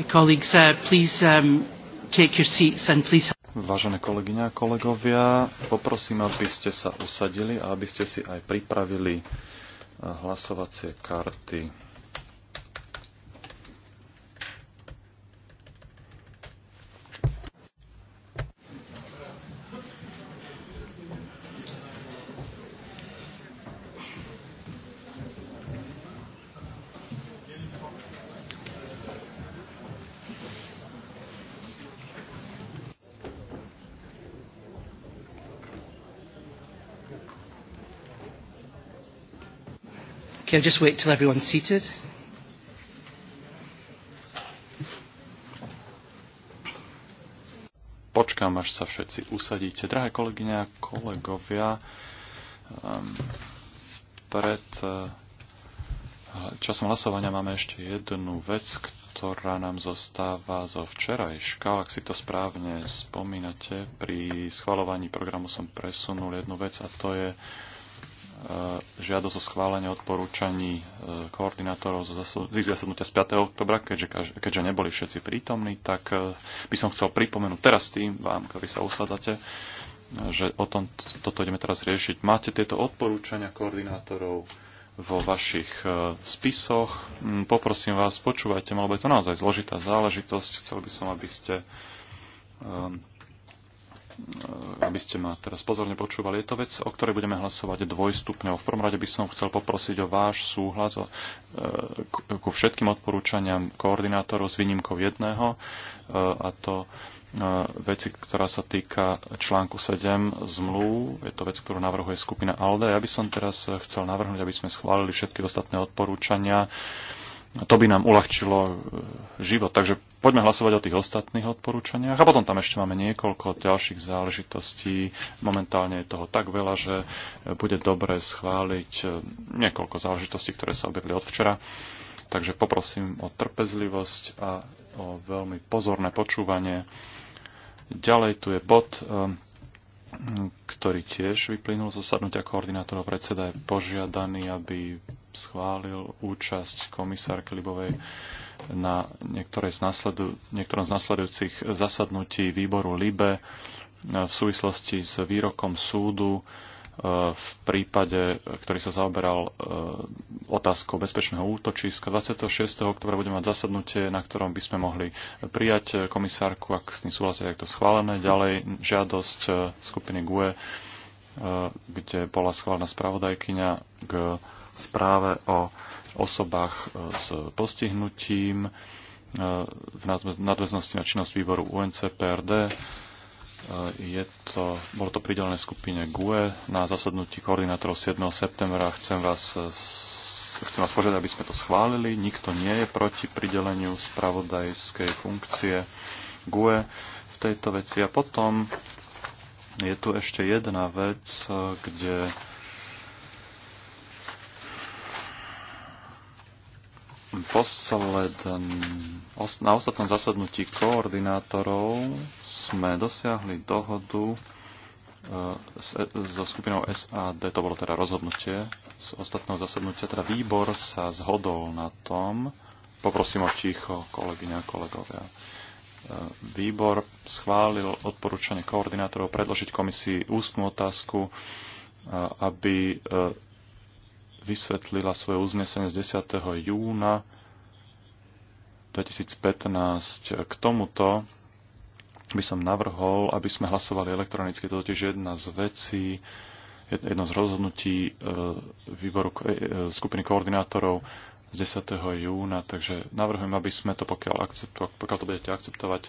Uh, um, Vážené kolegyňa a kolegovia, poprosím, aby ste sa usadili a aby ste si aj pripravili uh, hlasovacie karty. Okay, I'll just wait till everyone's seated. Počkám, až sa všetci usadíte. Drahé kolegyne a kolegovia, um, pred uh, časom hlasovania máme ešte jednu vec, ktorá nám zostáva zo včerajška. Ak si to správne spomínate, pri schvalovaní programu som presunul jednu vec a to je uh, E, žiadosť o schválenie odporúčaní e, koordinátorov z zasadnutia z 5. oktobra, keďže, keďže neboli všetci prítomní, tak e, by som chcel pripomenúť teraz tým vám, ktorí sa usádzate, že o tom toto ideme teraz riešiť. Máte tieto odporúčania koordinátorov vo vašich spisoch. Mm, poprosím vás, počúvajte ma, lebo je to naozaj zložitá záležitosť. Chcel by som, aby ste E, aby ste ma teraz pozorne počúvali. Je to vec, o ktorej budeme hlasovať dvojstupňov. V prvom rade by som chcel poprosiť o váš súhlas e, ku všetkým odporúčaniam koordinátorov s výnimkou jedného, e, a to veci, ktorá sa týka článku 7 zmluv. Je to vec, ktorú navrhuje skupina ALDE. Ja by som teraz chcel navrhnúť, aby sme schválili všetky ostatné odporúčania to by nám uľahčilo e, život. Takže poďme hlasovať o tých ostatných odporúčaniach. A potom tam ešte máme niekoľko ďalších záležitostí. Momentálne je toho tak veľa, že e, bude dobre schváliť e, niekoľko záležitostí, ktoré sa objavili od včera. Takže poprosím o trpezlivosť a o veľmi pozorné počúvanie. Ďalej tu je bod, ktorý tiež vyplynul zo sadnutia koordinátorov predseda je požiadaný, aby schválil účasť komisárky Libovej na z nasledu, niektorom z nasledujúcich zasadnutí výboru LIBE e, v súvislosti s výrokom súdu e, v prípade, ktorý sa zaoberal e, otázkou bezpečného útočiska. 26. oktobra budeme mať zasadnutie, na ktorom by sme mohli prijať komisárku, ak s tým súhlasíte, tak to schválené. Ďalej žiadosť skupiny GUE, kde bola schválená spravodajkyňa k správe o osobách e, s postihnutím e, v nadväznosti na činnosť výboru UNCPRD. E, je to, bolo to pridelené skupine GUE na zasadnutí koordinátorov 7. septembra. Chcem vás, chcem vás požiadať, aby sme to schválili. Nikto nie je proti prideleniu spravodajskej funkcie GUE v tejto veci. A potom je tu ešte jedna vec, kde posledn, na ostatnom zasadnutí koordinátorov sme dosiahli dohodu e, e, so skupinou SAD, to bolo teda rozhodnutie z ostatného zasadnutia, teda výbor sa zhodol na tom, poprosím o ticho, kolegyňa a kolegovia. E, výbor schválil odporúčanie koordinátorov predložiť komisii ústnu otázku, aby vysvetlila svoje uznesenie z 10. júna 2015. K tomuto by som navrhol, aby sme hlasovali elektronicky. To totiž jedna z vecí, jedno z rozhodnutí e, výboru e, e, skupiny koordinátorov z 10. júna, takže navrhujem, aby sme to, pokiaľ, akceptu, pokiaľ to budete akceptovať,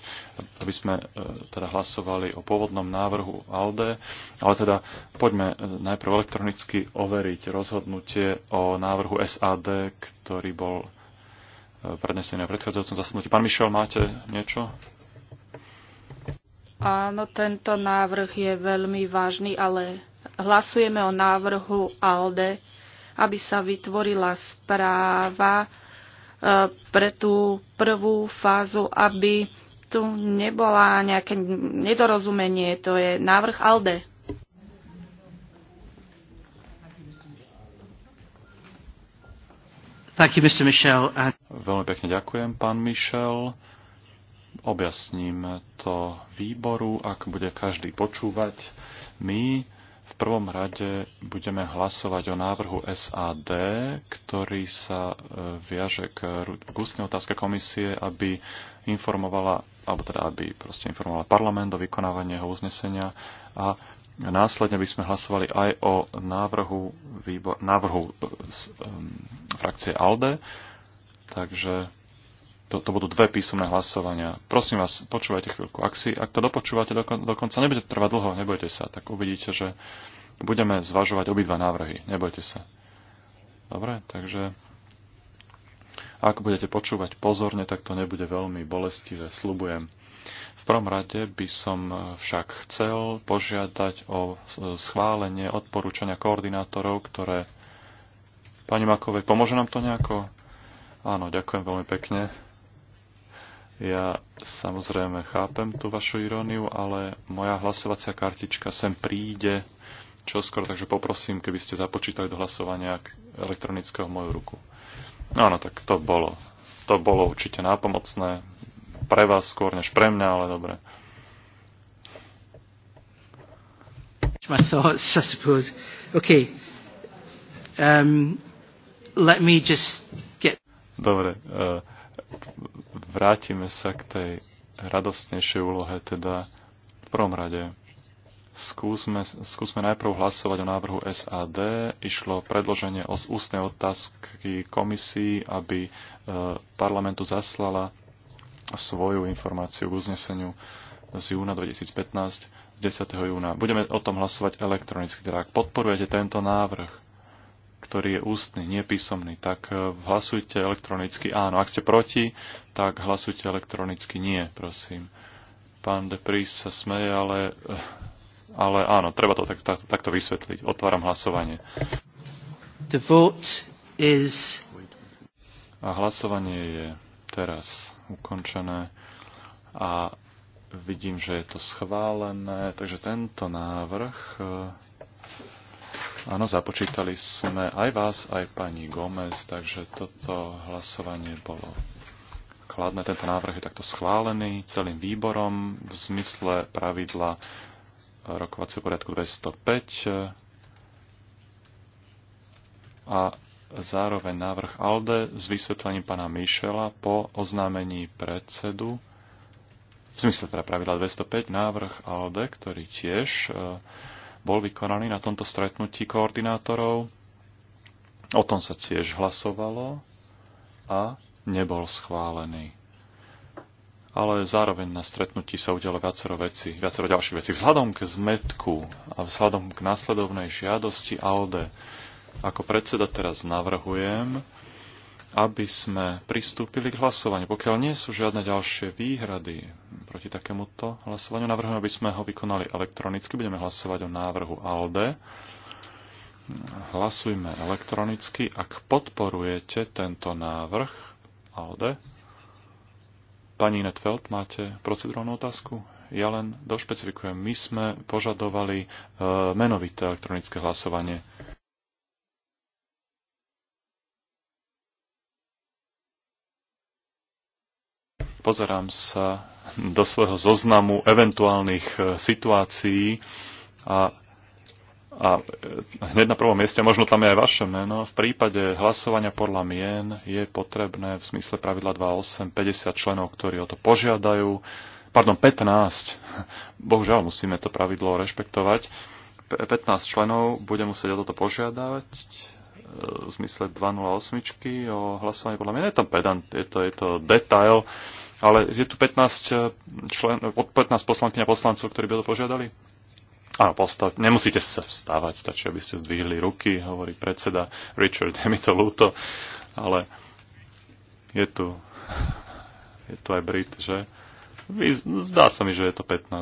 aby sme e, teda hlasovali o pôvodnom návrhu ALDE, ale teda poďme e, najprv elektronicky overiť rozhodnutie o návrhu SAD, ktorý bol e, prednesený na predchádzajúcom zasadnutí. Pán Mišel, máte niečo? Áno, tento návrh je veľmi vážny, ale hlasujeme o návrhu ALDE aby sa vytvorila správa e, pre tú prvú fázu, aby tu nebola nejaké nedorozumenie. To je návrh ALDE. Thank you, Mr. Michel. Veľmi pekne ďakujem, pán Michel. Objasním to výboru, ak bude každý počúvať. My prvom rade budeme hlasovať o návrhu SAD, ktorý sa e, viaže k, ústnej otázke komisie, aby informovala, alebo teda aby proste informovala parlament o vykonávaní jeho uznesenia a následne by sme hlasovali aj o návrhu, výbor, návrhu z, e, um, e, frakcie ALDE. Takže to, to budú dve písomné hlasovania. Prosím vás, počúvajte chvíľku. Ak, si, ak to dopočúvate dokon, dokonca, nebude to trvať dlho, nebojte sa, tak uvidíte, že budeme zvažovať obidva návrhy, nebojte sa. Dobre, takže ak budete počúvať pozorne, tak to nebude veľmi bolestivé, slubujem. V prvom rade by som však chcel požiadať o schválenie odporúčania koordinátorov, ktoré... Pani Makovej, pomôže nám to nejako? Áno, ďakujem veľmi pekne. Ja samozrejme chápem tú vašu iróniu, ale moja hlasovacia kartička sem príde čoskoro, takže poprosím, keby ste započítali do hlasovania elektronického moju ruku. Áno, no, tak to bolo. To bolo určite nápomocné. Pre vás skôr než pre mňa, ale dobre. my thoughts, I suppose. Okay. Um, let me just get... Dobre, uh, vrátime sa k tej radostnejšej úlohe, teda v prvom rade skúsme, skúsme najprv hlasovať o návrhu SAD. Išlo predloženie o ústnej otázky komisii, aby e, parlamentu zaslala svoju informáciu k uzneseniu z júna 2015 z 10. júna. Budeme o tom hlasovať elektronicky. Teda ak podporujete tento návrh, ktorý je ústny, nie písomný, tak eh, hlasujte elektronicky áno. Ak ste proti, tak hlasujte elektronicky nie, prosím. Pán de Pris sa smeje, ale, eh, ale áno, treba to tak, tak, takto vysvetliť. Otváram hlasovanie. The vote is... A hlasovanie je teraz ukončené a vidím, že je to schválené, takže tento návrh eh, Áno, započítali sme aj vás, aj pani Gomez, takže toto hlasovanie bolo kladné. Tento návrh je takto schválený celým výborom v zmysle pravidla rokovacieho poriadku 205 a zároveň návrh ALDE s vysvetlením pána Mišela po oznámení predsedu v zmysle teda pravidla 205 návrh ALDE, ktorý tiež e, bol vykonaný na tomto stretnutí koordinátorov. O tom sa tiež hlasovalo a nebol schválený. Ale zároveň na stretnutí sa udialo viacero veci, viacero ďalších vecí. Vzhľadom k zmetku a vzhľadom k následovnej žiadosti ALDE ako predseda teraz navrhujem, aby sme pristúpili k hlasovaniu. Pokiaľ nie sú žiadne ďalšie výhrady proti takémuto hlasovaniu, navrhujem, aby sme ho vykonali elektronicky. Budeme hlasovať o návrhu ALDE. Hlasujme elektronicky. Ak podporujete tento návrh ALDE, pani Netfeld, máte procedurálnu otázku? Ja len došpecifikujem. My sme požadovali e, menovité elektronické hlasovanie. Pozerám sa do svojho zoznamu eventuálnych e, situácií a, a e, hneď na prvom mieste, možno tam je aj vaše meno, v prípade hlasovania podľa mien je potrebné v smysle pravidla 2.8 50 členov, ktorí o to požiadajú, pardon, 15, bohužiaľ musíme to pravidlo rešpektovať, 15 členov bude musieť o toto požiadať e, v zmysle 208 o hlasovanie podľa mňa. Je to pedant, je to, je to detail, ale je tu 15, eh, člen, 15 poslankyň a poslancov, ktorí by to požiadali? Áno, postav, nemusíte sa vstávať, stačí, aby ste zdvihli ruky, hovorí predseda Richard, je mi to ľúto, ale je tu, je tu aj Brit, že? Zdá sa mi, že je to 15.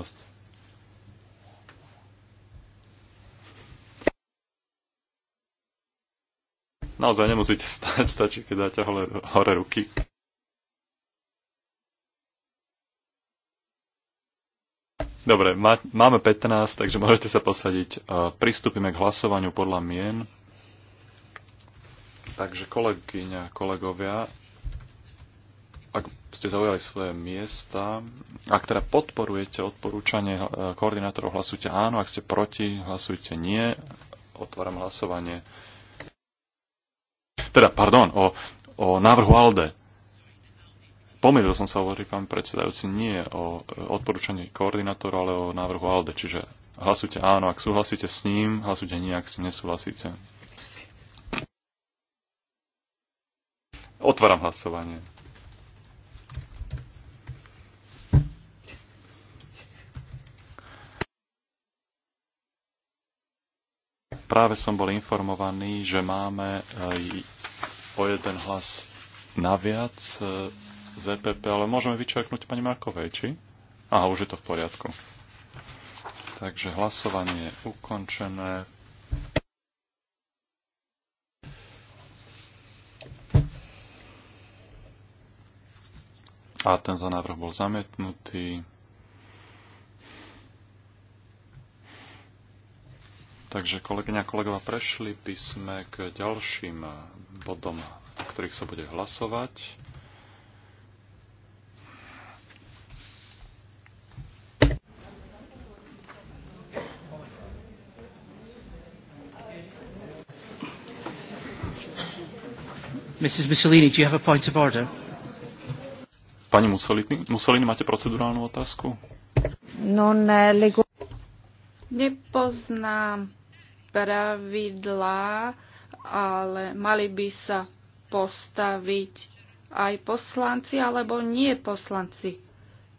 Naozaj nemusíte stať, stačí, keď dáte hore, hore ruky. Dobre, máme 15, takže môžete sa posadiť. E, pristúpime k hlasovaniu podľa mien. Takže kolegyňa, kolegovia, ak ste zaujali svoje miesta, ak teda podporujete odporúčanie e, koordinátorov, hlasujte áno, ak ste proti, hlasujte nie. Otváram hlasovanie. Teda, pardon, o, o návrhu ALDE. Pomýlil som sa, hovorí pán predsedajúci, nie o e, odporúčaní koordinátora, ale o návrhu ALDE. Čiže hlasujte áno, ak súhlasíte s ním, hlasujte nie, ak s ním nesúhlasíte. Otváram hlasovanie. Práve som bol informovaný, že máme e, o jeden hlas naviac e, ZPP, e ale môžeme vyčerknúť pani Markovej, či? Aha, už je to v poriadku. Takže hlasovanie je ukončené. A tento návrh bol zamietnutý. Takže kolegyňa a kolegova, prešli by sme k ďalším bodom, o ktorých sa bude hlasovať. Mrs. Mussolini, do you have a point of order? Pani Mussolini, Mussolini máte procedurálnu otázku? Non legu... Nepoznám pravidlá, ale mali by sa postaviť aj poslanci alebo nie poslanci.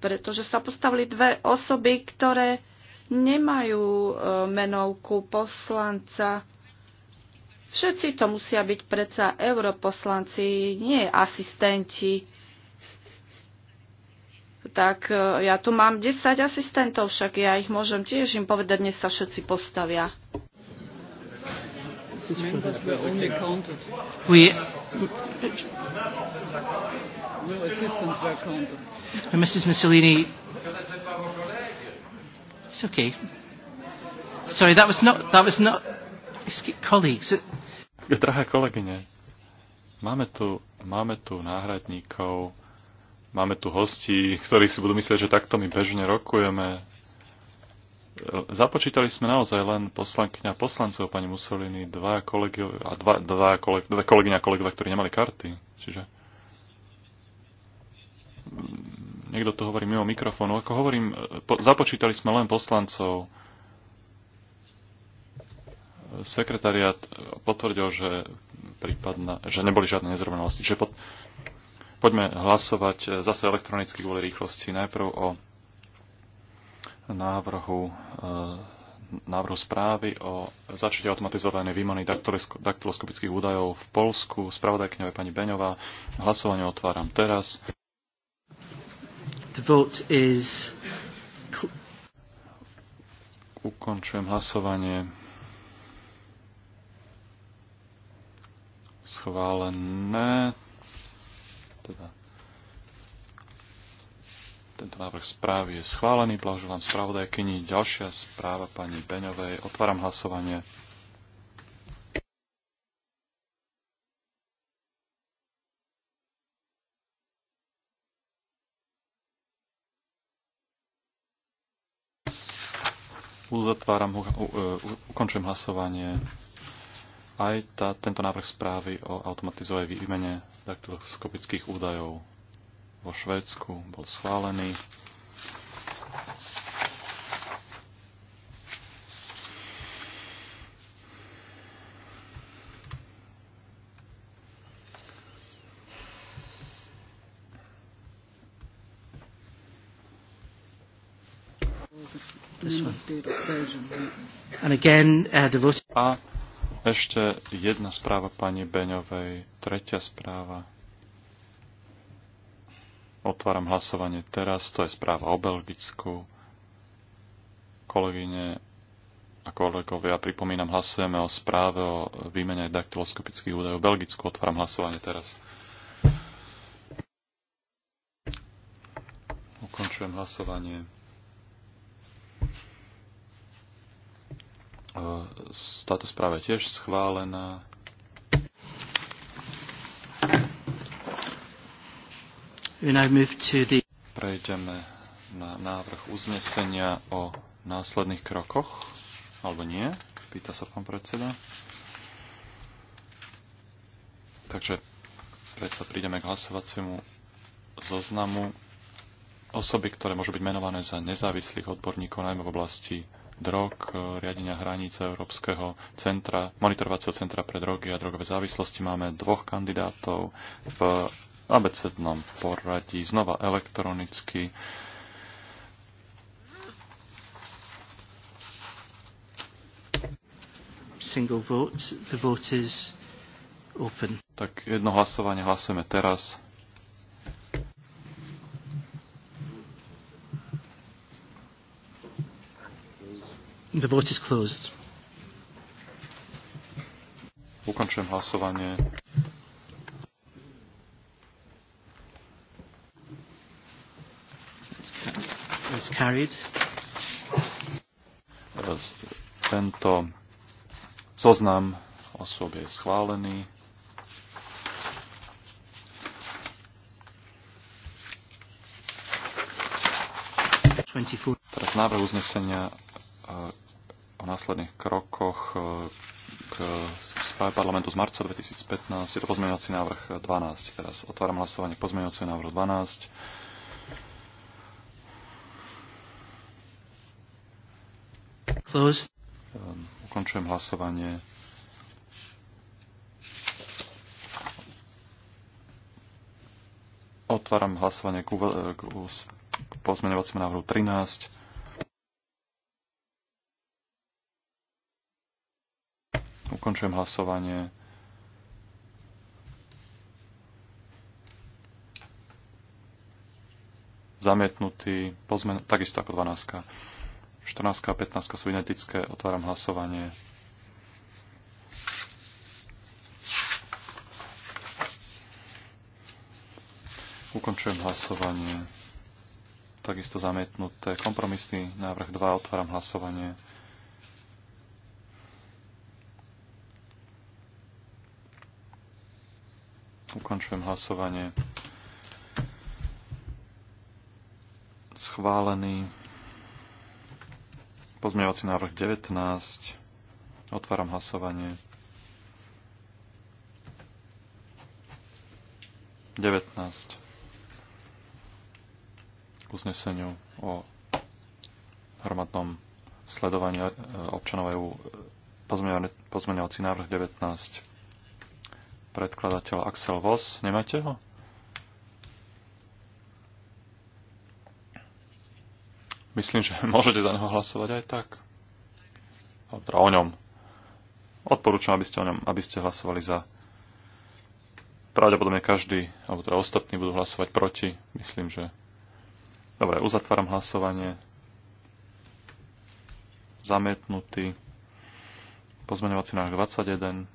Pretože sa postavili dve osoby, ktoré nemajú e, menovku poslanca Všetci to musia byť predsa europoslanci, nie asistenti. Tak e, ja tu mám 10 asistentov, však ja ich môžem tiež im povedať, dnes sa všetci postavia. We, Mrs. Mussolini, it's okay. Sorry, that was not, that was not, Drahé kolegyne, máme tu, máme tu náhradníkov, máme tu hostí, ktorí si budú myslieť, že takto my bežne rokujeme. Započítali sme naozaj len poslankyňa poslancov pani Mussolini, dva kolegy a dva, dva koleg, dve kolegyňa a kolegovia, ktorí nemali karty. Čiže niekto tu hovorí mimo mikrofónu. Ako hovorím, po, započítali sme len poslancov sekretariat potvrdil, že, prípadná, že neboli žiadne nezrovnalosti. Čiže pod, poďme hlasovať zase elektronicky kvôli rýchlosti. Najprv o návrhu, e, návrhu správy o začiatí automatizovanej výmony daktyloskopických údajov v Polsku. je pani Beňová. Hlasovanie otváram teraz. The vote is... Ukončujem hlasovanie. schválené. Teda tento návrh správy je schválený. Blahoželám spravodajkyni. Ďalšia správa pani Beňovej. Otváram hlasovanie. Uzatváram, e, ukončujem hlasovanie aj tá, tento návrh správy o automatizovej výmene daktyloskopických údajov vo Švédsku bol schválený. Uh, A ešte jedna správa pani Beňovej, tretia správa. Otváram hlasovanie teraz, to je správa o Belgicku. Kolegyne a kolegovia, pripomínam, hlasujeme o správe o výmene daktyloskopických údajov v Belgicku. Otváram hlasovanie teraz. Ukončujem hlasovanie. Táto správa je tiež schválená. Prejdeme na návrh uznesenia o následných krokoch, alebo nie? Pýta sa pán predseda. Takže predsa prídeme k hlasovaciemu zoznamu osoby, ktoré môžu byť menované za nezávislých odborníkov najmä v oblasti drog, eh, riadenia hranice Európskeho centra, monitorovacieho centra pre drogy a drogové závislosti. Máme dvoch kandidátov v abecednom poradí, znova elektronicky. Single vote. The vote is open. Tak jedno hlasovanie hlasujeme teraz. The vote is closed. Ukončujem hlasovanie. It's carried. Tento zoznam osôb je schválený. Teraz návrh uznesenia o následných krokoch e, k spáje parlamentu z marca 2015. Je to pozmeňovací návrh 12. Teraz otváram hlasovanie k pozmeňovací návrhu 12. Closed. Ehm, ukončujem hlasovanie. Otváram hlasovanie k, k, k pozmeňovaciemu návrhu 13. Ukončujem hlasovanie. Zamietnutý, pozmen, takisto ako 12. 14 a 15 sú identické, otváram hlasovanie. Ukončujem hlasovanie. Takisto zamietnuté kompromisný návrh 2. Otváram hlasovanie. Ukončujem hlasovanie. Schválený pozmeňovací návrh 19. Otváram hlasovanie. 19. K uzneseniu o hromadnom sledovaní e, občanov EU pozmeňovací návrh 19 predkladateľ Axel Voss. Nemáte ho? Myslím, že môžete za neho hlasovať aj tak. Teda o ňom. Odporúčam, aby ste, o ňom, aby ste hlasovali za. Pravdepodobne každý, alebo teda ostatní budú hlasovať proti. Myslím, že... Dobre, uzatváram hlasovanie. Zamietnutý. Pozmeňovací návrh 21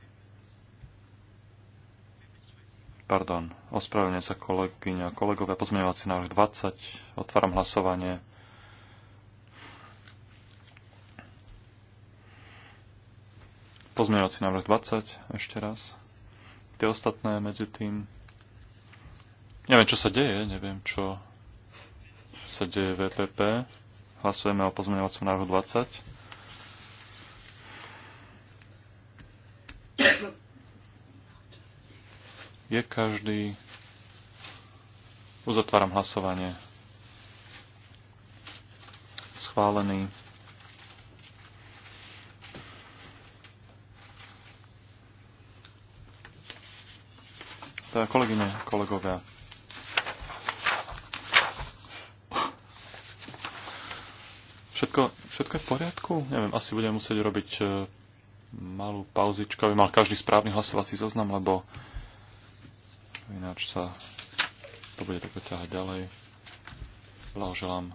pardon, ospravedlňujem sa kolegyňa, kolegovia, pozmeňovací návrh 20, otváram hlasovanie. Pozmeňovací návrh 20, ešte raz. Tie ostatné medzi tým. Neviem, čo sa deje, neviem, čo sa deje VPP. E Hlasujeme o pozmeňovacom návrhu 20. Je každý. Uzatváram hlasovanie. Schválený. Teda kolegyne, kolegovia. Všetko, všetko je v poriadku? Neviem, asi budem musieť robiť eh, malú pauzičku, aby mal každý správny hlasovací zoznam, lebo ináč sa to bude také ťahať ďalej. Blahoželám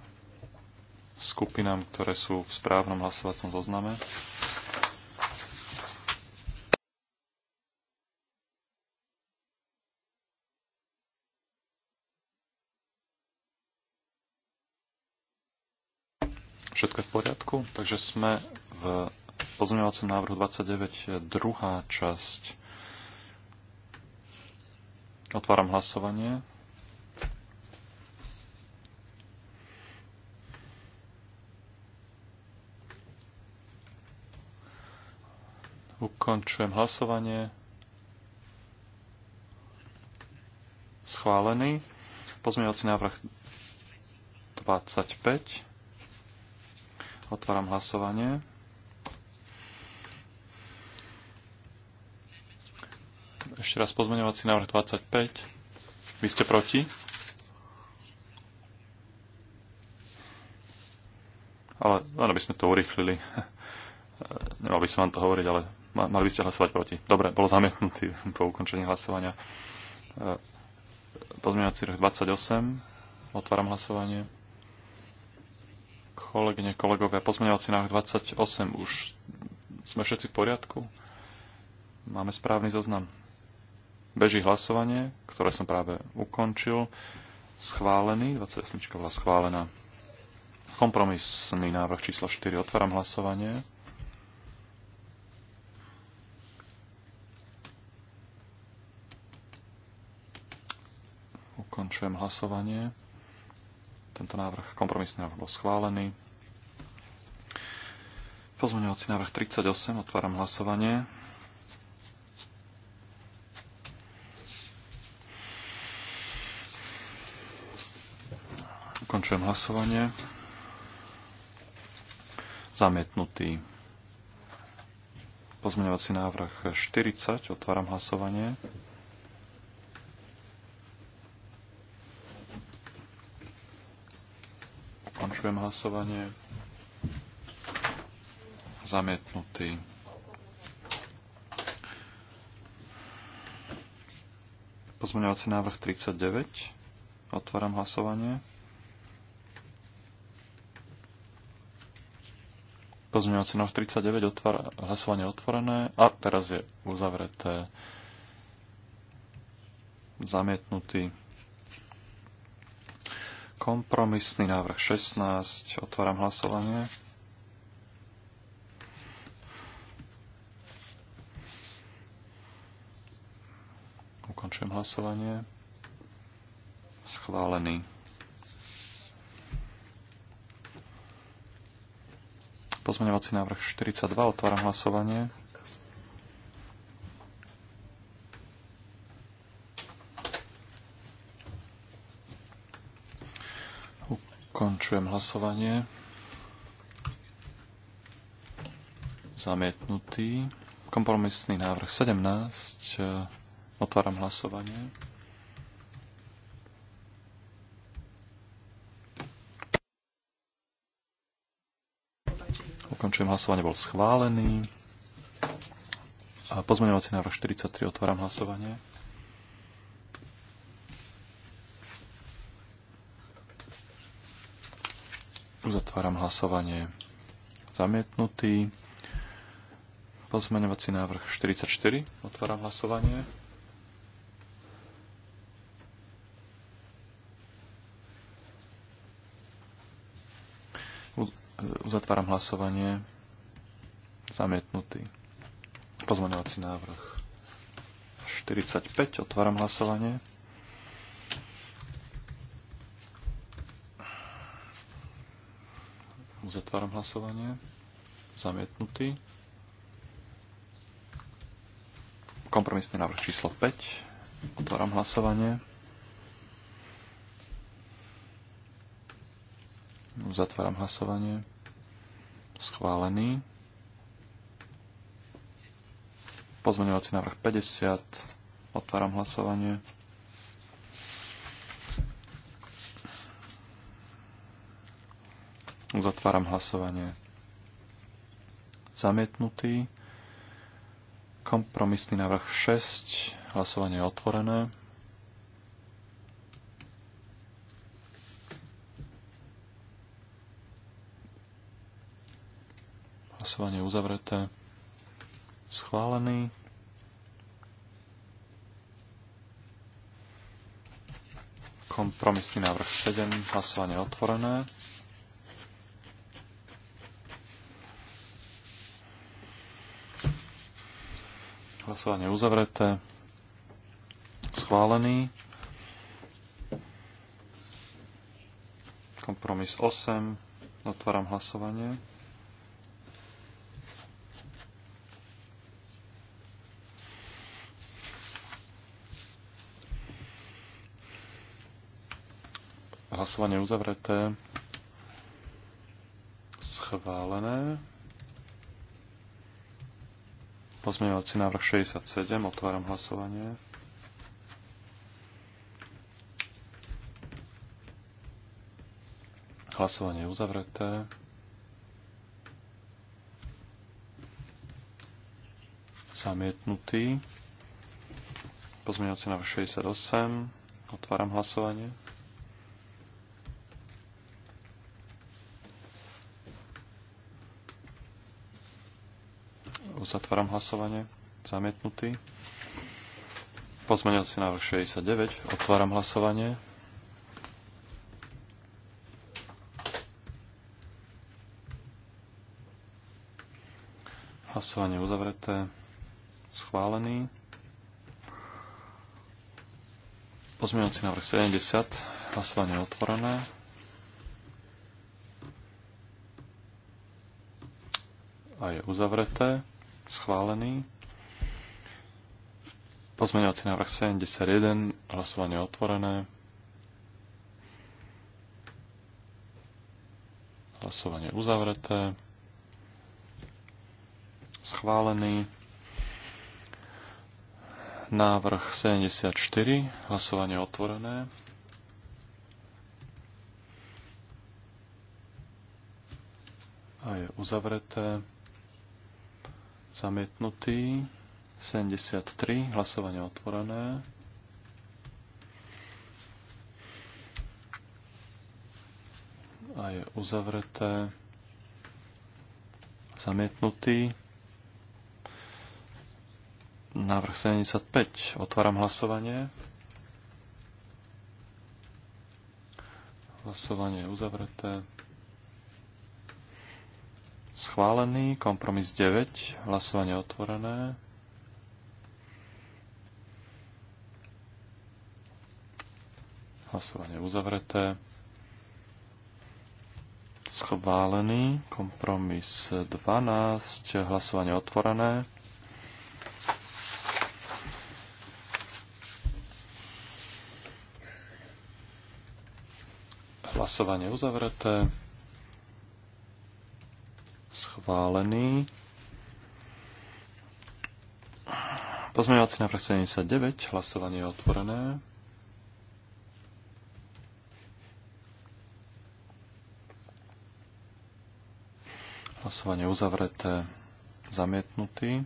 skupinám, ktoré sú v správnom hlasovacom zozname. Všetko je v poriadku, takže sme v pozmeňovacom návrhu 29, druhá časť Otváram hlasovanie. Ukončujem hlasovanie. Schválený. Pozmeňovací návrh 25. Otváram hlasovanie. Ešte raz pozmeňovací návrh 25. Vy ste proti? Ale len by sme to urýchlili. Nemal by som vám to hovoriť, ale mali by ste hlasovať proti. Dobre, bol zamietnutý po ukončení hlasovania. E, pozmeňovací návrh 28. Otváram hlasovanie. Kolegyne, kolegovia, pozmeňovací návrh 28 už sme všetci v poriadku? Máme správny zoznam. Beží hlasovanie, ktoré som práve ukončil. Schválený, 28 bola schválená. Kompromisný návrh číslo 4. Otváram hlasovanie. Ukončujem hlasovanie. Tento návrh, kompromisný návrh bol schválený. Pozmeňovací návrh 38, otváram hlasovanie. Pokračujem hlasovanie. Zamietnutý. Pozmeňovací návrh 40. Otváram hlasovanie. Ukončujem hlasovanie. Zamietnutý. Pozmeňovací návrh 39. Otváram hlasovanie. Pozmeňovací návrh 39, otvara, hlasovanie otvorené a teraz je uzavreté, zamietnutý. Kompromisný návrh 16, otváram hlasovanie. Ukončujem hlasovanie. Schválený. Pozmeňovací návrh 42. Otváram hlasovanie. Ukončujem hlasovanie. Zamietnutý. Kompromisný návrh 17. Otváram hlasovanie. Ukončujem hlasovanie, bol schválený. A pozmeňovací návrh 43, otváram hlasovanie. Uzatváram hlasovanie. Zamietnutý. Pozmeňovací návrh 44. Otváram hlasovanie. Otváram hlasovanie. Zamietnutý. Pozmeňovací návrh 45. Otváram hlasovanie. Zatváram hlasovanie. Zamietnutý. Kompromisný návrh číslo 5. Otváram hlasovanie. Zatváram hlasovanie schválený. Pozmeňovací návrh 50. Otváram hlasovanie. Uzatváram hlasovanie. Zamietnutý. Kompromisný návrh 6. Hlasovanie je otvorené. Hlasovanie uzavreté. Schválený. Kompromisný návrh 7. Hlasovanie otvorené. Hlasovanie uzavreté. Schválený. kompromis 8. Otváram hlasovanie. Hlasovanie uzavreté. Schválené. Pozmeňovací návrh 67. Otváram hlasovanie. Hlasovanie uzavreté. Zamietnutý. Pozmeňovací návrh 68. Otváram hlasovanie. Zatváram hlasovanie. Zamietnutý. si návrh 69. Otváram hlasovanie. Hlasovanie uzavreté. Schválený. Pozmeňovací návrh 70. Hlasovanie otvorené. A je uzavreté schválený. Pozmeňovací návrh 71, hlasovanie otvorené. Hlasovanie uzavreté. Schválený. Návrh 74, hlasovanie otvorené. A je uzavreté. Zamietnutý. 73. Hlasovanie otvorené. A je uzavreté. Zamietnutý. Návrh 75. Otváram hlasovanie. Hlasovanie je uzavreté. Schválený. Kompromis 9. Hlasovanie otvorené. Hlasovanie uzavreté. Schválený. Kompromis 12. Hlasovanie otvorené. Hlasovanie uzavreté schválený. Pozmeňovací návrh 79, hlasovanie je otvorené. Hlasovanie uzavreté, zamietnutý.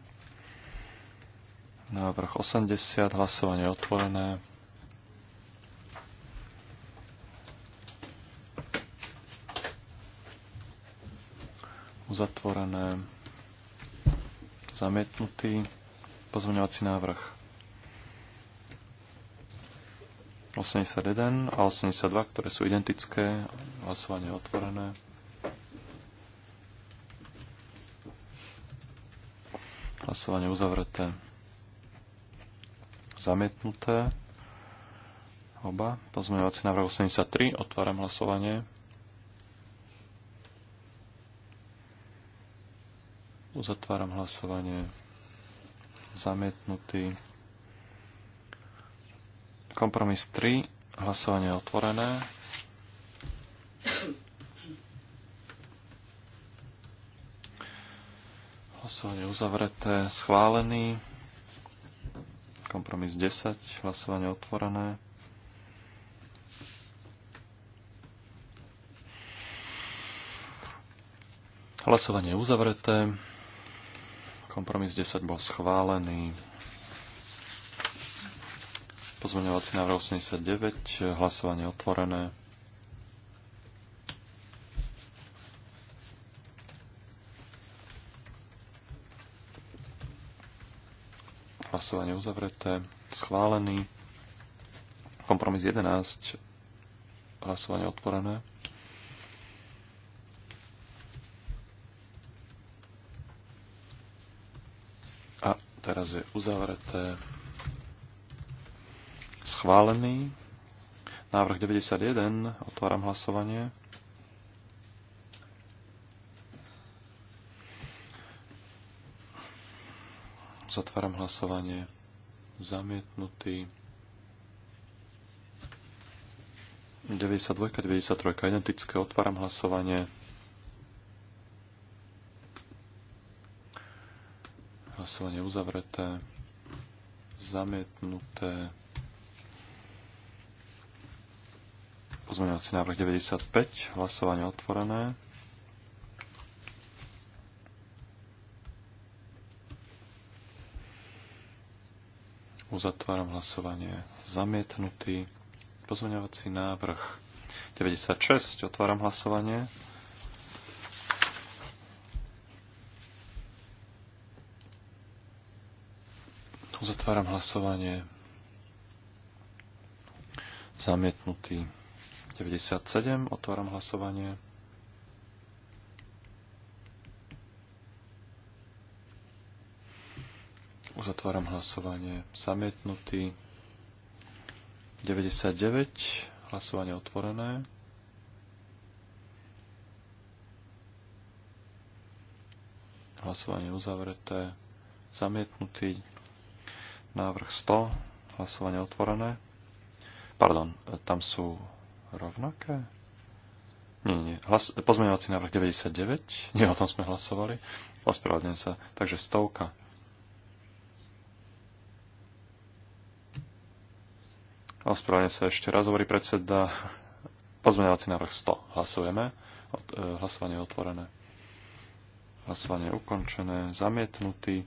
Návrh 80, hlasovanie otvorené. uzatvorené, zamietnutý pozmeňovací návrh 81 a 82, ktoré sú identické, hlasovanie otvorené. Hlasovanie uzavreté. Zamietnuté. Oba. Pozmeňovací návrh 83. Otváram hlasovanie. Uzatváram hlasovanie. Zamietnutý. Kompromis 3. Hlasovanie je otvorené. Hlasovanie uzavreté. Schválený. Kompromis 10. Hlasovanie otvorené. Hlasovanie je uzavreté. Kompromis 10 bol schválený. Pozmeňovací návrh 89, hlasovanie otvorené. Hlasovanie uzavreté, schválený. Kompromis 11, hlasovanie otvorené. Hlasovanie je uzavreté. Schválený. Návrh 91. Otváram hlasovanie. Zatváram hlasovanie. Zamietnutý. 92, 93. Identické. Otváram hlasovanie. Hlasovanie uzavreté. Zamietnuté. Pozmeňovací návrh 95. Hlasovanie otvorené. Uzatváram hlasovanie. Zamietnutý. Pozmeňovací návrh 96. Otváram hlasovanie. Otváram hlasovanie. Zamietnutý 97. Otváram hlasovanie. Uzatváram hlasovanie. Zamietnutý 99. Hlasovanie otvorené. Hlasovanie uzavreté. Zamietnutý Návrh 100, hlasovanie otvorené. Pardon, tam sú rovnaké? Nie, nie. Hlas, pozmeňovací návrh 99. Nie, o tom sme hlasovali. Ospravedlňujem sa. Takže stovka. Ospravedlňujem sa ešte raz, hovorí predseda. Pozmeňovací návrh 100. Hlasujeme. E, hlasovanie otvorené. Hlasovanie ukončené. Zamietnutý.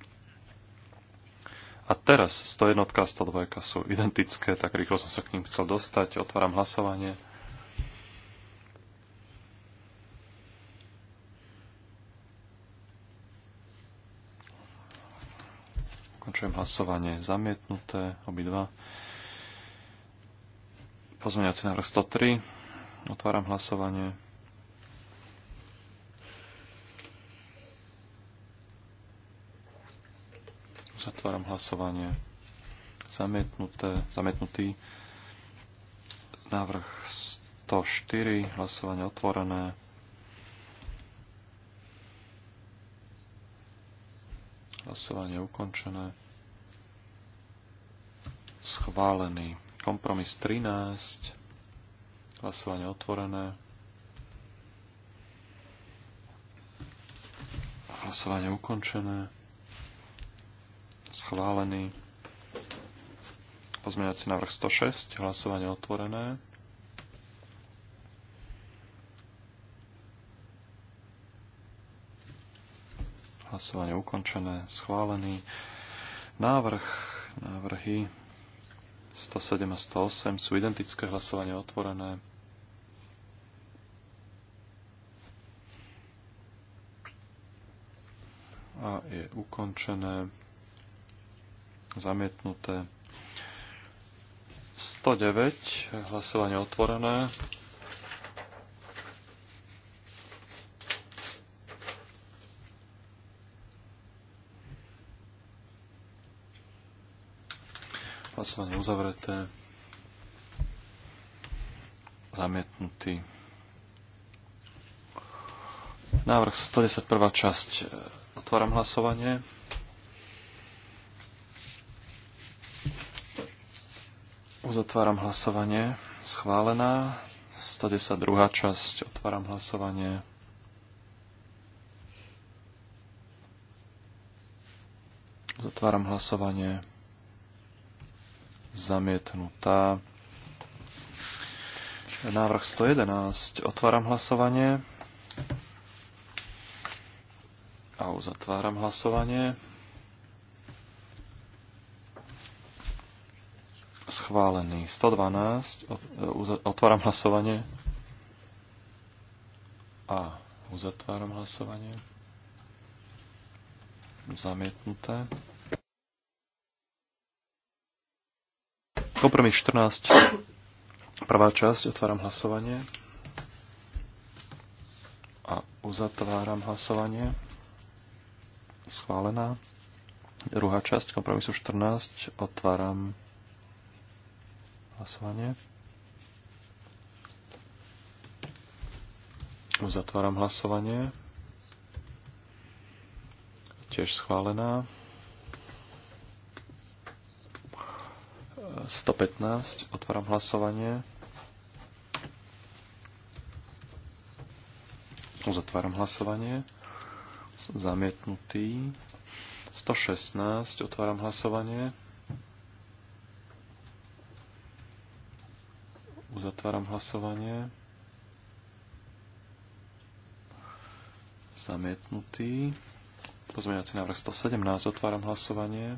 A teraz 101 a 102 sú identické, tak rýchlo som sa k ním chcel dostať. Otváram hlasovanie. Končujem hlasovanie zamietnuté, obidva. Pozmeňovací návrh 103. Otváram hlasovanie. Zatváram hlasovanie. Zamietnuté, zamietnutý návrh 104, hlasovanie otvorené. Hlasovanie ukončené. Schválený. Kompromis 13. Hlasovanie otvorené. Hlasovanie ukončené schválený. Pozmeňovací návrh 106, hlasovanie otvorené. Hlasovanie ukončené, schválený. Návrh, návrhy 107 a 108 sú identické, hlasovanie otvorené. A je ukončené. Zamietnuté. 109. Hlasovanie otvorené. Hlasovanie uzavreté. Zamietnutý. Návrh 111. časť. Otváram hlasovanie. Uzatváram hlasovanie. Schválená. 112. časť. Otváram hlasovanie. Zatváram hlasovanie. Zamietnutá. Návrh 111. Otváram hlasovanie. A uzatváram hlasovanie. schválený. 112, otváram hlasovanie a uzatváram hlasovanie. Zamietnuté. Kompromis 14, prvá časť, otváram hlasovanie a uzatváram hlasovanie. Schválená. Druhá časť kompromisu 14, otváram hlasovanie hlasovanie. Uzatváram hlasovanie. Tiež schválená. 115. Otváram hlasovanie. Uzatváram hlasovanie. Zamietnutý. 116. Otváram hlasovanie. Uzatváram hlasovanie. Zamietnutý. Pozmeňovací návrh 117. Otváram hlasovanie.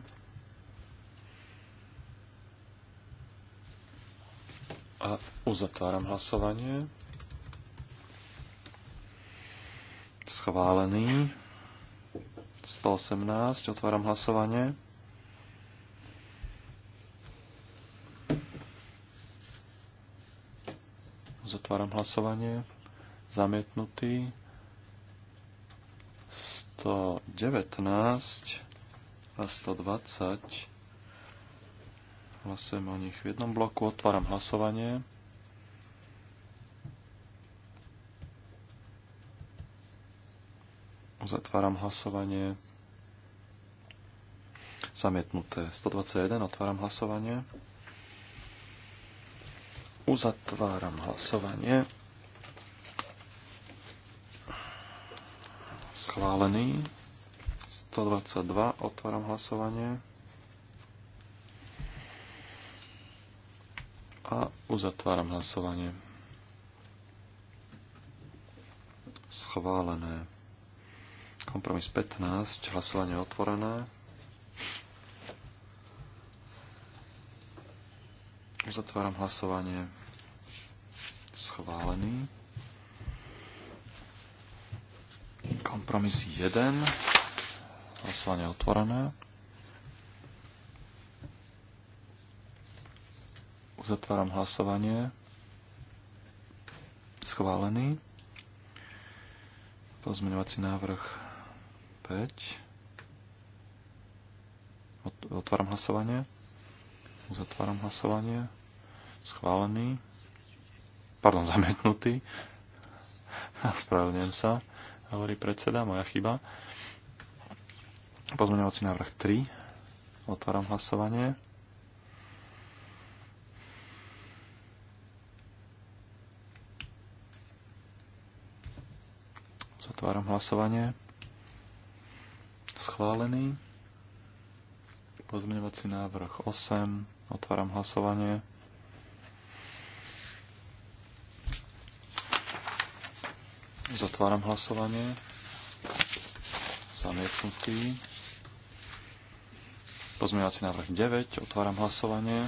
A uzatváram hlasovanie. Schválený. 118. Otváram hlasovanie. Zatváram hlasovanie. Zamietnutý. 119 a 120. Hlasujem o nich v jednom bloku. Otváram hlasovanie. Zatváram hlasovanie. Zamietnuté. 121. Otváram hlasovanie. Uzatváram hlasovanie. Schválený. 122. Otváram hlasovanie. A uzatváram hlasovanie. Schválené. Kompromis 15. Hlasovanie otvorené. Uzatváram hlasovanie schválený. Kompromis 1. Hlasovanie otvorené. Uzatváram hlasovanie. Schválený. Pozmeňovací návrh 5. Otváram hlasovanie. Uzatváram hlasovanie. Schválený pardon, zametnutý. Spravedlňujem sa, hovorí predseda, moja chyba. Pozmeňovací návrh 3. Otváram hlasovanie. Zatváram hlasovanie. Schválený. Pozmeňovací návrh 8. Otváram hlasovanie. Zatváram hlasovanie. Zamietnutý. Pozmeňovací návrh 9. Otváram hlasovanie.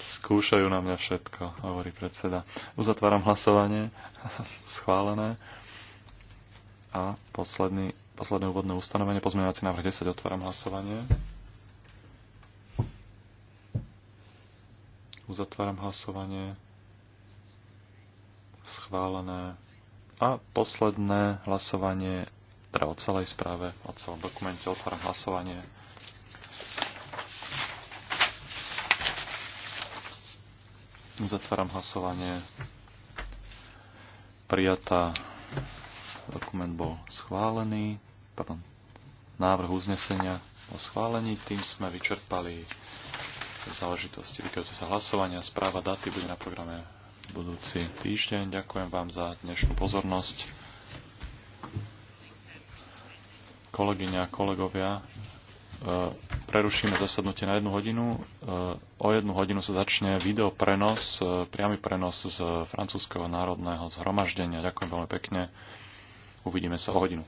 Skúšajú na mňa všetko, hovorí predseda. Uzatváram hlasovanie. Schválené. A posledný, posledné úvodné ustanovenie, pozmeňovací návrh 10. Otváram hlasovanie. Uzatváram hlasovanie. Schválené. A posledné hlasovanie, teda o celej správe, o celom dokumente. Otváram hlasovanie. Uzatváram hlasovanie. Prijatá. Dokument bol schválený. Pardon. Návrh uznesenia o schválení. Tým sme vyčerpali záležitosti týkajúce sa hlasovania. Správa daty bude na programe budúci týždeň. Ďakujem vám za dnešnú pozornosť. Kolegyňa a kolegovia, e, prerušíme zasadnutie na jednu hodinu. E, o jednu hodinu sa začne video prenos, e, priamy prenos z francúzského národného zhromaždenia. Ďakujem veľmi pekne. Uvidíme sa o hodinu.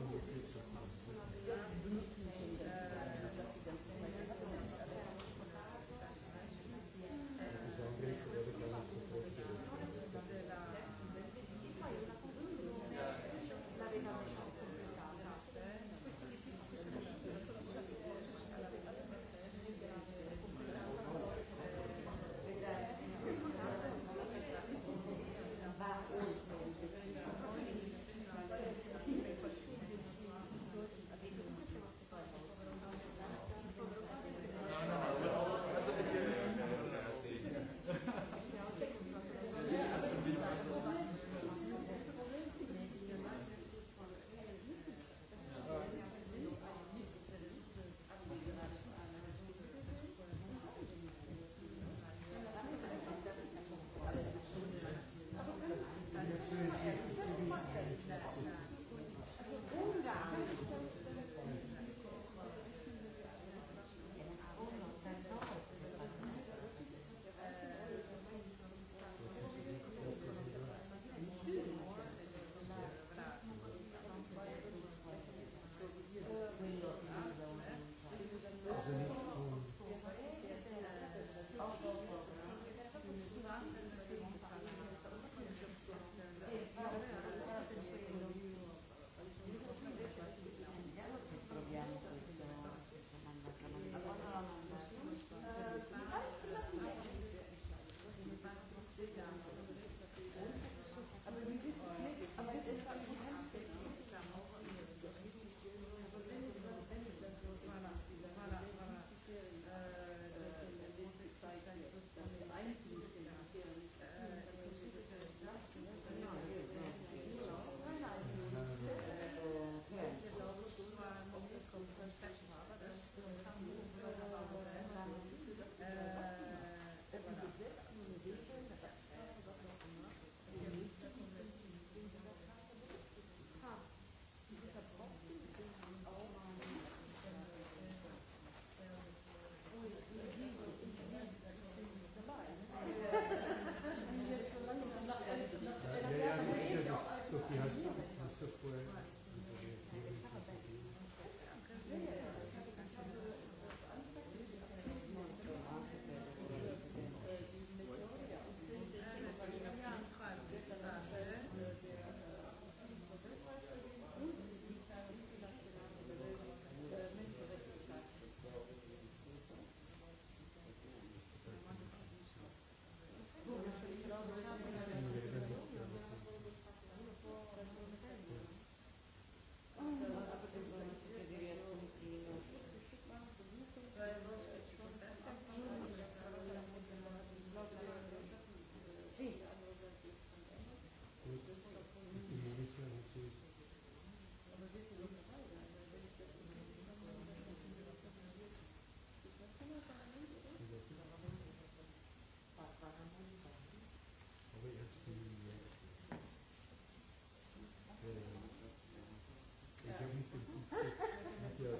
Thank you.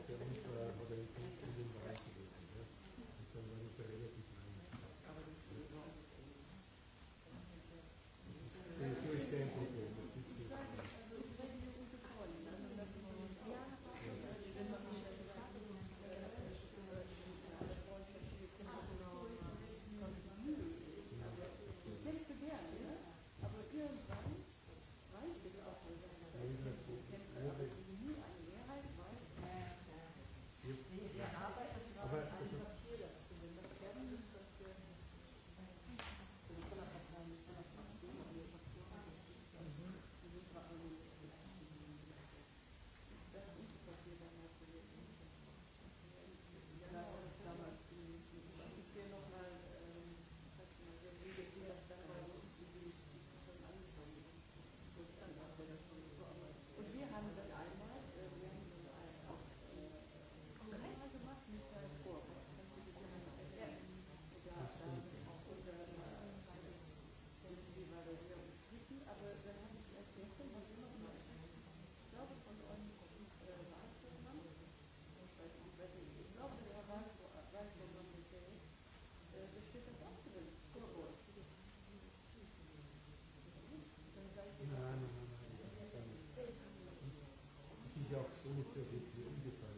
Thank you. auf so eine Position gefallen.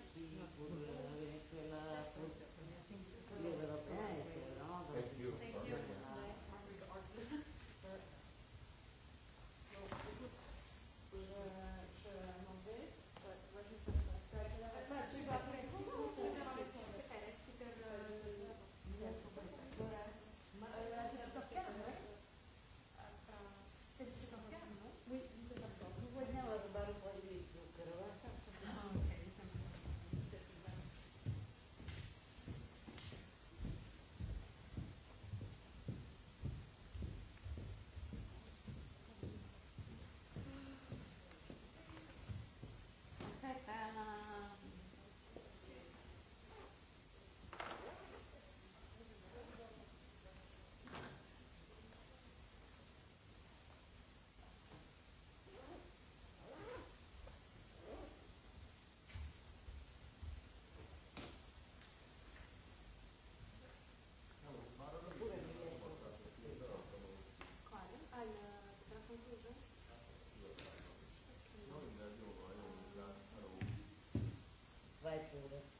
zwei Tode.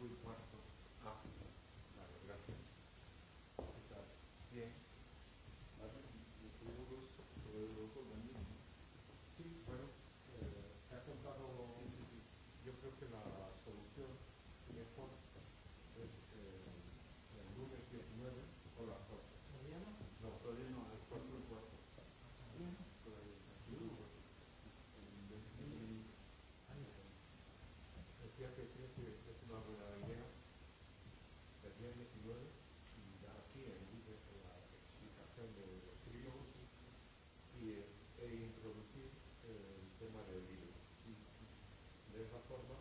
cinco y cuarto A. Ah, vale, gracias. ¿Qué tal? Bien. Vale, los libros sobre el también. Sí, bueno, eh, he apuntado, yo creo que la solución mejor es eh, el lunes 19 o las 4. ¿Todavía no? No, todavía no, a las 4 y cuarto. Bien. Jeffrey no you los y e introducir el tema del virus. de esa forma,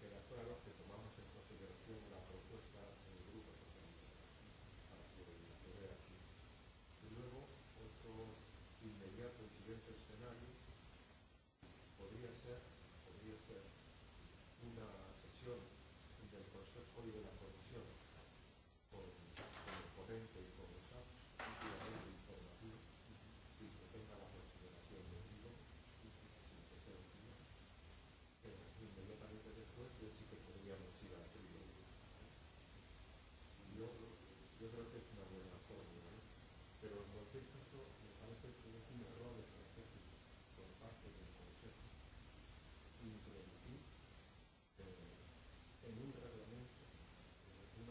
que las pruebas que tomamos en consideración la propuesta del grupo aquí. luego, otro inmediato y siguiente escenario código de la profesión con, el potente y con los apps, informativo sin que tenga la consideración de vivo, sin que sea un vivo, pero inmediatamente después yo sí que podríamos ir al trío. Yo, yo creo que es una buena fórmula, ¿eh? pero en cualquier caso me parece que es un error estratégico por parte del Consejo introducir eh, en un reglamento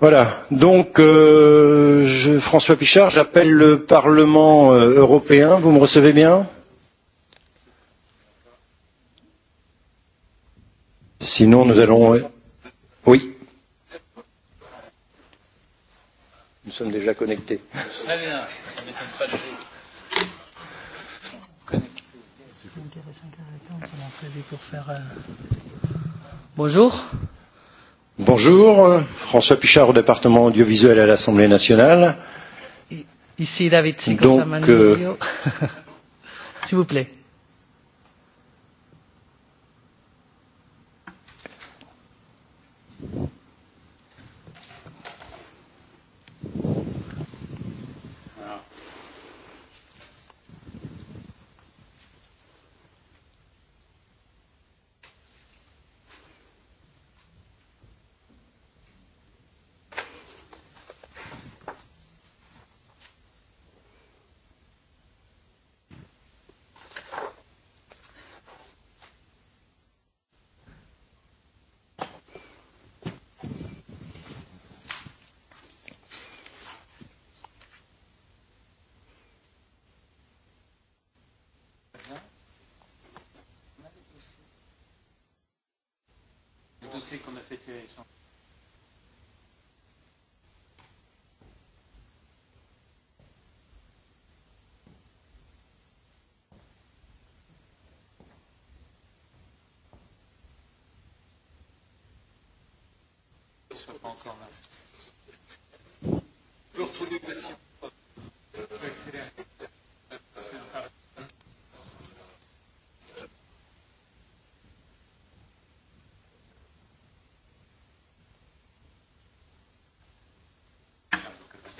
Voilà. Donc, euh, je, François Pichard, j'appelle le Parlement euh, européen. Vous me recevez bien Sinon, nous allons. Euh, oui. Nous sommes déjà connectés. Très bien. Euh, bonjour. Bonjour, François Pichard au département audiovisuel à l'Assemblée nationale. Ici David Sigosamani. Donc, euh... s'il vous plaît. negotiation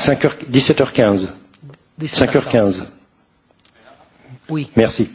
5h, 17h15. 17h15. Oui. Merci.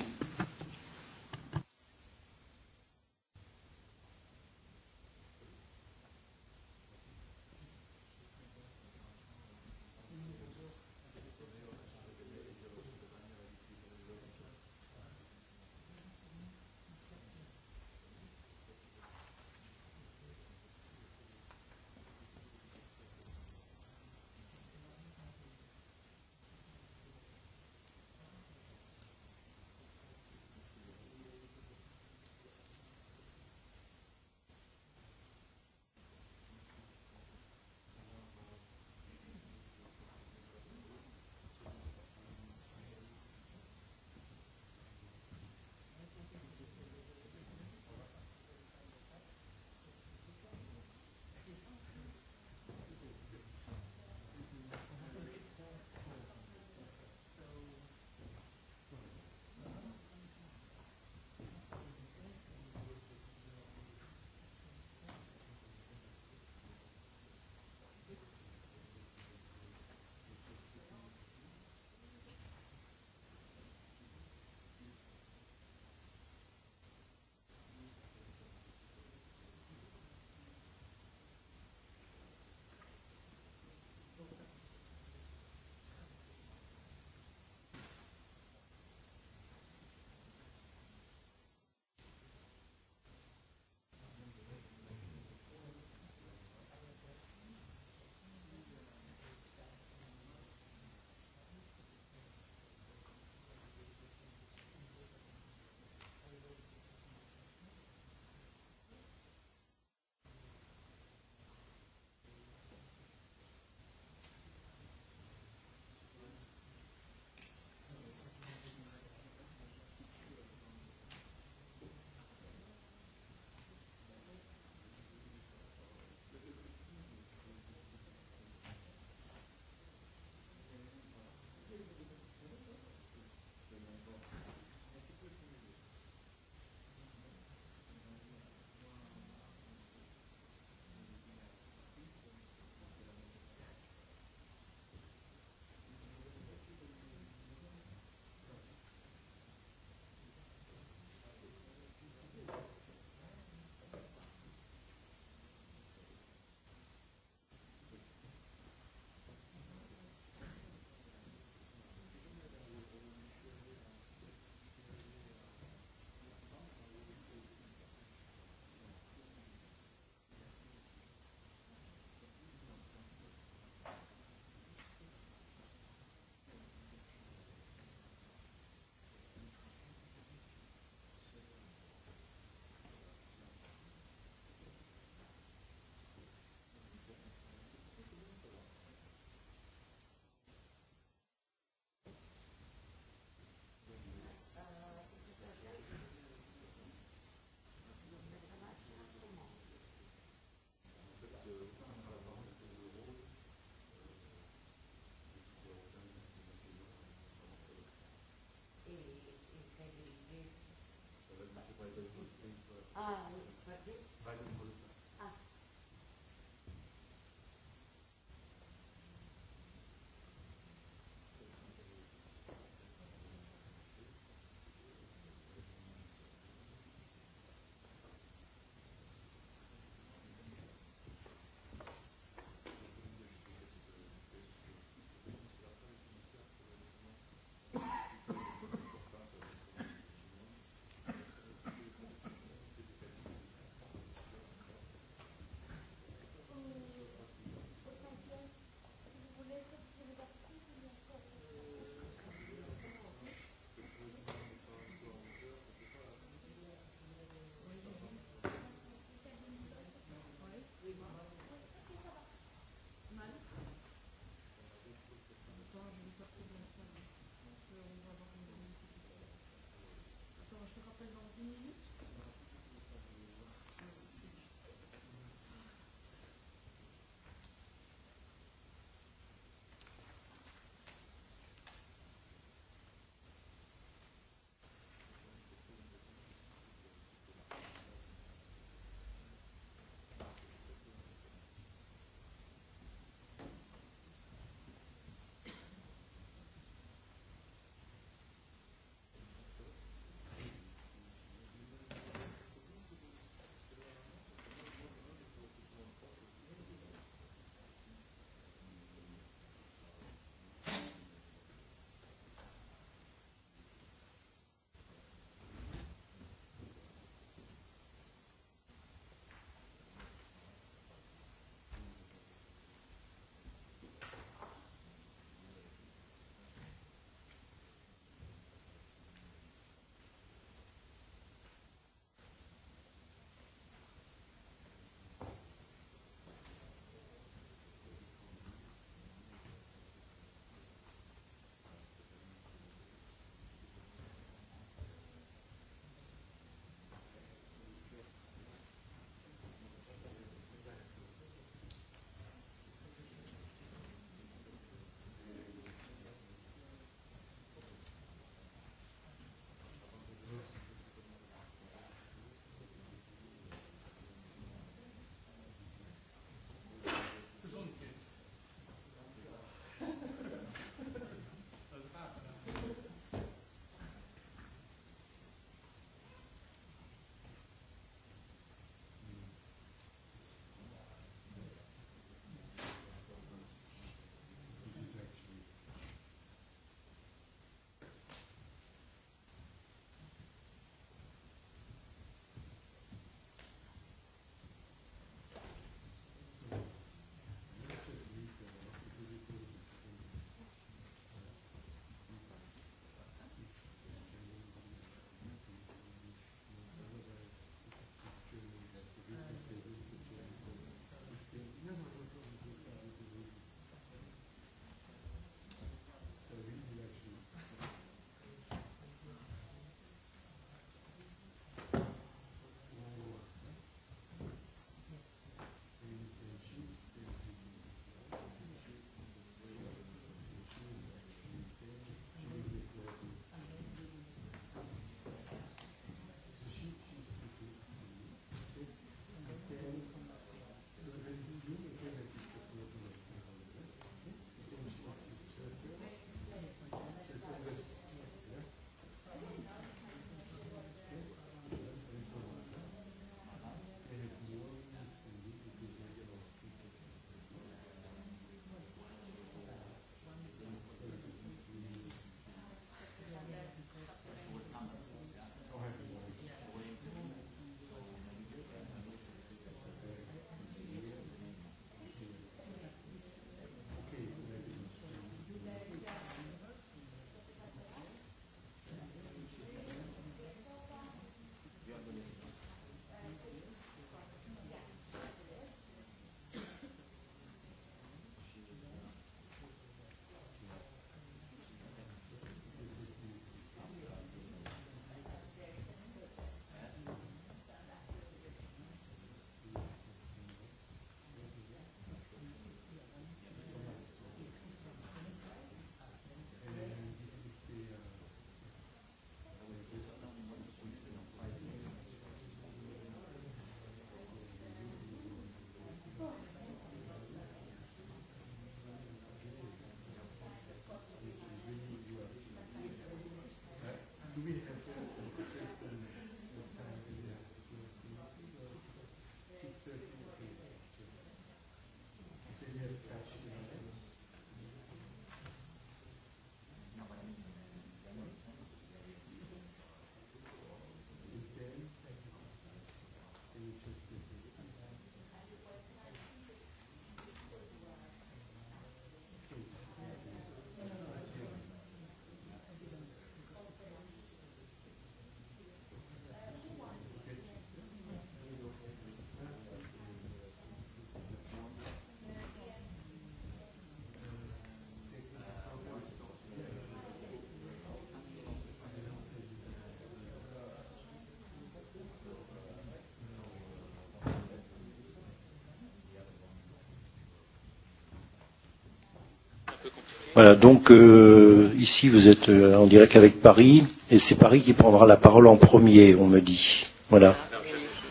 Voilà, donc euh, ici vous êtes euh, en direct avec Paris, et c'est Paris qui prendra la parole en premier, on me dit. Voilà.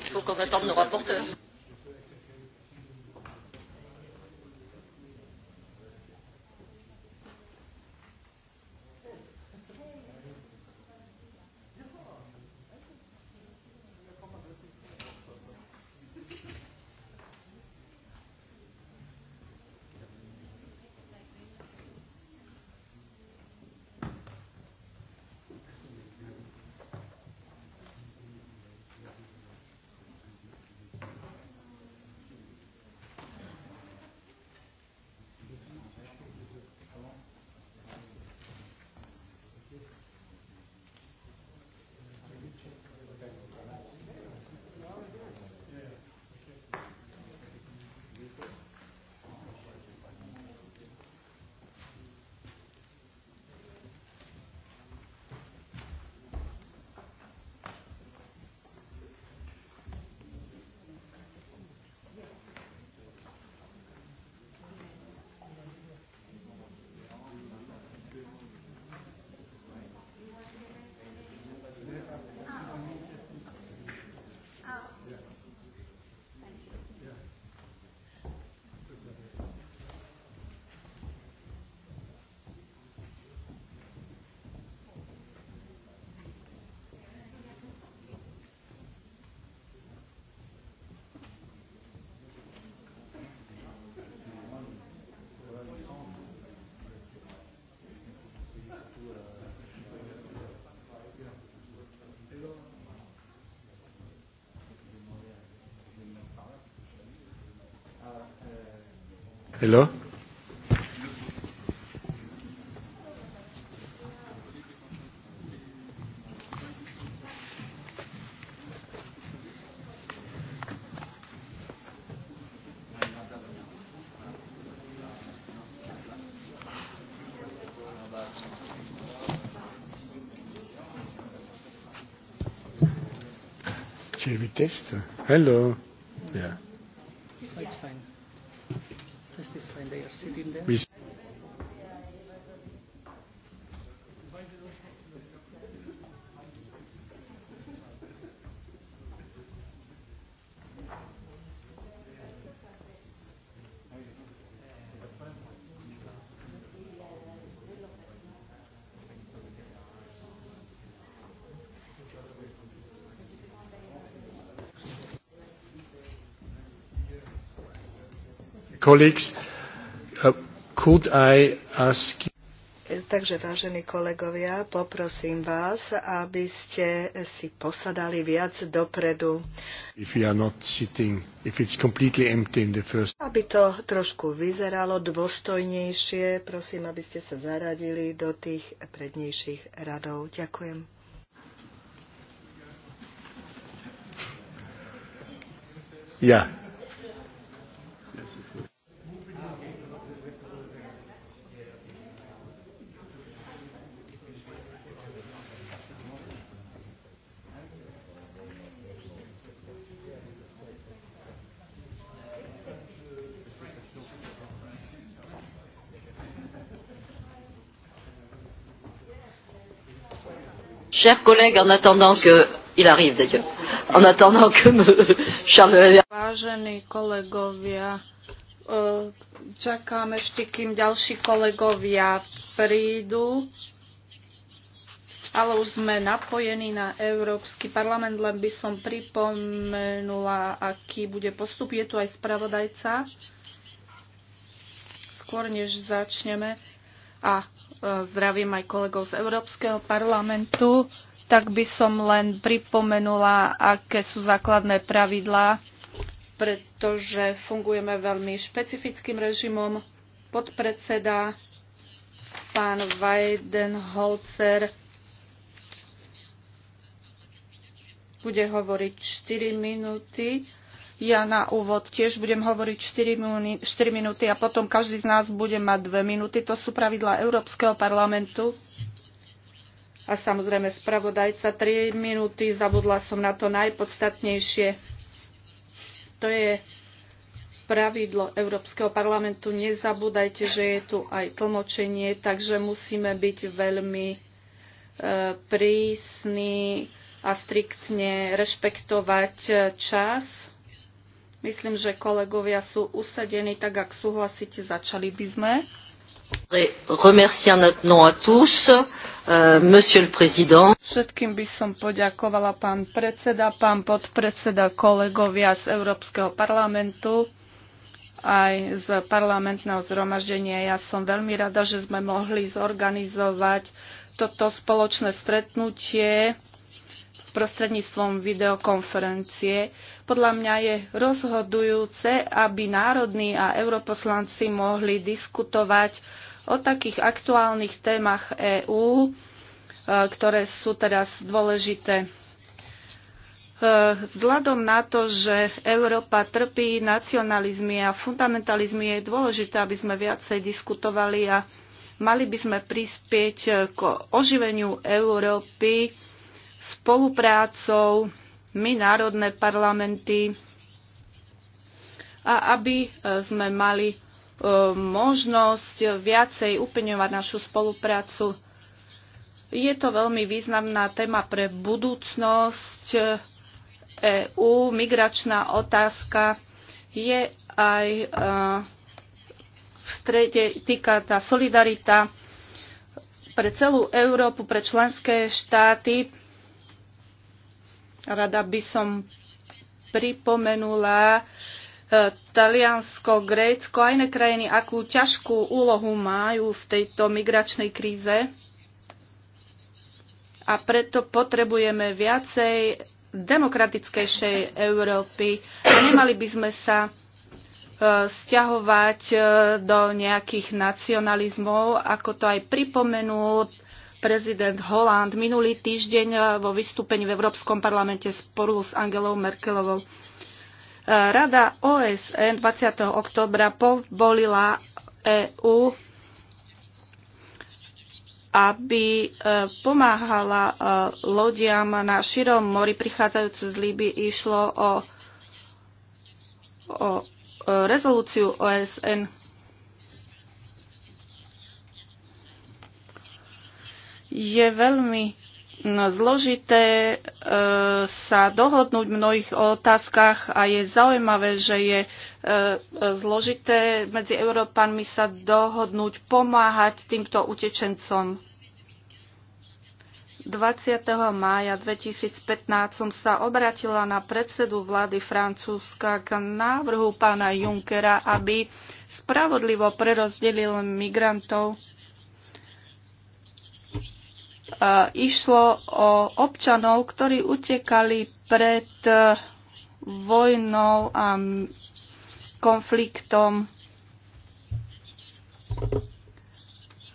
Il faut qu'on attende nos rapporteurs. test. Hello. colleagues, uh, could I ask Takže, vážení kolegovia, poprosím vás, aby ste si posadali viac dopredu. Sitting, first... Aby to trošku vyzeralo dôstojnejšie, prosím, aby ste sa zaradili do tých prednejších radov. Ďakujem. Ja, yeah. chers collègues, en attendant que il arrive d'ailleurs, en attendant que me Charles Vážení kolegovia, e, čakám ešte, kým ďalší kolegovia prídu, ale už sme napojení na Európsky parlament, len by som pripomenula, aký bude postup. Je tu aj spravodajca. Skôr než začneme. A E, zdravím aj kolegov z Európskeho parlamentu, tak by som len pripomenula, aké sú základné pravidlá, pretože fungujeme veľmi špecifickým režimom. Podpredseda pán Weidenholzer bude hovoriť 4 minúty ja na úvod tiež budem hovoriť 4, minúty, 4 minúty a potom každý z nás bude mať 2 minúty. To sú pravidlá Európskeho parlamentu. A samozrejme spravodajca 3 minúty, zabudla som na to najpodstatnejšie. To je pravidlo Európskeho parlamentu. Nezabúdajte, že je tu aj tlmočenie, takže musíme byť veľmi e, prísni a striktne rešpektovať e, čas Myslím, že kolegovia sú usadení, tak ak súhlasíte, začali by sme. Euh, Všetkým by som poďakovala pán predseda, pán podpredseda, kolegovia z Európskeho parlamentu aj z parlamentného zhromaždenia. Ja som veľmi rada, že sme mohli zorganizovať toto spoločné stretnutie prostredníctvom videokonferencie. Podľa mňa je rozhodujúce, aby národní a europoslanci mohli diskutovať o takých aktuálnych témach EÚ, e, ktoré sú teraz dôležité. E, vzhľadom na to, že Európa trpí nacionalizmy a fundamentalizmy, je dôležité, aby sme viacej diskutovali a mali by sme prispieť k oživeniu Európy spoluprácou my, národné parlamenty, a aby e, sme mali e, možnosť viacej upeňovať našu spoluprácu. Je to veľmi významná téma pre budúcnosť EÚ. E Migračná otázka je aj v strede, týka tá solidarita pre celú Európu, pre členské štáty Rada by som pripomenula e, Taliansko, Grécko a iné krajiny, akú ťažkú úlohu majú v tejto migračnej kríze. A preto potrebujeme viacej demokratickejšej Európy a nemali by sme sa e, stiahovať e, do nejakých nacionalizmov, ako to aj pripomenul prezident Holland minulý týždeň eh, vo vystúpení v Európskom parlamente sporu s Angelou Merkelovou. Eh, Rada OSN 20. oktobra povolila EÚ, aby eh, pomáhala lodiam na širom mori prichádzajúce z Líby. Išlo o, o rezolúciu OSN je veľmi no, zložité e, sa dohodnúť v mnohých otázkach a je zaujímavé, že je e, zložité medzi Európanmi sa dohodnúť, pomáhať týmto utečencom. 20. mája 2015 som sa obratila na predsedu vlády Francúzska k návrhu pána Junckera, aby spravodlivo prerozdelil migrantov išlo o občanov, ktorí utekali pred e, vojnou a konfliktom.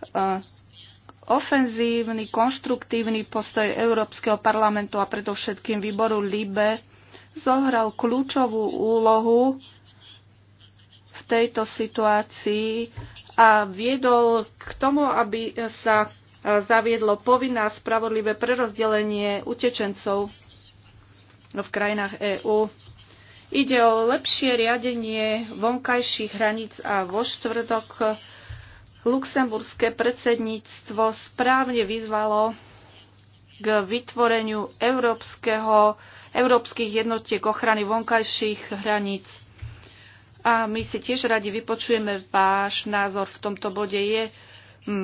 E, ofenzívny, konštruktívny postoj Európskeho parlamentu a predovšetkým výboru LIBE zohral kľúčovú úlohu v tejto situácii a viedol k tomu, aby sa E, zaviedlo povinné spravodlivé prerozdelenie utečencov v krajinách EÚ. Ide o lepšie riadenie vonkajších hraníc a vo štvrtok luxemburské predsedníctvo správne vyzvalo k vytvoreniu európskeho, európskych jednotiek ochrany vonkajších hraníc. A my si tiež radi vypočujeme váš názor v tomto bode. Je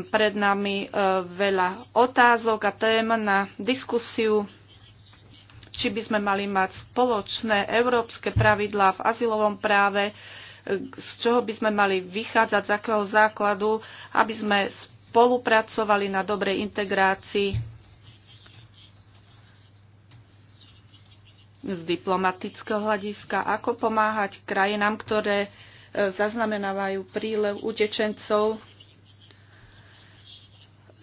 pred nami e, veľa otázok a tém na diskusiu, či by sme mali mať spoločné európske pravidlá v azylovom práve, e, z čoho by sme mali vychádzať, z akého základu, aby sme spolupracovali na dobrej integrácii z diplomatického hľadiska, ako pomáhať krajinám, ktoré e, zaznamenávajú prílev utečencov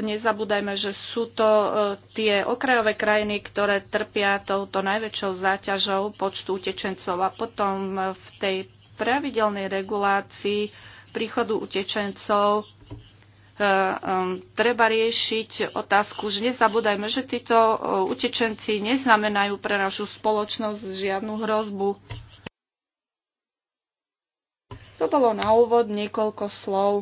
nezabúdajme, že sú to e, tie okrajové krajiny, ktoré trpia touto najväčšou záťažou počtu utečencov a potom e, v tej pravidelnej regulácii príchodu utečencov e, treba riešiť otázku, že nezabúdajme, že títo utečenci neznamenajú pre našu spoločnosť žiadnu hrozbu. To bolo na úvod niekoľko slov.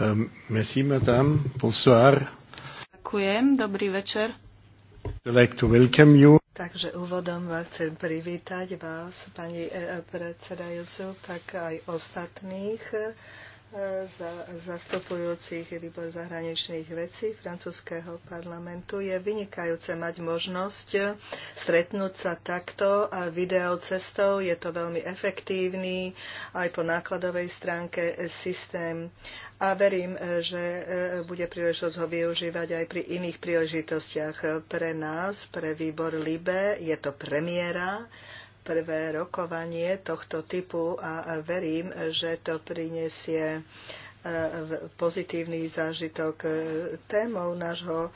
Ehm, merci, madame. Bonsoir. Ďakujem. Dobrý večer. like to welcome you. Takže úvodom vás chcem privítať vás, pani eh, predsedajúcu, tak aj ostatných E, za, zastupujúcich výbor zahraničných vecí francúzského parlamentu. Je vynikajúce mať možnosť stretnúť sa takto a video cestou. Je to veľmi efektívny aj po nákladovej stránke systém a verím, že e, bude príležitosť ho využívať aj pri iných príležitostiach. Pre nás, pre výbor LIBE je to premiéra prvé rokovanie tohto typu a verím, že to prinesie e, pozitívny zážitok. Témou nášho e,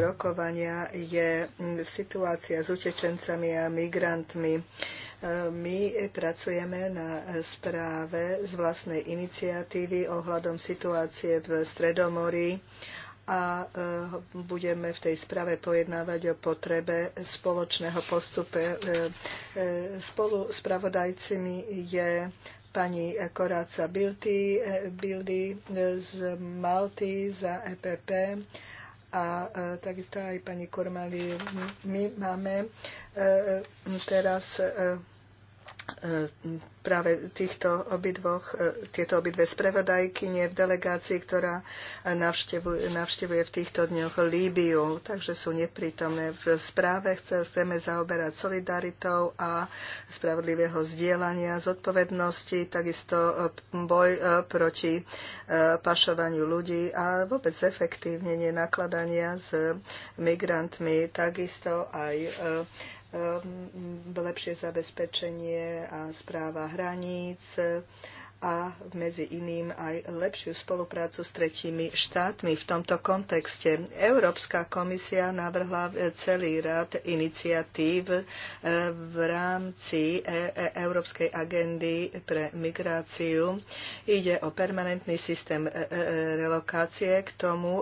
rokovania je situácia s utečencami a migrantmi. E, my pracujeme na správe z vlastnej iniciatívy ohľadom situácie v Stredomorí a e, budeme v tej správe pojednávať o potrebe spoločného postupe. E, e, spolu pravodajcimi je pani Koráca Bildy z Malty za EPP a takisto aj pani Kormali. My máme teraz E, práve týchto obidvoch, e, tieto obidve nie v delegácii, ktorá e, navštevuje, navštevuje v týchto dňoch Líbiu, takže sú neprítomné v správe. Chceme zaoberať solidaritou a spravodlivého zdieľania, zodpovednosti, takisto boj proti pašovaniu ľudí a vôbec efektívnenie nakladania s migrantmi, takisto aj Ehm, lepšie zabezpečenie a správa hraníc e, a medzi iným aj lepšiu spoluprácu s tretími štátmi. V tomto kontexte Európska komisia navrhla e, celý rad iniciatív e, v rámci Európskej agendy pre migráciu. Ide o permanentný systém relokácie. K tomu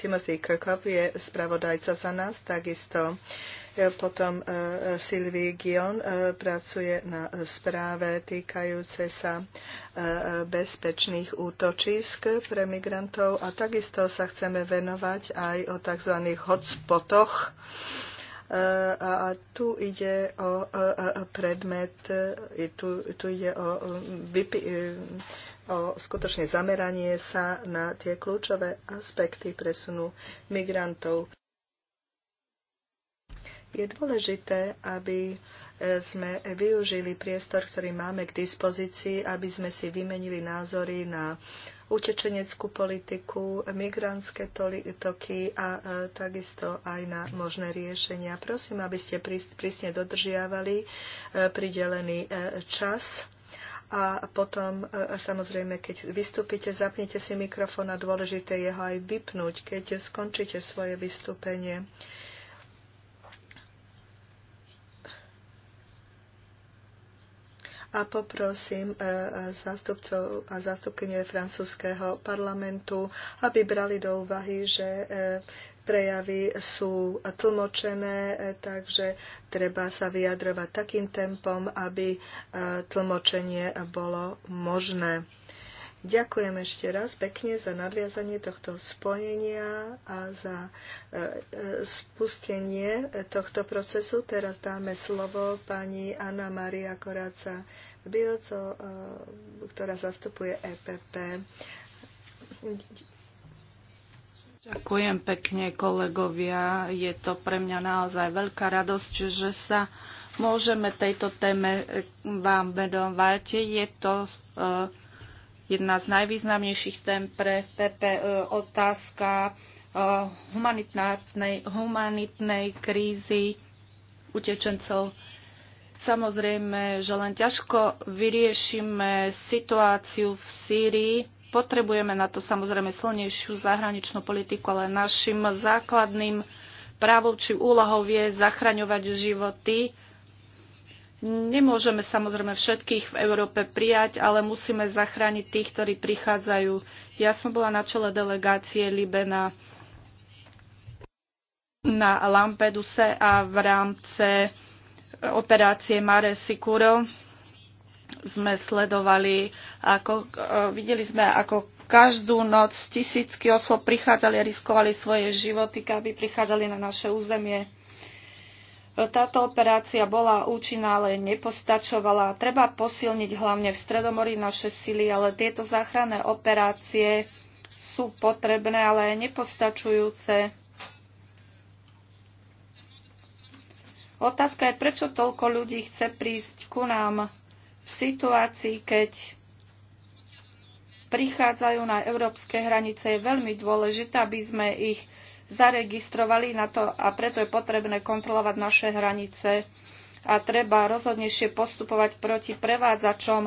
Timothy Kirkhoff je spravodajca za nás, takisto potom e, Sylvie Gion e, pracuje na správe týkajúce sa e, bezpečných útočisk pre migrantov a takisto sa chceme venovať aj o tzv. hotspotoch. A tu ide o predmet, tu, tu ide o, vypi, o skutočne zameranie sa na tie kľúčové aspekty presunu migrantov. Je dôležité, aby e, sme využili priestor, ktorý máme k dispozícii, aby sme si vymenili názory na utečeneckú politiku, migrantské toky a e, takisto aj na možné riešenia. Prosím, aby ste prísne dodržiavali e, pridelený čas. A potom, samozrejme, keď vystúpite, zapnite si mikrofón a dôležité je ho aj vypnúť, keď skončíte svoje vystúpenie. a poprosím e, e, zástupcov a zástupkynie francúzského parlamentu, aby brali do úvahy, že e, prejavy sú tlmočené, takže treba sa vyjadrovať takým tempom, aby tlmočenie bolo možné. Ďakujem ešte raz pekne za nadviazanie tohto spojenia a za e, e, spustenie tohto procesu. Teraz dáme slovo pani Anna Maria Koráca Bioco, e, ktorá zastupuje EPP. Ďakujem pekne, kolegovia. Je to pre mňa naozaj veľká radosť, že sa môžeme tejto téme vám venovať. Je to uh, jedna z najvýznamnejších tém pre PP e, otázka e, humanitárnej, humanitnej krízy utečencov. Samozrejme, že len ťažko vyriešime situáciu v Sýrii. Potrebujeme na to samozrejme silnejšiu zahraničnú politiku, ale našim základným právom či úlohou je zachraňovať životy Nemôžeme samozrejme všetkých v Európe prijať, ale musíme zachrániť tých, ktorí prichádzajú. Ja som bola na čele delegácie Libe na, na Lampeduse a v rámci operácie Mare Sicuro sme sledovali, ako, e, videli sme, ako každú noc tisícky osôb prichádzali a riskovali svoje životy, aby prichádzali na naše územie. Táto operácia bola účinná, ale nepostačovala. Treba posilniť hlavne v Stredomorí naše sily, ale tieto záchranné operácie sú potrebné, ale nepostačujúce. Otázka je, prečo toľko ľudí chce prísť ku nám v situácii, keď prichádzajú na európske hranice. Je veľmi dôležité, aby sme ich zaregistrovali na to a preto je potrebné kontrolovať naše hranice a treba rozhodnejšie postupovať proti prevádzačom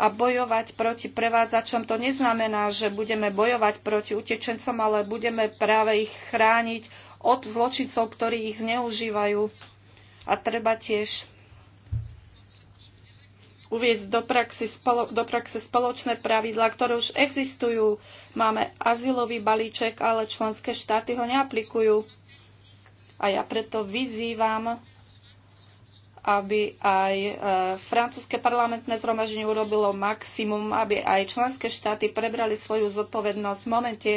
a bojovať proti prevádzačom. To neznamená, že budeme bojovať proti utečencom, ale budeme práve ich chrániť od zločincov, ktorí ich zneužívajú. A treba tiež uviezť do praxe, spolo, do praxe spoločné pravidlá, ktoré už existujú. Máme azylový balíček, ale členské štáty ho neaplikujú. A ja preto vyzývam, aby aj e, francúzske parlamentné zhromaždenie urobilo maximum, aby aj členské štáty prebrali svoju zodpovednosť v momente,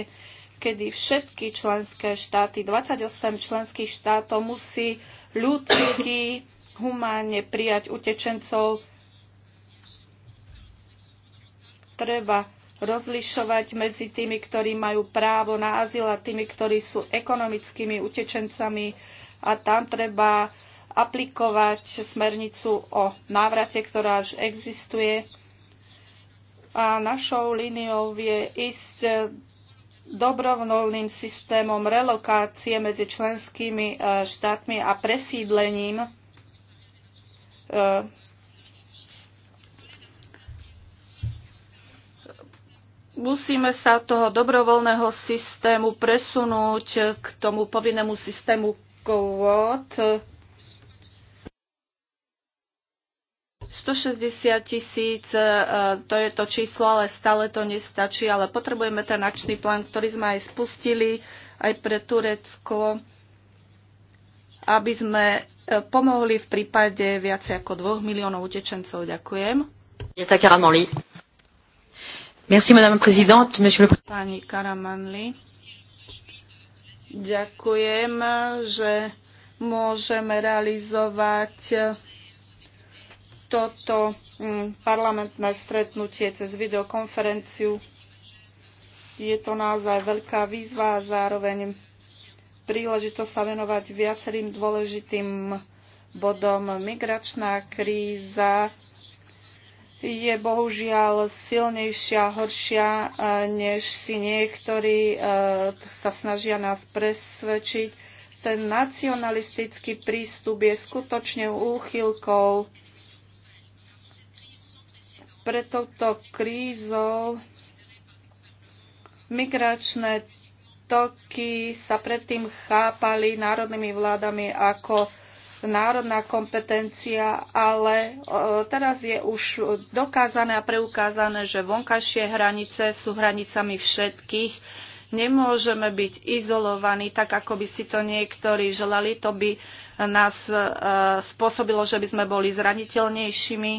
kedy všetky členské štáty, 28 členských štátov musí ľudsky, humánne prijať utečencov treba rozlišovať medzi tými, ktorí majú právo na azyl a tými, ktorí sú ekonomickými utečencami a tam treba aplikovať smernicu o návrate, ktorá už existuje. A našou líniou je ísť dobrovoľným systémom relokácie medzi členskými e, štátmi a presídlením e, Musíme sa toho dobrovoľného systému presunúť k tomu povinnému systému kvót. 160 tisíc, e, to je to číslo, ale stále to nestačí, ale potrebujeme ten akčný plán, ktorý sme aj spustili aj pre Turecko, aby sme e, pomohli v prípade viac ako 2 miliónov utečencov. Ďakujem. Je Merci, madame présidente, monsieur le Pani Karamanli, ďakujem, že môžeme realizovať toto mm, parlamentné stretnutie cez videokonferenciu. Je to naozaj veľká výzva a zároveň príležitosť sa venovať viacerým dôležitým bodom. Migračná kríza, je bohužiaľ silnejšia, horšia, e, než si niektorí e, sa snažia nás presvedčiť. Ten nacionalistický prístup je skutočne úchylkou pre touto krízou migračné toky sa predtým chápali národnými vládami ako národná kompetencia, ale teraz je už dokázané a preukázané, že vonkajšie hranice sú hranicami všetkých. Nemôžeme byť izolovaní, tak ako by si to niektorí želali. To by nás e, spôsobilo, že by sme boli zraniteľnejšími.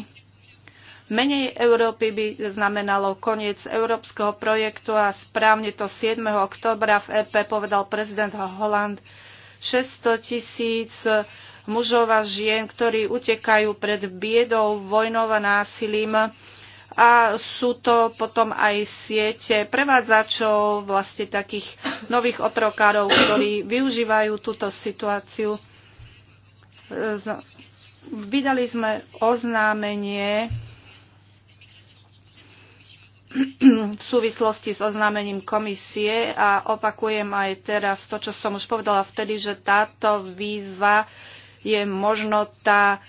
Menej Európy by znamenalo koniec európskeho projektu a správne to 7. oktobra v EP povedal prezident Holland. 600 tisíc mužov a žien, ktorí utekajú pred biedou, vojnou a násilím a sú to potom aj siete prevádzačov, vlastne takých nových otrokárov, ktorí využívajú túto situáciu. Vydali sme oznámenie v súvislosti s oznámením komisie a opakujem aj teraz to, čo som už povedala vtedy, že táto výzva je možno tá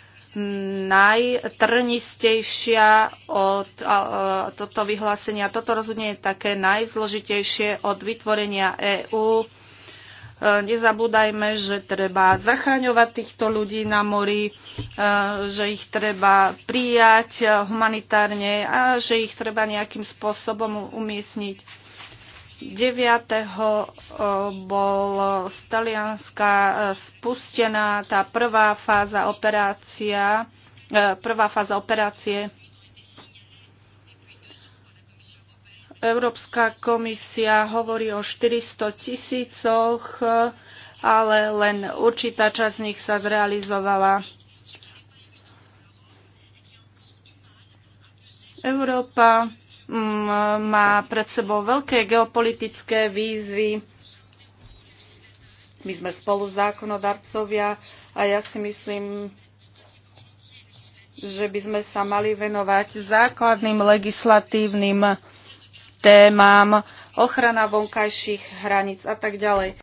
najtrnistejšia od toto vyhlásenia. Toto rozhodne je také najzložitejšie od vytvorenia EÚ. E, nezabúdajme, že treba zachraňovať týchto ľudí na mori, e, že ich treba prijať humanitárne a že ich treba nejakým spôsobom umiestniť 9. bol z Talianska e, spustená tá prvá fáza operácia, e, prvá fáza operácie. Európska komisia hovorí o 400 tisícoch, e, ale len určitá časť z nich sa zrealizovala. Európa má pred sebou veľké geopolitické výzvy. My sme spolu zákonodarcovia a ja si myslím, že by sme sa mali venovať základným legislatívnym témam, ochrana vonkajších hraníc a tak ďalej.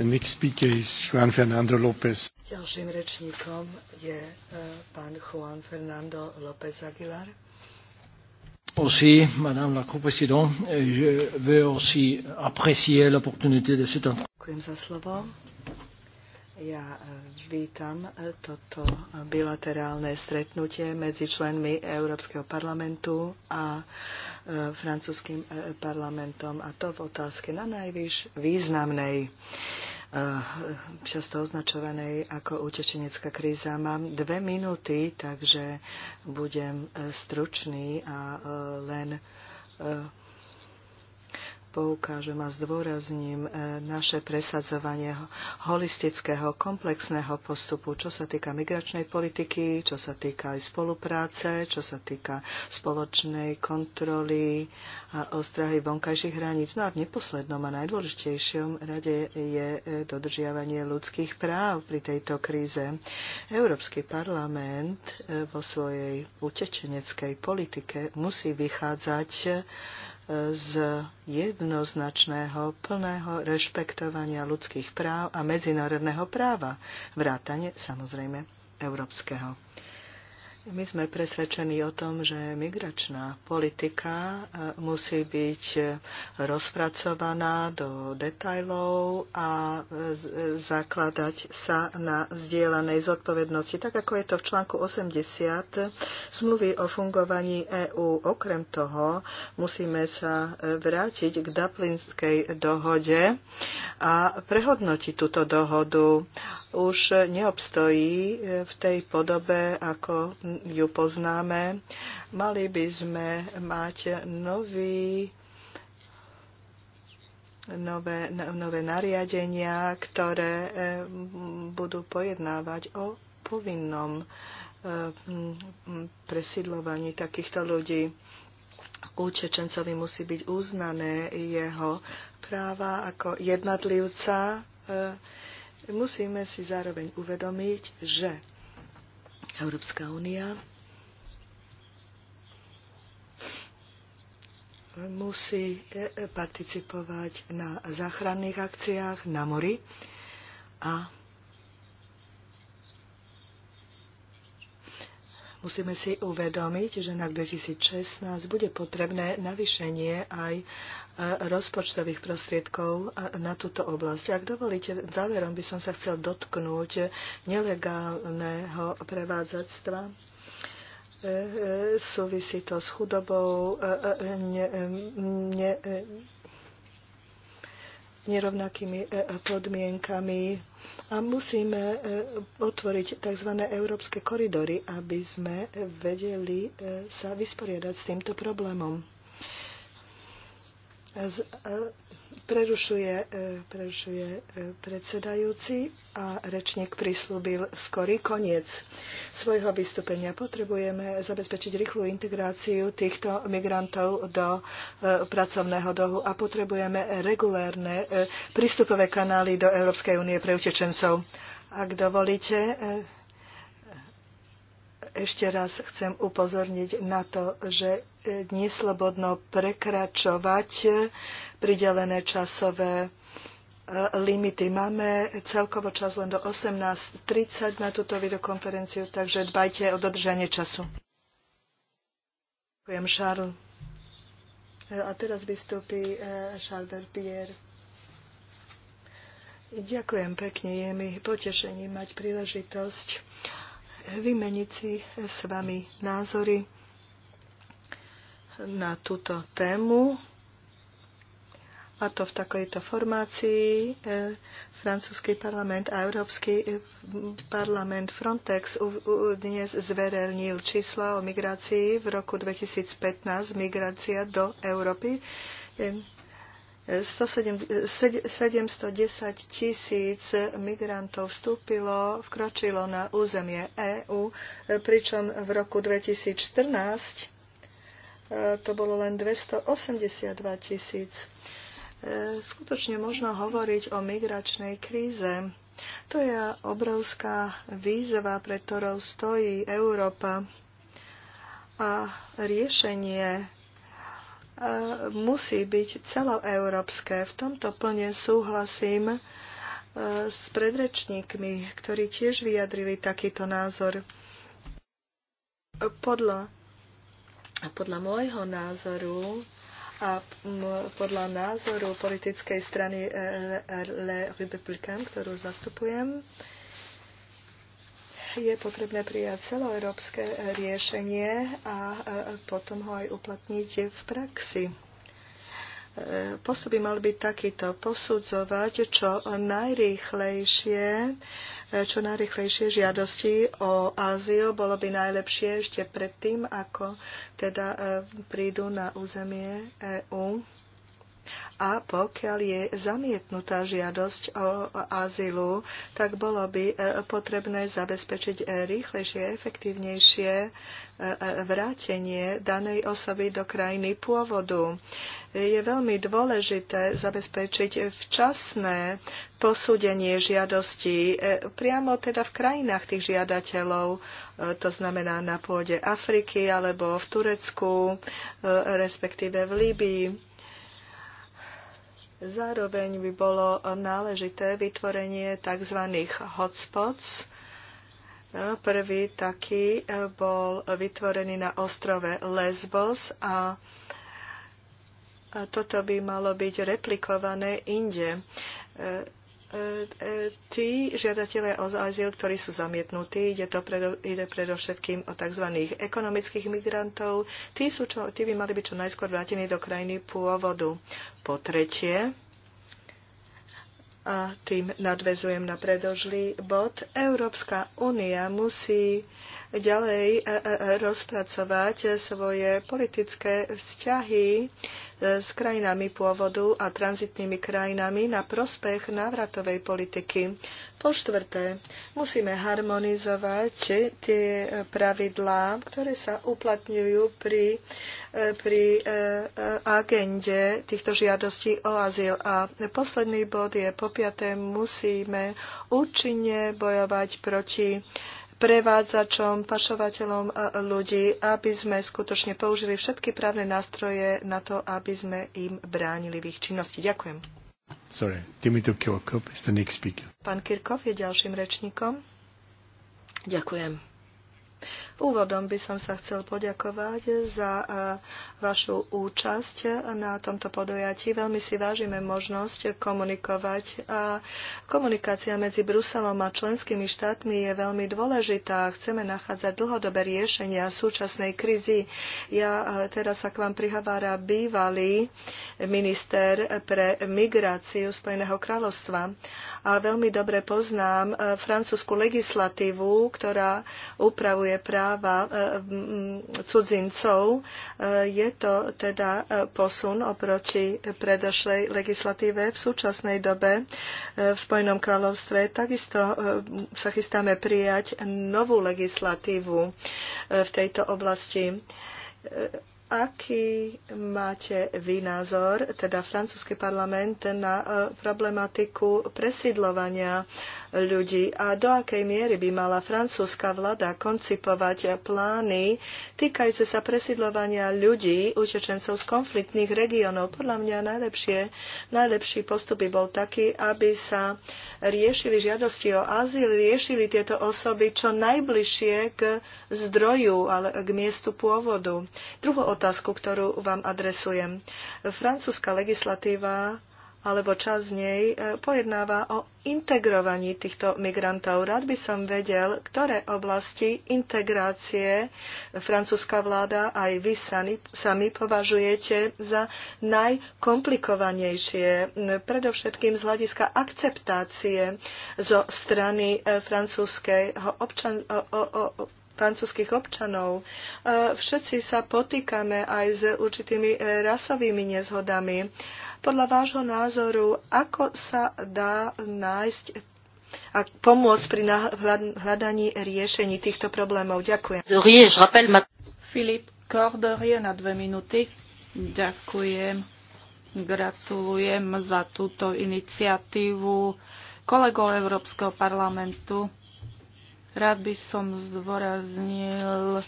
next speaker is Juan Fernando López. Ďalším rečníkom je e, pán Juan Fernando López Aguilar aussi, Madame la Co-Présidente, je veux aussi apprécier l'opportunité de cet entretien. Ja e, vítam e, toto bilaterálne stretnutie medzi členmi Európskeho parlamentu a e, francúzským parlamentom a to v otázke na najvyš významnej. Eh, často označovanej ako utečenecká kríza. Mám dve minúty, takže budem eh, stručný a eh, len poukážem a zdôrazním e, naše presadzovanie holistického, komplexného postupu, čo sa týka migračnej politiky, čo sa týka aj spolupráce, čo sa týka spoločnej kontroly a ostrahy vonkajších hraníc. No a v neposlednom a najdôležitejšom rade je e, dodržiavanie ľudských práv pri tejto kríze. Európsky parlament e, vo svojej utečeneckej politike musí vychádzať z jednoznačného plného rešpektovania ľudských práv a medzinárodného práva, vrátane samozrejme európskeho. My sme presvedčení o tom, že migračná politika e, musí byť e, rozpracovaná do detajlov a e, zakladať sa na zdieľanej zodpovednosti, tak ako je to v článku 80 zmluvy o fungovaní EÚ. Okrem toho musíme sa vrátiť k Dublinskej dohode a prehodnotiť túto dohodu už neobstojí v tej podobe, ako ju poznáme. Mali by sme mať nový nové, nové nariadenia, ktoré e, budú pojednávať o povinnom e, presídlovaní takýchto ľudí. U Čečencovi musí byť uznané jeho práva ako jednotlivca. E, musíme si zároveň uvedomiť, že Európska únia musí e, e, participovať na záchranných akciách na mori a Musíme si uvedomiť, že na 2016 bude potrebné navýšenie aj e, rozpočtových prostriedkov e, na túto oblasť. Ak dovolíte, záverom by som sa chcel dotknúť nelegálneho prevádzactva e, súvisí to s chudobou, ne, ne, nerovnakými podmienkami a musíme e, otvoriť tzv. európske koridory, aby sme vedeli e, sa vysporiadať s týmto problémom. E, prerušuje, e, prerušuje e, predsedajúci a rečník prislúbil skorý koniec svojho vystúpenia. Potrebujeme zabezpečiť rýchlu integráciu týchto migrantov do pracovného dohu a potrebujeme regulérne prístupové kanály do Európskej únie pre utečencov. Ak dovolíte, ešte raz chcem upozorniť na to, že e, neslobodno prekračovať pridelené časové e, limity. Máme celkovo čas len do 18.30 na túto videokonferenciu, takže dbajte o dodržanie času. Ďakujem, Charles. E, a teraz vystúpi Charles Berbier. Ďakujem pekne, je mi potešením mať príležitosť vymeniť si s vami názory na túto tému. A to v takejto formácii e, francúzsky parlament a Európsky e, parlament Frontex u, u, dnes zverejnil čísla o migrácii v roku 2015, migrácia do Európy. E, 710 tisíc migrantov vstúpilo, vkročilo na územie EÚ, pričom v roku 2014 e, to bolo len 282 tisíc. E, skutočne možno hovoriť o migračnej kríze. To je obrovská výzva, pre ktorou stojí Európa. A riešenie E, musí byť celoeurópske. V tomto plne súhlasím e, s predrečníkmi, ktorí tiež vyjadrili takýto názor. Podľa, podľa môjho názoru a podľa názoru politickej strany e Le Républicain, ktorú zastupujem, je potrebné prijať celoeurópske riešenie a potom ho aj uplatniť v praxi e, postup by mal byť takýto. Posudzovať čo najrýchlejšie, e, čo najrýchlejšie žiadosti o azyl bolo by najlepšie ešte predtým, ako teda e, prídu na územie EÚ a pokiaľ je zamietnutá žiadosť o azylu, tak bolo by e, potrebné zabezpečiť e, rýchlejšie, efektívnejšie e, vrátenie danej osoby do krajiny pôvodu. Je veľmi dôležité zabezpečiť včasné posúdenie žiadostí priamo teda v krajinách tých žiadateľov, to znamená na pôde Afriky alebo v Turecku, respektíve v Líbii Zároveň by bolo náležité vytvorenie tzv. hotspots. Prvý taký bol vytvorený na ostrove Lesbos a toto by malo byť replikované inde tí žiadatelia o azyl, ktorí sú zamietnutí, ide, to predo, ide predovšetkým o tzv. ekonomických migrantov, tí, sú čo, tí by mali byť čo najskôr vrátení do krajiny pôvodu. Po tretie, a tým nadvezujem na predožlý bod, Európska únia musí ďalej e, e, e, rozpracovať svoje politické vzťahy s krajinami pôvodu a tranzitnými krajinami na prospech návratovej politiky. Po štvrté, musíme harmonizovať tie pravidlá, ktoré sa uplatňujú pri, pri agende týchto žiadostí o azyl. A posledný bod je, po piaté, musíme účinne bojovať proti prevádzačom, pašovateľom e, ľudí, aby sme skutočne použili všetky právne nástroje na to, aby sme im bránili v ich činnosti. Ďakujem. Sorry, Kirkov is the next speaker. Pán Kirkov je ďalším rečníkom. Ďakujem. Úvodom by som sa chcel poďakovať za e, vašu účasť na tomto podujatí. Veľmi si vážime možnosť komunikovať a komunikácia medzi Bruselom a členskými štátmi je veľmi dôležitá. Chceme nachádzať dlhodobé riešenia súčasnej krízy. Ja e, teraz sa k vám prihovára bývalý minister pre migráciu Spojeného kráľovstva a veľmi dobre poznám e, francúzsku legislatívu, ktorá upravuje práv práva e, cudzincov. E, je to teda e, posun oproti predošlej legislatíve. V súčasnej dobe v Spojenom kráľovstve takisto sa chystáme prijať novú legislatívu v tejto oblasti. Aký máte vy názor, teda francúzsky parlament, na problematiku presídlovania ľudí a do akej miery by mala francúzska vláda koncipovať plány týkajúce sa presidlovania ľudí, utečencov z konfliktných regiónov. Podľa mňa najlepšie, najlepší postup by bol taký, aby sa riešili žiadosti o azyl, riešili tieto osoby čo najbližšie k zdroju, ale k miestu pôvodu. Druhú otázku, ktorú vám adresujem. Francúzska legislatíva alebo čas z nej e, pojednáva o integrovaní týchto migrantov. Rád by som vedel, ktoré oblasti integrácie francúzska vláda aj vy sami, sami považujete za najkomplikovanejšie, predovšetkým z hľadiska akceptácie zo strany e, francúzskej občan, o, o, o, francúzských občanov. E, všetci sa potýkame aj s určitými e, rasovými nezhodami. Podľa vášho názoru, ako sa dá nájsť a pomôcť pri hľadaní riešení týchto problémov. Ďakujem. Filip Kordorie na dve minúty. Ďakujem. Gratulujem za túto iniciatívu kolegov Európskeho parlamentu. Rád by som zdôraznil, e,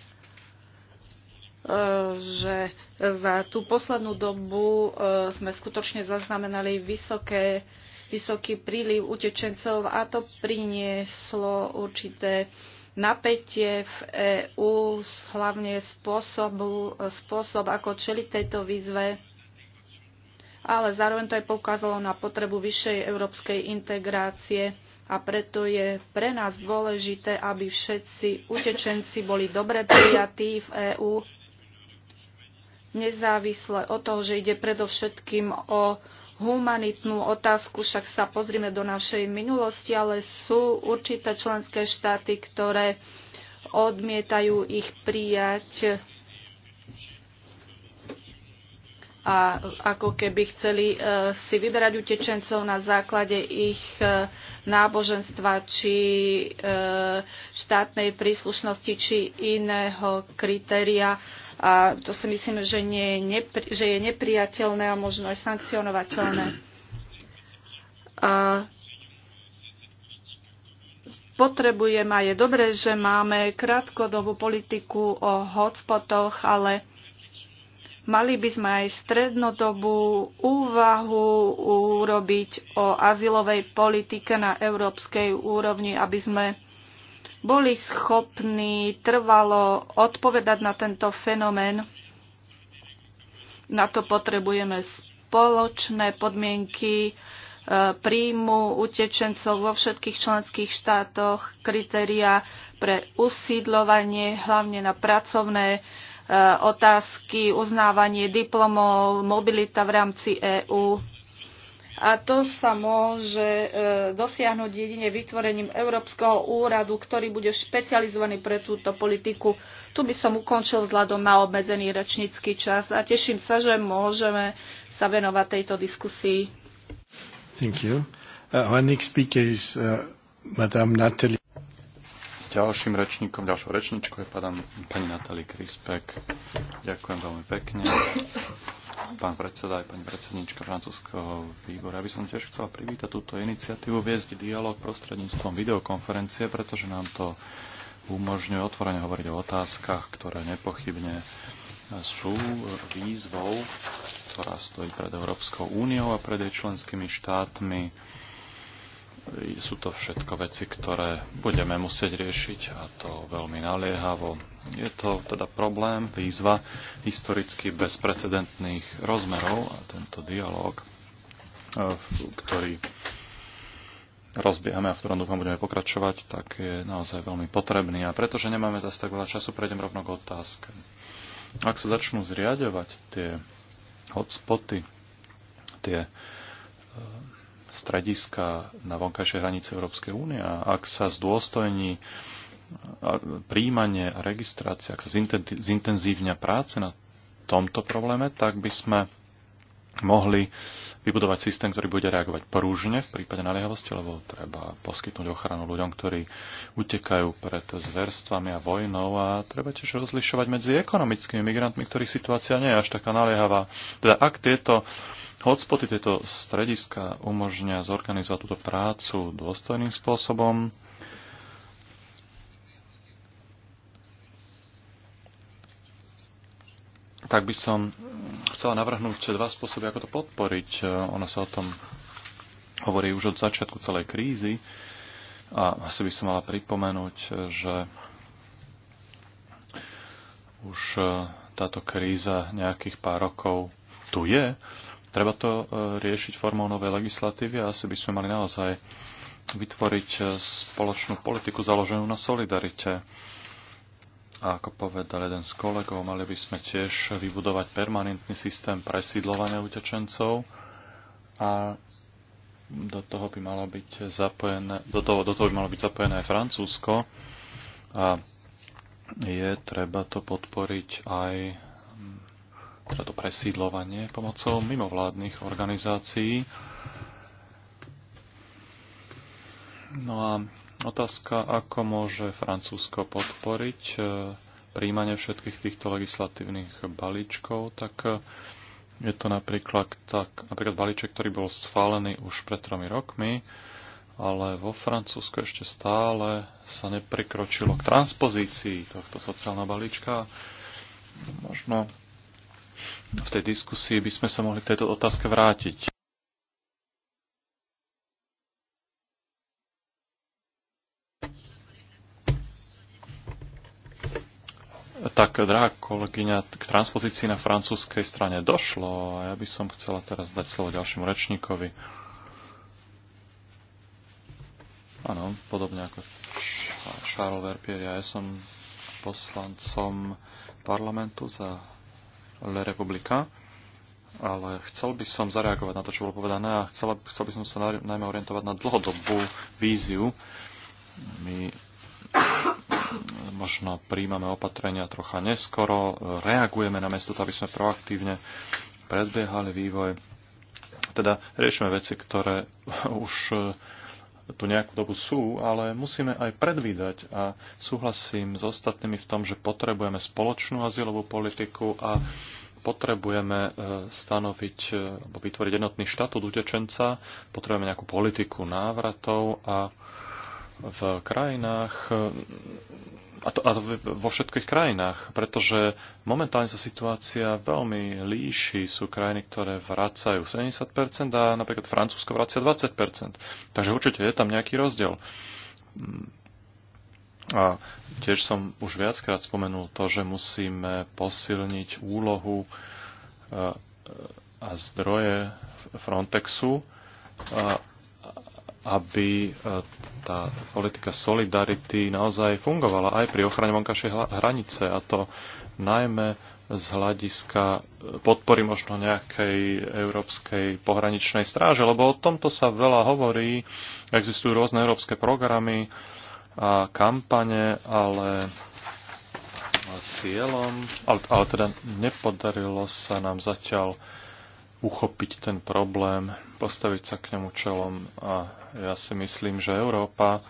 že za tú poslednú dobu e, sme skutočne zaznamenali vysoké, vysoký príliv utečencov a to prinieslo určité napätie v EÚ, hlavne spôsobu, e, spôsob, ako čeliť tejto výzve ale zároveň to aj poukázalo na potrebu vyššej európskej integrácie a preto je pre nás dôležité, aby všetci utečenci boli dobre prijatí v EÚ, nezávisle od toho, že ide predovšetkým o humanitnú otázku, však sa pozrime do našej minulosti, ale sú určité členské štáty, ktoré odmietajú ich prijať a ako keby chceli e, si vyberať utečencov na základe ich e, náboženstva či e, štátnej príslušnosti či iného kritéria. A to si myslím, že, nie, nepri, že je nepriateľné a možno aj sankcionovateľné. A potrebujeme a je dobré, že máme krátkodobú politiku o hotspotoch, ale Mali by sme aj strednodobú úvahu urobiť o azylovej politike na európskej úrovni, aby sme boli schopní trvalo odpovedať na tento fenomén. Na to potrebujeme spoločné podmienky e, príjmu utečencov vo všetkých členských štátoch, kritéria pre usídlovanie, hlavne na pracovné Eh, otázky, uznávanie diplomov, mobilita v rámci EÚ. A to sa môže eh, dosiahnuť jedine vytvorením Európskeho úradu, ktorý bude špecializovaný pre túto politiku. Tu by som ukončil vzhľadom na obmedzený rečnícky čas a teším sa, že môžeme sa venovať tejto diskusii. Thank you. Uh, our next speaker is uh, Madame Nathalie. Ďalším rečníkom, ďalšou rečníčkou je pán pani Natalie Krispek. Ďakujem veľmi pekne. Pán predseda aj pani predsednička francúzského výboru. Ja by som tiež chcela privítať túto iniciatívu viesť dialog prostredníctvom videokonferencie, pretože nám to umožňuje otvorene hovoriť o otázkach, ktoré nepochybne sú výzvou, ktorá stojí pred Európskou úniou a pred jej členskými štátmi sú to všetko veci, ktoré budeme musieť riešiť a to veľmi naliehavo. Je to teda problém, výzva historicky bezprecedentných rozmerov a tento dialog, e, ktorý rozbiehame a v ktorom dúfam budeme pokračovať, tak je naozaj veľmi potrebný. A pretože nemáme zase tak veľa času, prejdem rovno k otázke. Ak sa začnú zriadovať tie hotspoty, tie e, strediska na vonkajšej hranice Európskej únie a ak sa zdôstojní príjmanie a registrácia, ak sa zintenzívňa práce na tomto probléme, tak by sme mohli vybudovať systém, ktorý bude reagovať prúžne v prípade naliehavosti, lebo treba poskytnúť ochranu ľuďom, ktorí utekajú pred zverstvami a vojnou a treba tiež rozlišovať medzi ekonomickými migrantmi, ktorých situácia nie je až taká naliehavá. Teda ak tieto Hotspoty tieto strediska umožňa zorganizovať túto prácu dôstojným spôsobom. Tak by som chcela navrhnúť dva spôsoby, ako to podporiť. Ono sa o tom hovorí už od začiatku celej krízy. A asi by som mala pripomenúť, že už eh, táto kríza nejakých pár rokov tu je Treba to e, riešiť formou novej legislatívy a asi by sme mali naozaj vytvoriť e, spoločnú politiku založenú na solidarite. A ako povedal jeden z kolegov, mali by sme tiež vybudovať permanentný systém presídlovania utečencov a do toho by malo byť zapojené, do toho, do toho by malo byť zapojené aj Francúzsko a je treba to podporiť aj teda to presídlovanie pomocou mimovládnych organizácií. No a otázka, ako môže Francúzsko podporiť e, príjmanie všetkých týchto legislatívnych balíčkov, tak e, je to napríklad, tak, napríklad balíček, ktorý bol schválený už pred tromi rokmi, ale vo Francúzsku ešte stále sa neprikročilo k transpozícii tohto sociálneho balíčka. Možno v tej diskusii by sme sa mohli k tejto otázke vrátiť. Tak, drahá kolegyňa, k transpozícii na francúzskej strane došlo a ja by som chcela teraz dať slovo ďalšiemu rečníkovi. Áno, podobne ako Charles Verpier, ja som poslancom parlamentu za Le Republika, ale chcel by som zareagovať na to, čo bolo povedané a chcel, chcel by som sa najmä orientovať na dlhodobú víziu. My možno príjmame opatrenia trocha neskoro, reagujeme na mesto, aby sme proaktívne predbiehali vývoj. Teda riešime veci, ktoré už tu nejakú dobu sú, ale musíme aj predvídať a súhlasím s ostatnými v tom, že potrebujeme spoločnú azylovú politiku a potrebujeme e, stanoviť e, alebo vytvoriť jednotný štatút utečenca, potrebujeme nejakú politiku návratov a v krajinách, a to, a to vo všetkých krajinách, pretože momentálne sa situácia veľmi líši. Sú krajiny, ktoré vracajú 70% a napríklad Francúzsko vracia 20%. Takže určite je tam nejaký rozdiel. Mm. A tiež som už viackrát spomenul to, že musíme posilniť úlohu e, e, a zdroje Frontexu aby e, tá politika solidarity naozaj fungovala aj pri ochrane vonkajšej hranice a to najmä z hľadiska e, podpory možno nejakej európskej pohraničnej stráže, lebo o tomto sa veľa hovorí, existujú rôzne európske programy a kampane, ale cieľom, ale, ale teda nepodarilo sa nám zatiaľ uchopiť ten problém, postaviť sa k nemu čelom a ja si myslím, že Európa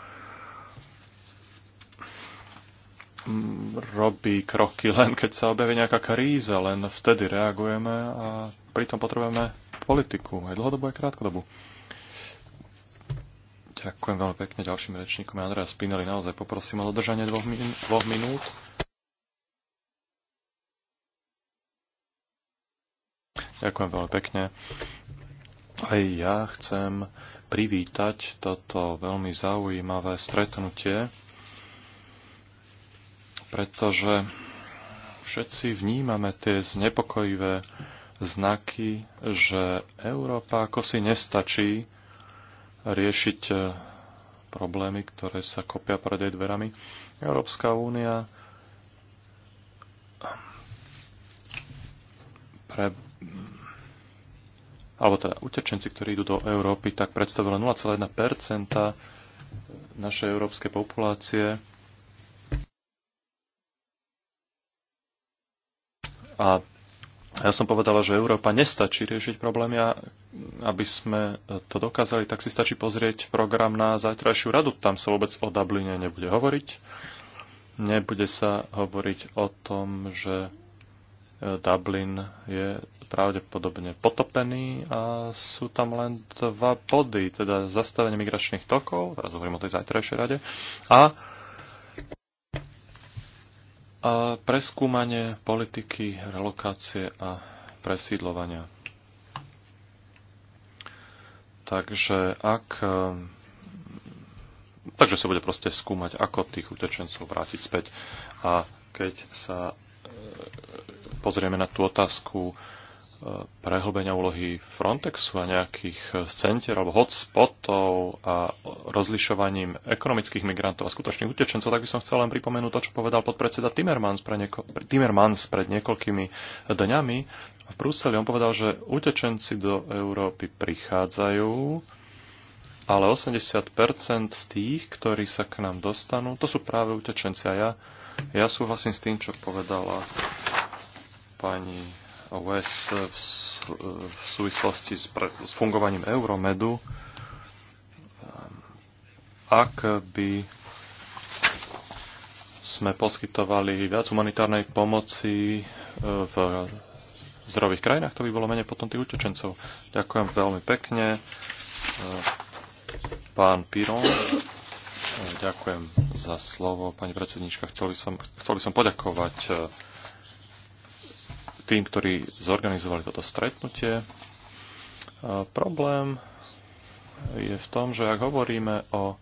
robí kroky len keď sa objaví nejaká kríza, len vtedy reagujeme a pritom potrebujeme politiku, aj dlhodobú, aj krátkodobu. Ďakujem veľmi pekne ďalším rečníkom. Andrea Spinelli naozaj poprosím o dodržanie dvoch, min- dvoch minút. Ďakujem veľmi pekne. Aj ja chcem privítať toto veľmi zaujímavé stretnutie, pretože všetci vnímame tie znepokojivé znaky, že Európa ako si nestačí riešiť problémy, ktoré sa kopia pred jej dverami. Európska únia pre alebo teda utečenci, ktorí idú do Európy, tak predstavila 0,1 našej európskej populácie. A ja som povedala, že Európa nestačí riešiť problémy a aby sme to dokázali, tak si stačí pozrieť program na zajtrajšiu radu. Tam sa vôbec o Dubline nebude hovoriť. Nebude sa hovoriť o tom, že Dublin je pravdepodobne potopení a sú tam len dva body, teda zastavenie migračných tokov, teraz hovorím o tej zajtrajšej rade, a a preskúmanie politiky relokácie a presídlovania. Takže ak e, takže sa bude proste skúmať, ako tých utečencov vrátiť späť. A keď sa e, pozrieme na tú otázku prehlbenia úlohy Frontexu a nejakých center alebo hotspotov a rozlišovaním ekonomických migrantov a skutočných utečencov, tak by som chcel len pripomenúť to, čo povedal podpredseda Timmermans, pre nieko- Timmermans pred niekoľkými dňami v Bruseli. On povedal, že utečenci do Európy prichádzajú, ale 80% z tých, ktorí sa k nám dostanú, to sú práve utečenci. A ja, ja súhlasím s tým, čo povedala pani OS v súvislosti s, s fungovaním Euromedu, um, ak by sme poskytovali viac humanitárnej pomoci e, v zdrových krajinách, to by bolo menej potom tých utečencov. Ďakujem veľmi pekne. E, pán Piron, e, ďakujem za slovo. Pani predsednička, chcel som, chcel som poďakovať tým, ktorí zorganizovali toto stretnutie. E, problém je v tom, že ak hovoríme o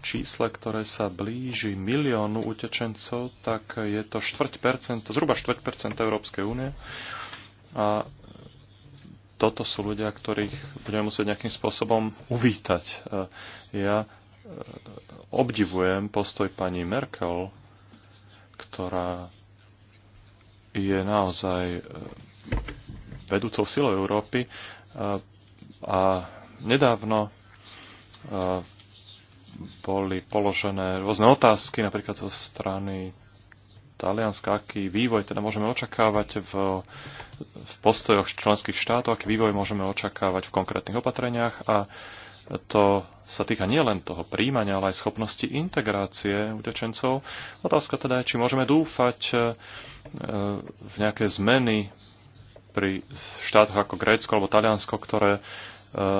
čísle, ktoré sa blíži miliónu utečencov, tak je to 4%, zhruba 4% Európskej únie. A toto sú ľudia, ktorých budeme musieť nejakým spôsobom uvítať. E, ja e, obdivujem postoj pani Merkel, ktorá je naozaj e, vedúcou silou Európy e, a nedávno e, boli položené rôzne otázky, napríklad zo strany Talianska, aký vývoj teda môžeme očakávať v, v postojoch členských štátov, aký vývoj môžeme očakávať v konkrétnych opatreniach a to sa týka nielen toho príjmania, ale aj schopnosti integrácie utečencov. Otázka teda je, či môžeme dúfať e, v nejaké zmeny pri štátoch ako Grécko alebo Taliansko, ktoré e,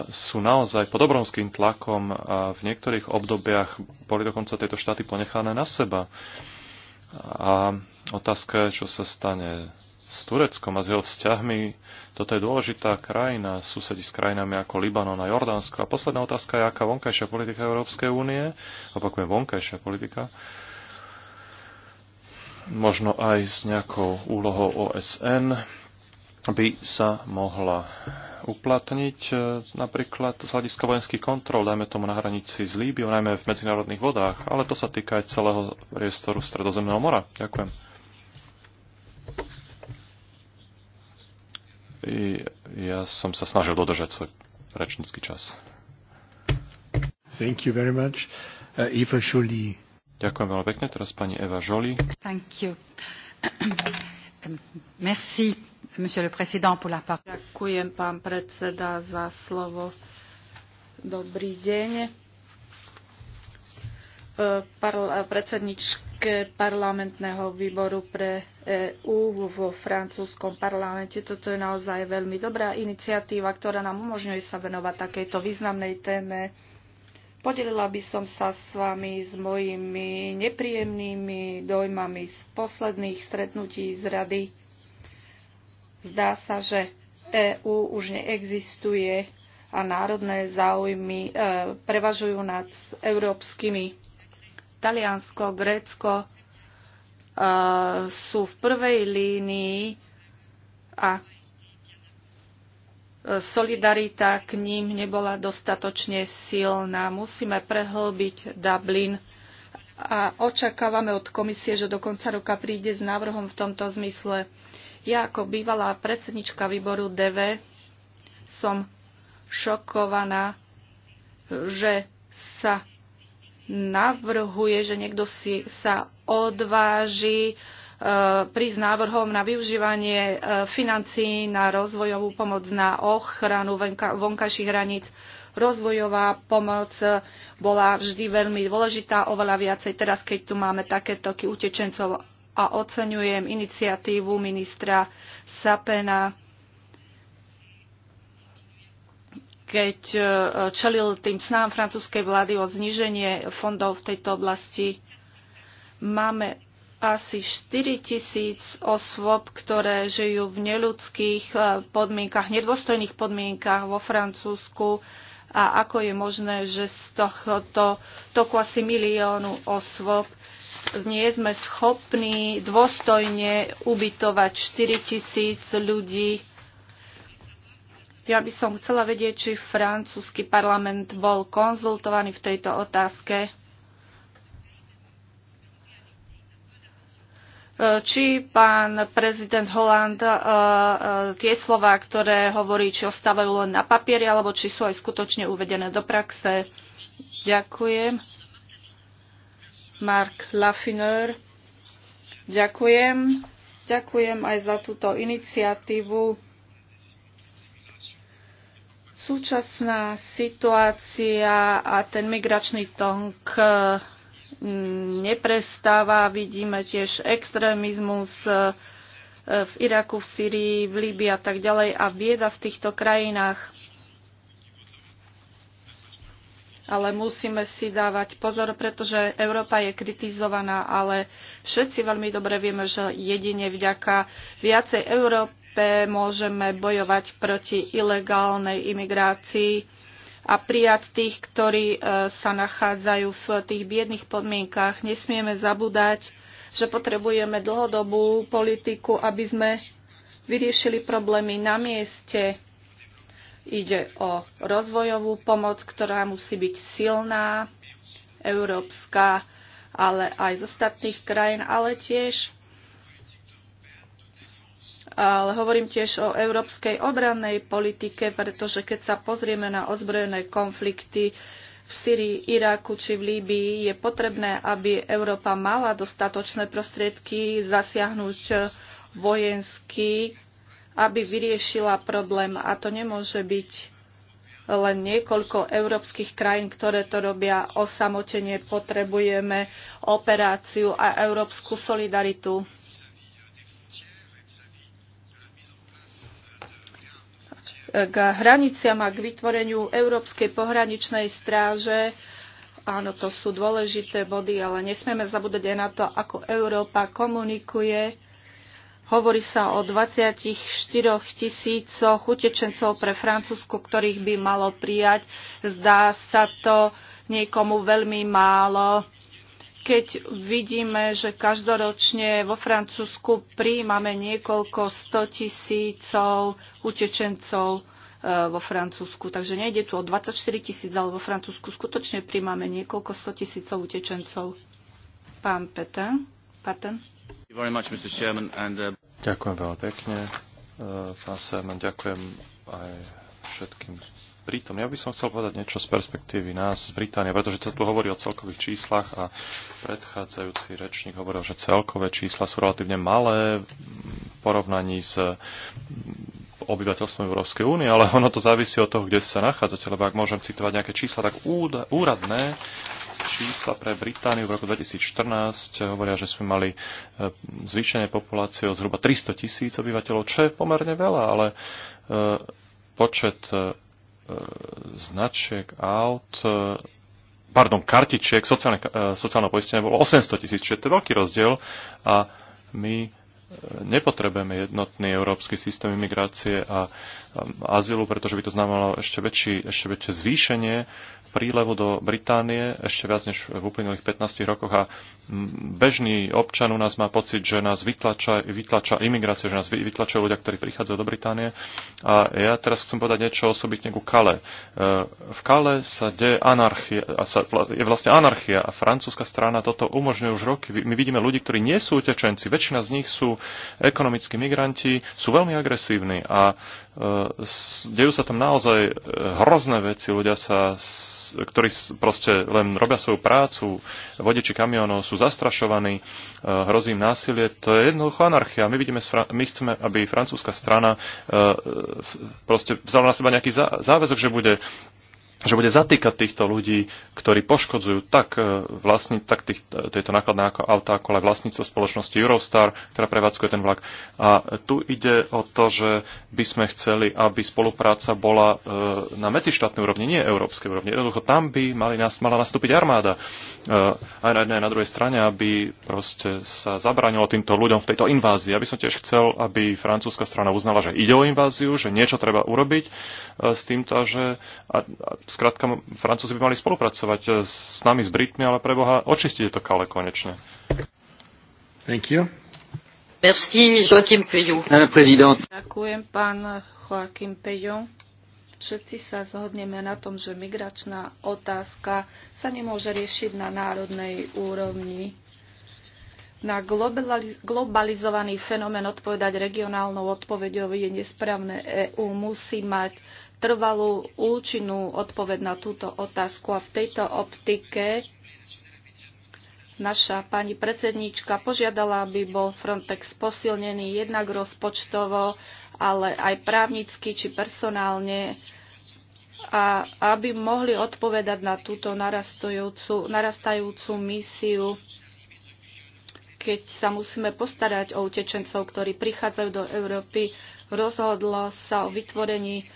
sú naozaj pod obrovským tlakom a v niektorých obdobiach boli dokonca tieto štáty ponechané na seba. A otázka je, čo sa stane s Tureckom a s jeho vzťahmi. Toto je dôležitá krajina, susedí s krajinami ako Libanon a Jordánsko. A posledná otázka je, aká vonkajšia politika Európskej únie, opakujem, vonkajšia politika, možno aj s nejakou úlohou OSN, by sa mohla uplatniť e, napríklad z hľadiska vojenských kontrol, dajme tomu na hranici s Líbiou, najmä v medzinárodných vodách, ale to sa týka aj celého priestoru Stredozemného mora. Ďakujem. ja som sa snažil dodržať svoj rečnícky čas. Thank you very much. Uh, Eva Jolie. Ďakujem veľmi pekne. Teraz pani Eva Jolie. Thank you. Merci, monsieur le président, pour la parole. Ďakujem, pán predseda, za slovo. Dobrý deň parla- predsedničke parlamentného výboru pre EU vo francúzskom parlamente. Toto je naozaj veľmi dobrá iniciatíva, ktorá nám umožňuje sa venovať takejto významnej téme. Podelila by som sa s vami s mojimi nepríjemnými dojmami z posledných stretnutí z rady. Zdá sa, že EÚ už neexistuje a národné záujmy e, prevažujú nad európskymi. Taliansko, Grécko sú v prvej línii a solidarita k ním nebola dostatočne silná. Musíme prehlbiť Dublin a očakávame od komisie, že do konca roka príde s návrhom v tomto zmysle. Ja ako bývalá predsednička výboru DV som šokovaná, že sa navrhuje, že niekto si sa odváži e, prísť návrhom na využívanie e, financií na rozvojovú pomoc na ochranu vonkajších hraníc. Rozvojová pomoc bola vždy veľmi dôležitá, oveľa viacej teraz, keď tu máme také toky utečencov a oceňujem iniciatívu ministra Sapena keď e, čelil tým snám francúzskej vlády o zníženie fondov v tejto oblasti. Máme asi 4 tisíc osôb, ktoré žijú v neľudských e, podmienkach, nedôstojných podmienkach vo Francúzsku a ako je možné, že z tohto toku asi miliónu osôb nie sme schopní dôstojne ubytovať 4 tisíc ľudí ja by som chcela vedieť, či francúzsky parlament bol konzultovaný v tejto otázke. E, či pán prezident Holland e, e, tie slova, ktoré hovorí, či ostávajú len na papieri, alebo či sú aj skutočne uvedené do praxe. Ďakujem. Mark Lafineur. Ďakujem. Ďakujem aj za túto iniciatívu Súčasná situácia a ten migračný tonk e, neprestáva. Vidíme tiež extrémizmus e, e, v Iraku, v Syrii, v Líbii a tak ďalej a bieda v týchto krajinách. Ale musíme si dávať pozor, pretože Európa je kritizovaná, ale všetci veľmi dobre vieme, že jedine vďaka viacej Európy môžeme bojovať proti ilegálnej imigrácii a prijať tých, ktorí e, sa nachádzajú v tých biedných podmienkách. Nesmieme zabúdať, že potrebujeme dlhodobú politiku, aby sme vyriešili problémy na mieste. Ide o rozvojovú pomoc, ktorá musí byť silná, európska, ale aj z ostatných krajín, ale tiež ale hovorím tiež o európskej obrannej politike, pretože keď sa pozrieme na ozbrojené konflikty v Syrii, Iraku či v Líbii, je potrebné, aby Európa mala dostatočné prostriedky zasiahnuť vojensky, aby vyriešila problém. A to nemôže byť len niekoľko európskych krajín, ktoré to robia osamotene. Potrebujeme operáciu a európsku solidaritu. k hraniciam a k vytvoreniu Európskej pohraničnej stráže. Áno, to sú dôležité body, ale nesmieme zabúdať aj na to, ako Európa komunikuje. Hovorí sa o 24 tisícoch utečencov pre Francúzsku, ktorých by malo prijať. Zdá sa to niekomu veľmi málo keď vidíme, že každoročne vo Francúzsku príjmame niekoľko 100 tisícov utečencov e, vo Francúzsku. Takže nejde tu o 24 tisíc, ale vo Francúzsku skutočne príjmame niekoľko 100 tisícov utečencov. Pán Petain, Paten. Uh, ďakujem veľmi pekne. E, pán Sermon, ďakujem aj všetkým Prítom, Ja by som chcel povedať niečo z perspektívy nás z Británie, pretože sa tu hovorí o celkových číslach a predchádzajúci rečník hovoril, že celkové čísla sú relatívne malé v porovnaní s obyvateľstvom Európskej únie, ale ono to závisí od toho, kde sa nachádzate, lebo ak môžem citovať nejaké čísla, tak úradné čísla pre Britániu v roku 2014 hovoria, že sme mali e, zvýšenie populácie o zhruba 300 tisíc obyvateľov, čo je pomerne veľa, ale e, počet e, E, značiek aut, e, pardon, kartičiek sociálne, e, sociálneho poistenia bolo 800 tisíc, čiže to je veľký rozdiel a my nepotrebujeme jednotný európsky systém imigrácie a Um, azylu, pretože by to znamenalo ešte, väčší, ešte väčšie zvýšenie prílevu do Británie, ešte viac než v uplynulých 15 rokoch. A bežný občan u nás má pocit, že nás vytlača, vytlača imigrácia, že nás vytlačajú ľudia, ktorí prichádzajú do Británie. A ja teraz chcem povedať niečo osobitne ku Kale. E, v Kale sa deje anarchia, sa, je vlastne anarchia a francúzska strana toto umožňuje už roky. My vidíme ľudí, ktorí nie sú utečenci, väčšina z nich sú ekonomickí migranti, sú veľmi agresívni a e, dejú sa tam naozaj e, hrozné veci. Ľudia, sa, ktorí proste len robia svoju prácu, vodiči kamionov sú zastrašovaní, e, hrozí im násilie. To je jednoducho anarchia. My, vidíme, my chceme, aby francúzska strana e, proste vzala na seba nejaký záväzok, že bude že bude zatýkať týchto ľudí, ktorí poškodzujú tak, e, vlastní, tak tých, e, tieto nákladné auta, ako aj vlastníctvo spoločnosti Eurostar, ktorá prevádzkuje ten vlak. A tu ide o to, že by sme chceli, aby spolupráca bola e, na medzištátnej úrovni, nie európskej úrovni. Jednoducho tam by mali nás, mala nastúpiť armáda. Aj na jednej, aj na druhej strane, aby proste sa zabránilo týmto ľuďom v tejto invázii. Aby som tiež chcel, aby francúzska strana uznala, že ide o inváziu, že niečo treba urobiť s týmto, že a, a Skrátka, Francúzi by mali spolupracovať e, s nami, s Britmi, ale preboha, očistite to kale konečne. Thank you. Merci, Joachim Peillon. Ďakujem, pán Joachim Pejo. Všetci sa zhodneme na tom, že migračná otázka sa nemôže riešiť na národnej úrovni. Na globalizovaný fenomén odpovedať regionálnou odpovedou je nesprávne. EÚ musí mať trvalú účinnú odpoveď na túto otázku a v tejto optike naša pani predsedníčka požiadala, aby bol Frontex posilnený jednak rozpočtovo, ale aj právnicky či personálne a aby mohli odpovedať na túto narastajúcu, narastajúcu misiu, keď sa musíme postarať o utečencov, ktorí prichádzajú do Európy, rozhodlo sa o vytvorení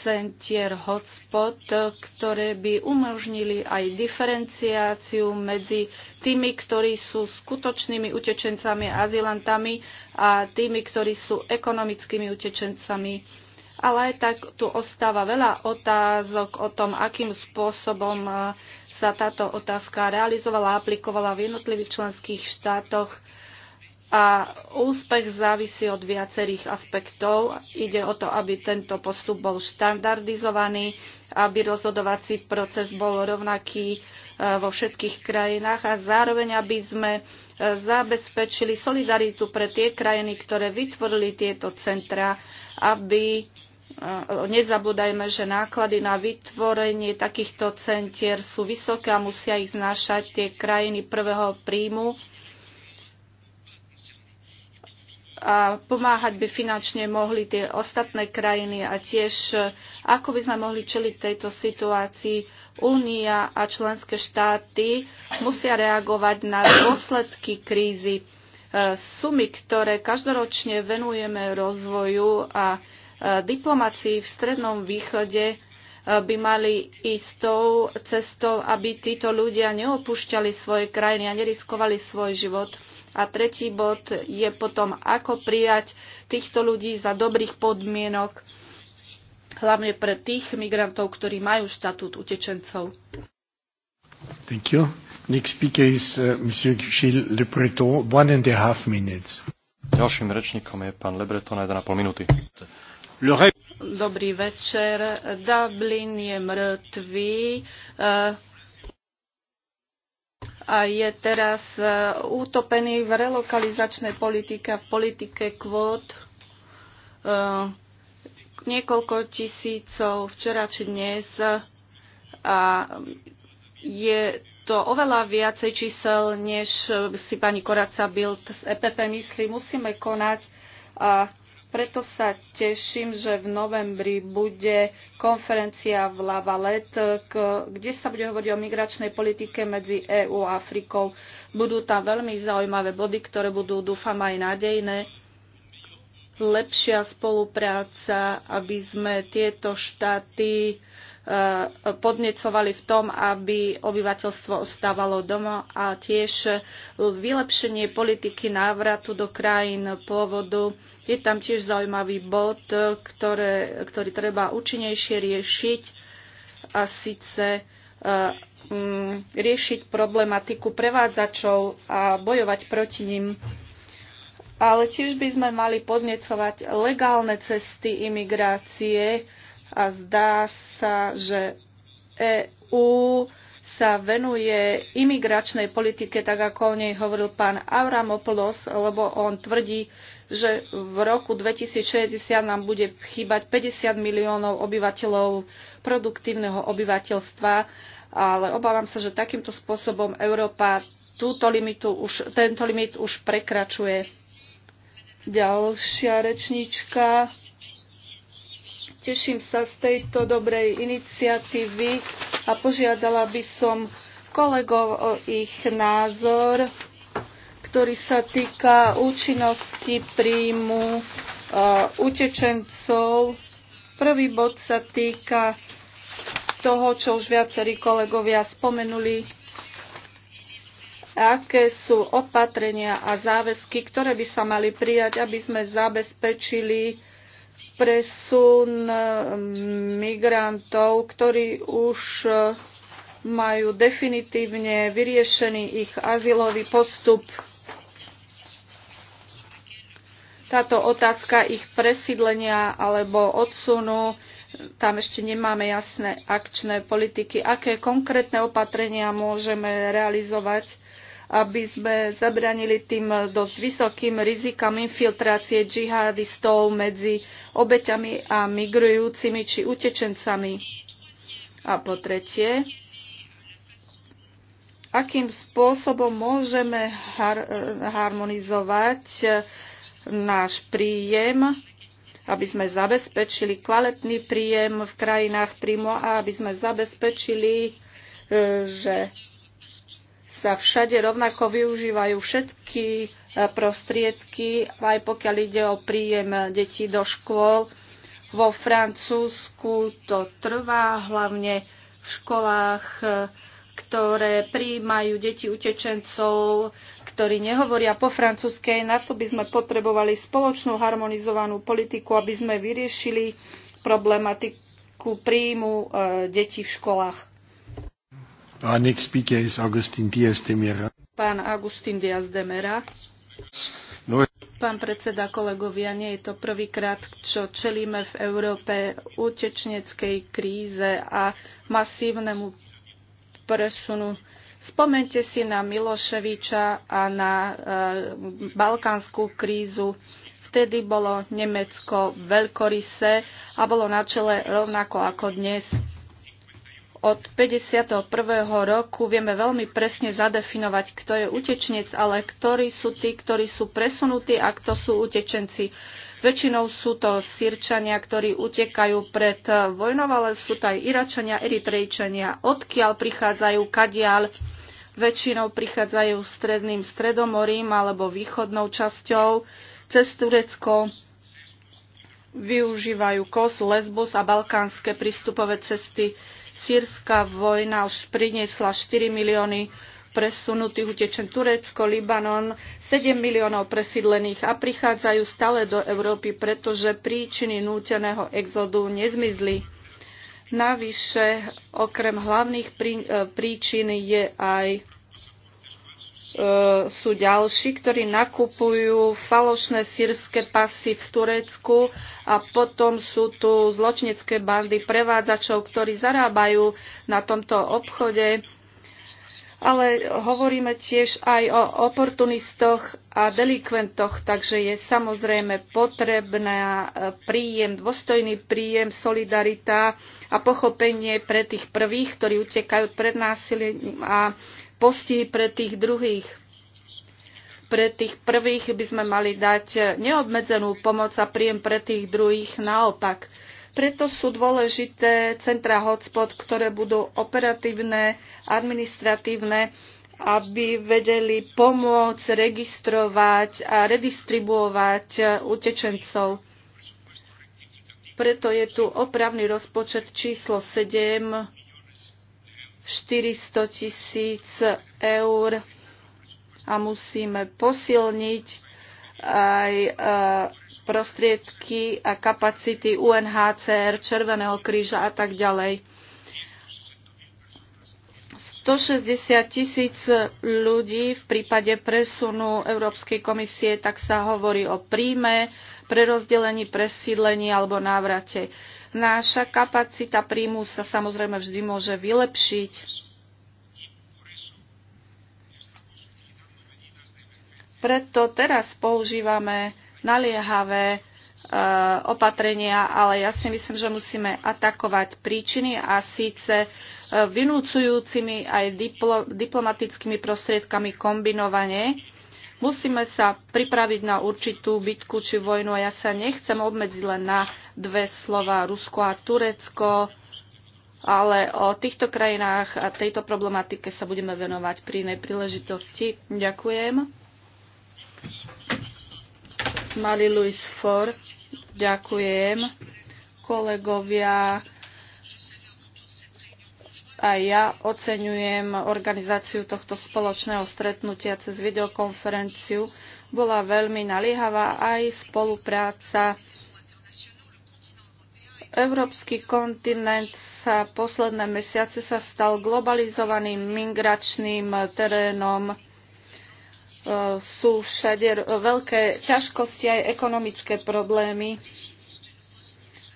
centier hotspot, ktoré by umožnili aj diferenciáciu medzi tými, ktorí sú skutočnými utečencami, a azylantami a tými, ktorí sú ekonomickými utečencami. Ale tak tu ostáva veľa otázok o tom, akým spôsobom eh, sa táto otázka realizovala a aplikovala v jednotlivých členských štátoch a úspech závisí od viacerých aspektov. Ide o to, aby tento postup bol štandardizovaný, aby rozhodovací proces bol rovnaký e, vo všetkých krajinách a zároveň, aby sme e, zabezpečili solidaritu pre tie krajiny, ktoré vytvorili tieto centra, aby e, nezabúdajme, že náklady na vytvorenie takýchto centier sú vysoké a musia ich znášať tie krajiny prvého príjmu a pomáhať by finančne mohli tie ostatné krajiny a tiež e, ako by sme mohli čeliť tejto situácii. Únia a členské štáty musia reagovať na dôsledky krízy. E, sumy, ktoré každoročne venujeme rozvoju a e, diplomácii v Strednom východe, by mali ísť tou cestou, aby títo ľudia neopúšťali svoje krajiny a neriskovali svoj život a tretí bod je potom, ako prijať týchto ľudí za dobrých podmienok, hlavne pre tých migrantov, ktorí majú štatút utečencov. Thank you. Next speaker is uh, Monsieur Gilles Le Breton, one and a half minutes. Ďalším rečníkom je pán Le Breton na 1,5 minúty. Dobrý večer. Dublin je mŕtvý. Uh, a je teraz e, utopený v relokalizačnej politike, v politike kvót. E, niekoľko tisícov včera či dnes a je to oveľa viacej čísel, než si pani Koraca Bild z EPP myslí. Musíme konať a preto sa teším, že v novembri bude konferencia v Lavalet, kde sa bude hovoriť o migračnej politike medzi EÚ a Afrikou. Budú tam veľmi zaujímavé body, ktoré budú, dúfam, aj nádejné lepšia spolupráca, aby sme tieto štáty podnecovali v tom, aby obyvateľstvo ostávalo doma a tiež vylepšenie politiky návratu do krajín pôvodu. Je tam tiež zaujímavý bod, ktoré, ktorý treba účinnejšie riešiť a síce eh, mm, riešiť problematiku prevádzačov a bojovať proti nim ale tiež by sme mali podnecovať legálne cesty imigrácie a zdá sa, že EÚ sa venuje imigračnej politike, tak ako o nej hovoril pán Avramopoulos, lebo on tvrdí, že v roku 2060 nám bude chýbať 50 miliónov obyvateľov produktívneho obyvateľstva, ale obávam sa, že takýmto spôsobom Európa túto limitu už, tento limit už prekračuje. Ďalšia rečníčka. Teším sa z tejto dobrej iniciatívy a požiadala by som kolegov o ich názor, ktorý sa týka účinnosti príjmu e, utečencov. Prvý bod sa týka toho, čo už viacerí kolegovia spomenuli, aké sú opatrenia a záväzky, ktoré by sa mali prijať, aby sme zabezpečili presun eh, migrantov, ktorí už eh, majú definitívne vyriešený ich azylový postup. Táto otázka ich presídlenia alebo odsunu, tam ešte nemáme jasné akčné politiky. Aké konkrétne opatrenia môžeme realizovať aby sme zabranili tým dosť vysokým rizikám infiltrácie džihadistov medzi obeťami a migrujúcimi či utečencami. A po tretie, akým spôsobom môžeme har- harmonizovať náš príjem, aby sme zabezpečili kvalitný príjem v krajinách príjmu a aby sme zabezpečili, e, že sa všade rovnako využívajú všetky e, prostriedky, aj pokiaľ ide o príjem e, detí do škôl. Vo Francúzsku to trvá hlavne v školách, e, ktoré príjmajú deti utečencov, ktorí nehovoria po francúzskej. Na to by sme potrebovali spoločnú harmonizovanú politiku, aby sme vyriešili problematiku príjmu detí v školách. Our next speaker is de Mera. Pán Agustín Díaz de Mera. No. Pán predseda, kolegovia, nie je to prvýkrát, čo čelíme v Európe utečneckej kríze a masívnemu presunu. Spomente si na Miloševiča a na e, balkánsku krízu. Vtedy bolo Nemecko veľkorysé a bolo na čele rovnako ako dnes od 51. roku vieme veľmi presne zadefinovať, kto je utečenec, ale ktorí sú tí, ktorí sú presunutí a kto sú utečenci. Väčšinou sú to sírčania, ktorí utekajú pred vojnou, ale sú to aj Iračania, Eritrejčania. Odkiaľ prichádzajú, kadiaľ? Väčšinou prichádzajú stredným stredomorím alebo východnou časťou cez Turecko. Využívajú Kos, Lesbos a balkánske prístupové cesty. Sírska vojna už priniesla 4 milióny presunutých utečen Turecko, Libanon, 7 miliónov presídlených a prichádzajú stále do Európy, pretože príčiny núteného exodu nezmizli. Navyše, okrem hlavných e, príčin je aj E, sú ďalší, ktorí nakupujú falošné sírske pasy v Turecku a potom sú tu zločnecké bandy prevádzačov, ktorí zarábajú na tomto obchode. Ale hovoríme tiež aj o oportunistoch a delikventoch, takže je samozrejme potrebná e, príjem, dôstojný príjem, solidarita a pochopenie pre tých prvých, ktorí utekajú pred násilím a postí pre tých druhých. Pre tých prvých by sme mali dať neobmedzenú pomoc a príjem pre tých druhých naopak. Preto sú dôležité centra hotspot, ktoré budú operatívne, administratívne, aby vedeli pomôcť registrovať a redistribuovať utečencov. Preto je tu opravný rozpočet číslo 7 400 tisíc eur a musíme posilniť aj e, prostriedky a kapacity UNHCR, Červeného kríža a tak ďalej. 160 tisíc ľudí v prípade presunu Európskej komisie, tak sa hovorí o príjme, prerozdelení, presídlení alebo návrate. Náša kapacita príjmu sa samozrejme vždy môže vylepšiť. Preto teraz používame naliehavé e, opatrenia, ale ja si myslím, že musíme atakovať príčiny a síce e, vynúcujúcimi aj diplo, diplomatickými prostriedkami kombinovane Musíme sa pripraviť na určitú bitku či vojnu a ja sa nechcem obmedziť len na dve slova Rusko a Turecko, ale o týchto krajinách a tejto problematike sa budeme venovať pri inej príležitosti. Ďakujem. Mali Louis Ford, ďakujem. Kolegovia, a ja oceňujem organizáciu tohto spoločného stretnutia cez videokonferenciu. Bola veľmi naliehavá aj spolupráca. Európsky kontinent sa posledné mesiace sa stal globalizovaným migračným terénom. Sú všade veľké ťažkosti aj ekonomické problémy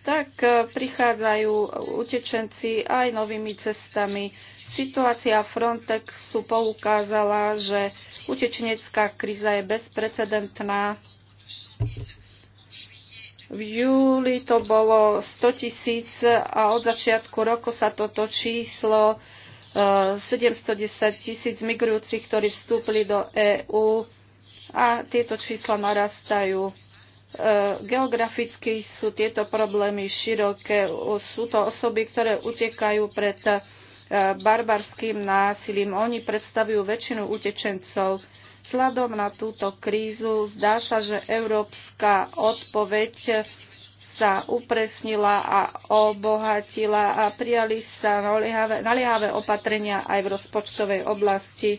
tak e, prichádzajú utečenci aj novými cestami. Situácia Frontexu poukázala, že utečenecká kríza je bezprecedentná. V júli to bolo 100 tisíc a od začiatku roku sa toto číslo 710 e, tisíc migrujúcich, ktorí vstúpili do EÚ a tieto čísla narastajú. E, geograficky sú tieto problémy široké. Sú to osoby, ktoré utekajú pred e, barbarským násilím. Oni predstavujú väčšinu utečencov. Vzhľadom na túto krízu zdá sa, že európska odpoveď sa upresnila a obohatila a prijali sa naliehavé, naliehavé opatrenia aj v rozpočtovej oblasti.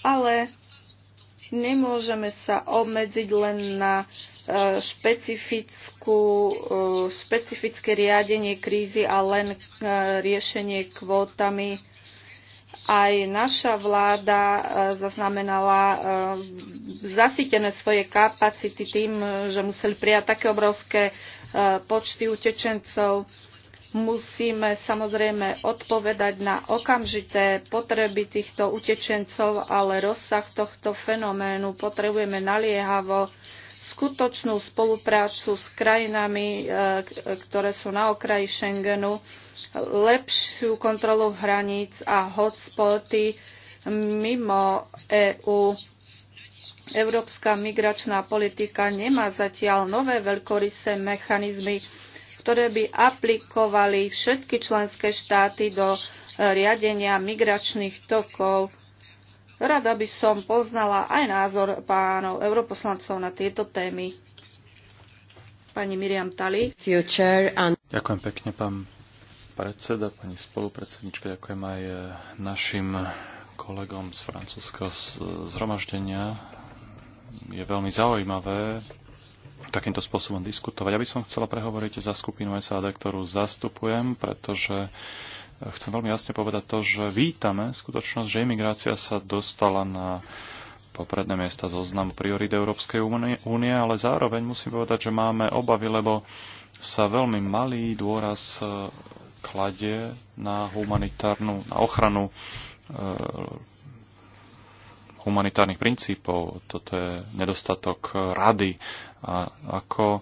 Ale Nemôžeme sa obmedziť len na e, špecifickú, e, špecifické riadenie krízy a len e, riešenie kvótami. Aj naša vláda zaznamenala zasítené svoje kapacity tým, že museli prijať také obrovské počty utečencov musíme samozrejme odpovedať na okamžité potreby týchto utečencov, ale rozsah tohto fenoménu potrebujeme naliehavo skutočnú spoluprácu s krajinami, e, ktoré sú na okraji Schengenu, lepšiu kontrolu hraníc a hotspoty mimo EÚ. EU. Európska migračná politika nemá zatiaľ nové veľkorysé mechanizmy ktoré by aplikovali všetky členské štáty do e, riadenia migračných tokov. Rada by som poznala aj názor pánov europoslancov na tieto témy. Pani Miriam Tali. Ďakujem pekne, pán predseda, pani spolupredsednička. Ďakujem aj e, našim kolegom z francúzského zhromaždenia. Je veľmi zaujímavé takýmto spôsobom diskutovať. Ja by som chcela prehovoriť za skupinu SAD, ktorú zastupujem, pretože e, chcem veľmi jasne povedať to, že vítame skutočnosť, že imigrácia sa dostala na popredné miesta zoznamu priorít Európskej únie, ale zároveň musím povedať, že máme obavy, lebo sa veľmi malý dôraz e, kladie na humanitárnu, na ochranu e, humanitárnych princípov, toto je nedostatok rady a ako e,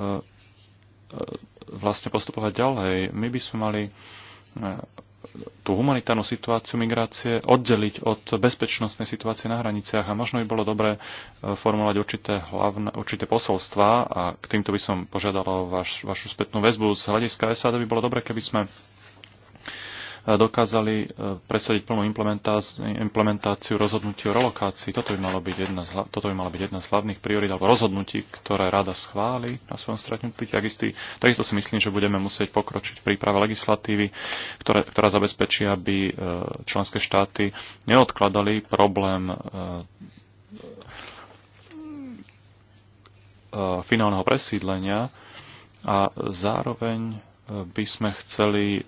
e, vlastne postupovať ďalej. My by sme mali e, tú humanitárnu situáciu migrácie oddeliť od bezpečnostnej situácie na hraniciach a možno by bolo dobré formulovať určité, hlavne, určité posolstva a k týmto by som požiadal o vaš, vašu spätnú väzbu. Z hľadiska SAD by bolo dobré, keby sme dokázali e, presadiť plnú implementáciu rozhodnutí o relokácii. Toto by, malo byť jedna z, toto by mala byť jedna z hlavných priorit alebo rozhodnutí, ktoré rada schváli na svojom stretnutí. Takisto, takisto si myslím, že budeme musieť pokročiť v príprave legislatívy, ktoré, ktorá zabezpečí, aby e, členské štáty neodkladali problém e, finálneho presídlenia a zároveň by sme chceli e,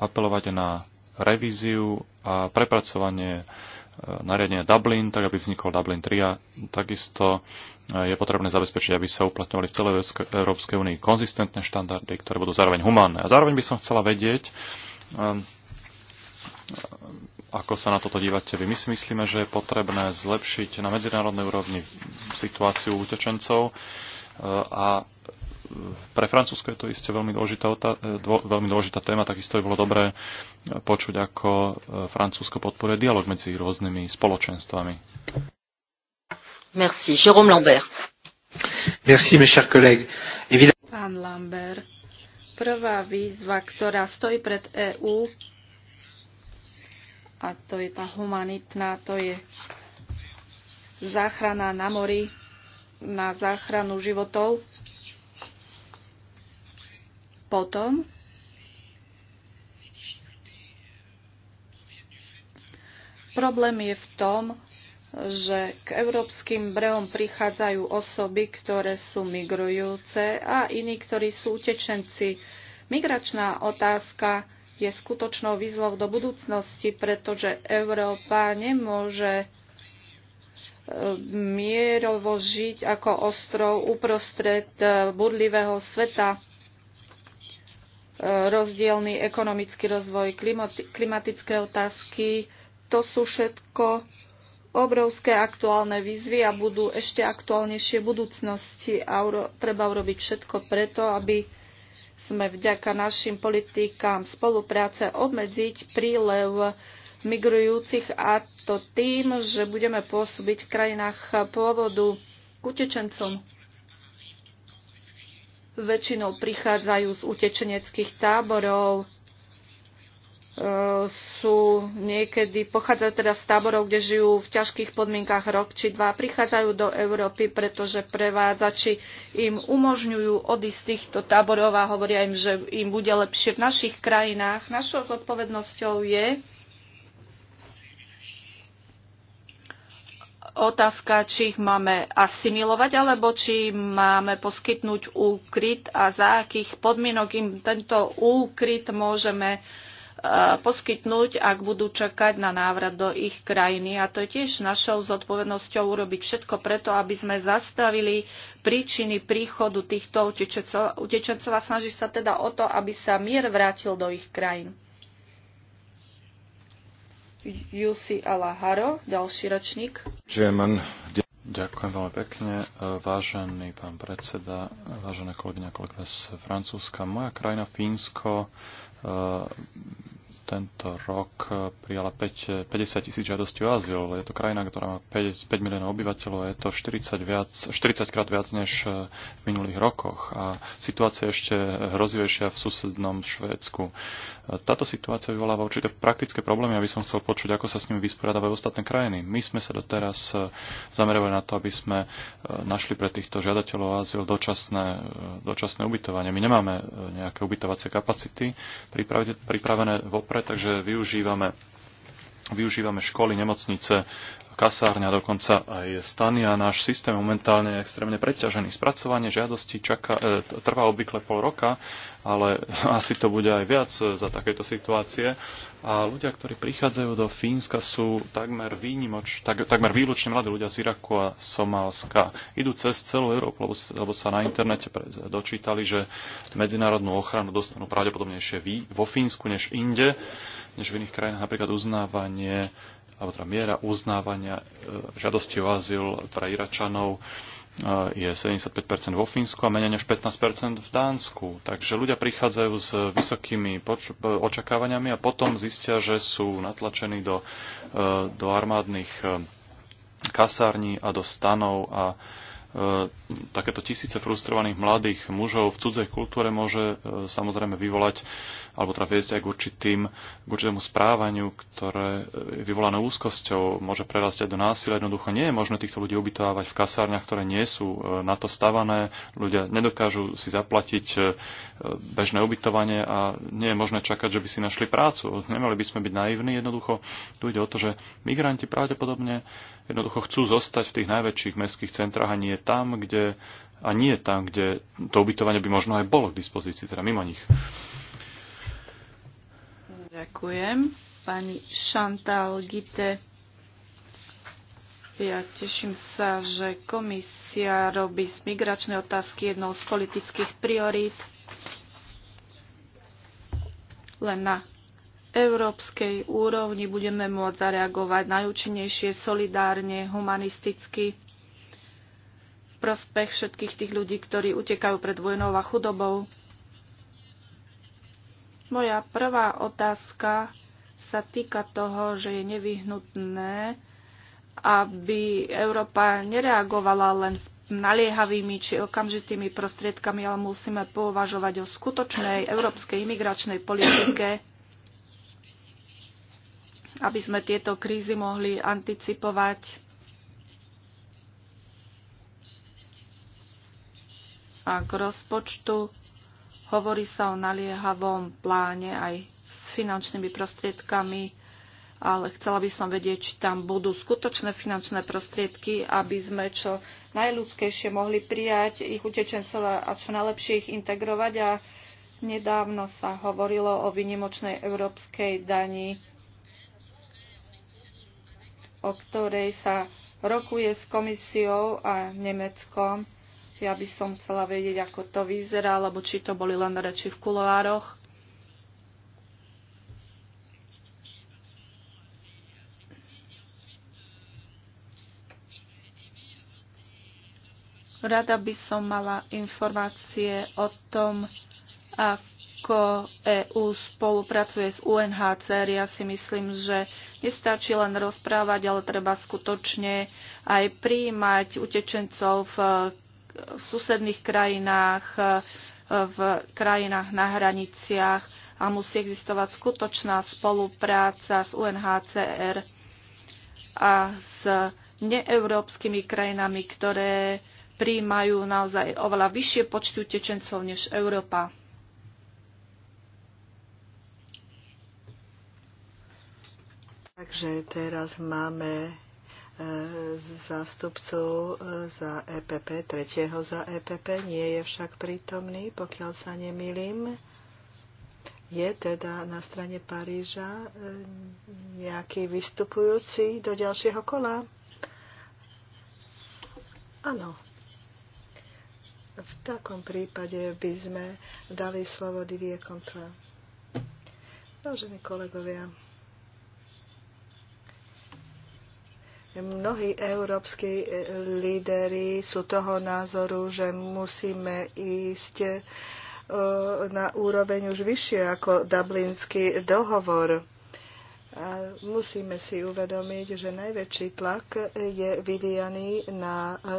apelovať na revíziu a prepracovanie e, nariadenia Dublin, tak aby vznikol Dublin 3 a takisto e, je potrebné zabezpečiť, aby sa uplatňovali v celej Európskej únii konzistentné štandardy, ktoré budú zároveň humánne. A zároveň by som chcela vedieť, ako sa na toto dívate vy. My si myslíme, že je potrebné zlepšiť na medzinárodnej úrovni situáciu utečencov a pre Francúzsko je to isté veľmi dôležitá, e, dô, veľmi dôležitá téma, takisto by bolo dobré e, počuť, ako e, Francúzsko podporuje dialog medzi rôznymi spoločenstvami. Merci. Jérôme Lambert. Merci, mes chers collègues. Pán Lambert, prvá výzva, ktorá stojí pred EÚ, a to je tá humanitná, to je záchrana na mori, na záchranu životov potom problém je v tom, že k európskym brehom prichádzajú osoby, ktoré sú migrujúce a iní, ktorí sú utečenci. Migračná otázka je skutočnou výzvou do budúcnosti, pretože Európa nemôže e, mierovo žiť ako ostrov uprostred e, burlivého sveta rozdielny ekonomický rozvoj, klimatické otázky. To sú všetko obrovské aktuálne výzvy a budú ešte aktuálnejšie budúcnosti a treba urobiť všetko preto, aby sme vďaka našim politikám spolupráce obmedziť prílev migrujúcich a to tým, že budeme pôsobiť v krajinách pôvodu k utečencom väčšinou prichádzajú z utečeneckých táborov, e, sú niekedy, pochádzajú teda z táborov, kde žijú v ťažkých podmienkach rok či dva, prichádzajú do Európy, pretože prevádzači im umožňujú odísť z týchto táborov a hovoria im, že im bude lepšie v našich krajinách. Našou zodpovednosťou je, otázka, či ich máme asimilovať, alebo či máme poskytnúť úkryt a za akých podmienok im tento úkryt môžeme e, poskytnúť, ak budú čakať na návrat do ich krajiny. A to je tiež našou zodpovednosťou urobiť všetko preto, aby sme zastavili príčiny príchodu týchto utečencov a snaží sa teda o to, aby sa mier vrátil do ich krajín. Jussi Alaharo, ďalší ročník. German. Ďakujem veľmi pekne. Vážený pán predseda, vážené kolegyne a kolegovia z Francúzska, moja krajina Fínsko tento rok eh, prijala 5, 50 eh, tisíc žiadostí o azyl. Je to krajina, ktorá má 5, 5 miliónov obyvateľov. Je to 40, viac, 40 krát viac než eh, v minulých rokoch. A situácia je ešte hrozivejšia v susednom Švédsku. Táto situácia vyvoláva určité praktické problémy, aby som chcel počuť, ako sa s nimi vysporiadavajú ostatné krajiny. My sme sa doteraz zamerovali na to, aby sme našli pre týchto žiadateľov o azyl dočasné, dočasné ubytovanie. My nemáme nejaké ubytovacie kapacity pripravené vopred takže využívame, využívame školy, nemocnice, kasárňa, dokonca aj stany a náš systém momentálne je extrémne preťažený. Spracovanie žiadosti čaká, e, trvá obvykle pol roka, ale asi to bude aj viac e, za takéto situácie. A ľudia, ktorí prichádzajú do Fínska, sú takmer, výnimoč, tak, takmer výlučne mladí ľudia z Iraku a Somálska. Idú cez celú Európu, lebo, lebo sa na internete pre, dočítali, že medzinárodnú ochranu dostanú pravdepodobnejšie vo Fínsku než inde, než v iných krajinách, napríklad uznávanie alebo teda miera uznávania e, žiadosti o azyl pre Iračanov e, je 75% vo Fínsku a menej než 15% v Dánsku. Takže ľudia prichádzajú s vysokými e, očakávaniami a potom zistia, že sú natlačení do, do armádnych kasární a do stanov a E, takéto tisíce frustrovaných mladých mužov v cudzej kultúre môže e, samozrejme vyvolať alebo teda viesť aj k, určitým, k určitému správaniu, ktoré e, je vyvolané úzkosťou, môže prerastať do násilia. Jednoducho nie je možné týchto ľudí ubytovávať v kasárniach, ktoré nie sú na to stavané. Ľudia nedokážu si zaplatiť bežné ubytovanie a nie je možné čakať, že by si našli prácu. Nemali by sme byť naivní. Jednoducho tu ide o to, že migranti pravdepodobne jednoducho chcú zostať v tých najväčších mestských centrách a nie tam, kde a nie tam, kde to ubytovanie by možno aj bolo k dispozícii, teda mimo nich. Ďakujem. Pani Chantal Gite, ja teším sa, že komisia robí z migračnej otázky jednou z politických priorít. Len na európskej úrovni budeme môcť zareagovať najúčinnejšie, solidárne, humanisticky prospech všetkých tých ľudí, ktorí utekajú pred vojnou a chudobou. Moja prvá otázka sa týka toho, že je nevyhnutné, aby Európa nereagovala len naliehavými či okamžitými prostriedkami, ale musíme považovať o skutočnej európskej imigračnej politike, aby sme tieto krízy mohli anticipovať a k rozpočtu. Hovorí sa o naliehavom pláne aj s finančnými prostriedkami, ale chcela by som vedieť, či tam budú skutočné finančné prostriedky, aby sme čo najľudskejšie mohli prijať ich utečencov a čo najlepšie ich integrovať. A nedávno sa hovorilo o vynimočnej európskej dani, o ktorej sa rokuje s komisiou a Nemeckom ja by som chcela vedieť, ako to vyzerá, alebo či to boli len reči v kuloároch. Rada by som mala informácie o tom, ako EU spolupracuje s UNHCR. Ja si myslím, že nestačí len rozprávať, ale treba skutočne aj príjmať utečencov v v susedných krajinách, e, v krajinách na hraniciach a musí existovať skutočná spolupráca s UNHCR a s neeurópskymi krajinami, ktoré príjmajú naozaj oveľa vyššie počty utečencov než Európa. Takže teraz máme Eh, zástupcov eh, za EPP, tretieho za EPP, nie je však prítomný, pokiaľ sa nemýlim. Je teda na strane Paríža eh, nejaký vystupujúci do ďalšieho kola? Áno. V takom prípade by sme dali slovo Didier Contra. Vážení kolegovia, Mnohí európsky e, líderi sú toho názoru, že musíme ísť e, na úroveň už vyššie ako Dublinský dohovor musíme si uvedomiť, že najväčší tlak je vyvíjaný na e, e,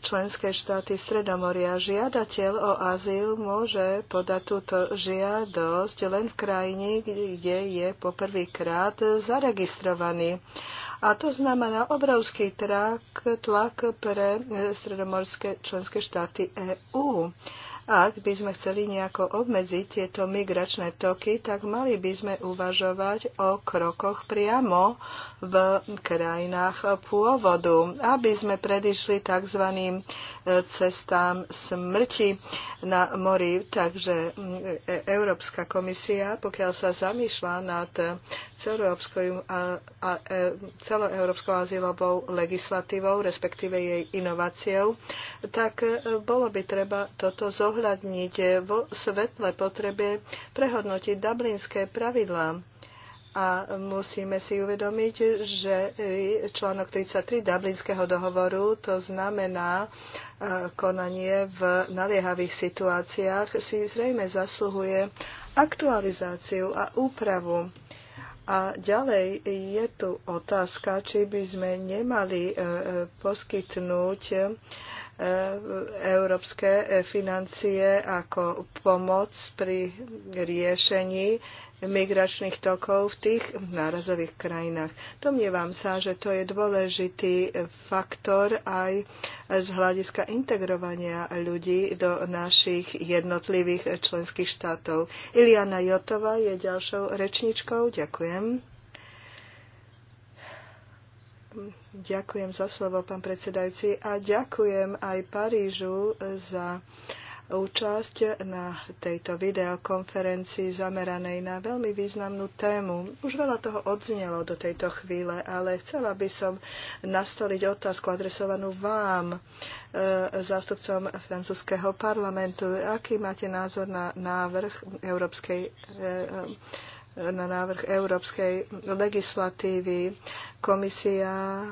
členské štáty Stredomoria. Žiadateľ o azyl môže podať túto žiadosť len v krajine, kde je poprvýkrát zaregistrovaný. A to znamená obrovský tlak, tlak pre e, stredomorské členské štáty EÚ. Ak by sme chceli nejako obmedziť tieto migračné toky, tak mali by sme uvažovať o krokoch priamo v krajinách pôvodu, aby sme predišli tzv. E, cestám smrti na mori. Takže e, Európska komisia, pokiaľ sa zamýšľa nad celoeurópskou e, azylovou legislatívou, respektíve jej inováciou, tak bolo by treba toto zohľadniť vo svetle potrebe prehodnotiť dublinské pravidlá a musíme si uvedomiť, že článok 33 Dublinského dohovoru, to znamená e, konanie v naliehavých situáciách, si zrejme zasluhuje aktualizáciu a úpravu. A ďalej je tu otázka, či by sme nemali e, e, poskytnúť európske financie ako pomoc pri riešení migračných tokov v tých nárazových krajinách. Domnievam sa, že to je dôležitý faktor aj z hľadiska integrovania ľudí do našich jednotlivých členských štátov. Iliana Jotová je ďalšou rečničkou. Ďakujem. Ďakujem za slovo, pán predsedajúci, a ďakujem aj Parížu za účasť na tejto videokonferencii zameranej na veľmi významnú tému. Už veľa toho odznelo do tejto chvíle, ale chcela by som nastoliť otázku adresovanú vám, e, zástupcom francúzského parlamentu. Aký máte názor na návrh Európskej e, na návrh európskej legislatívy. Komisia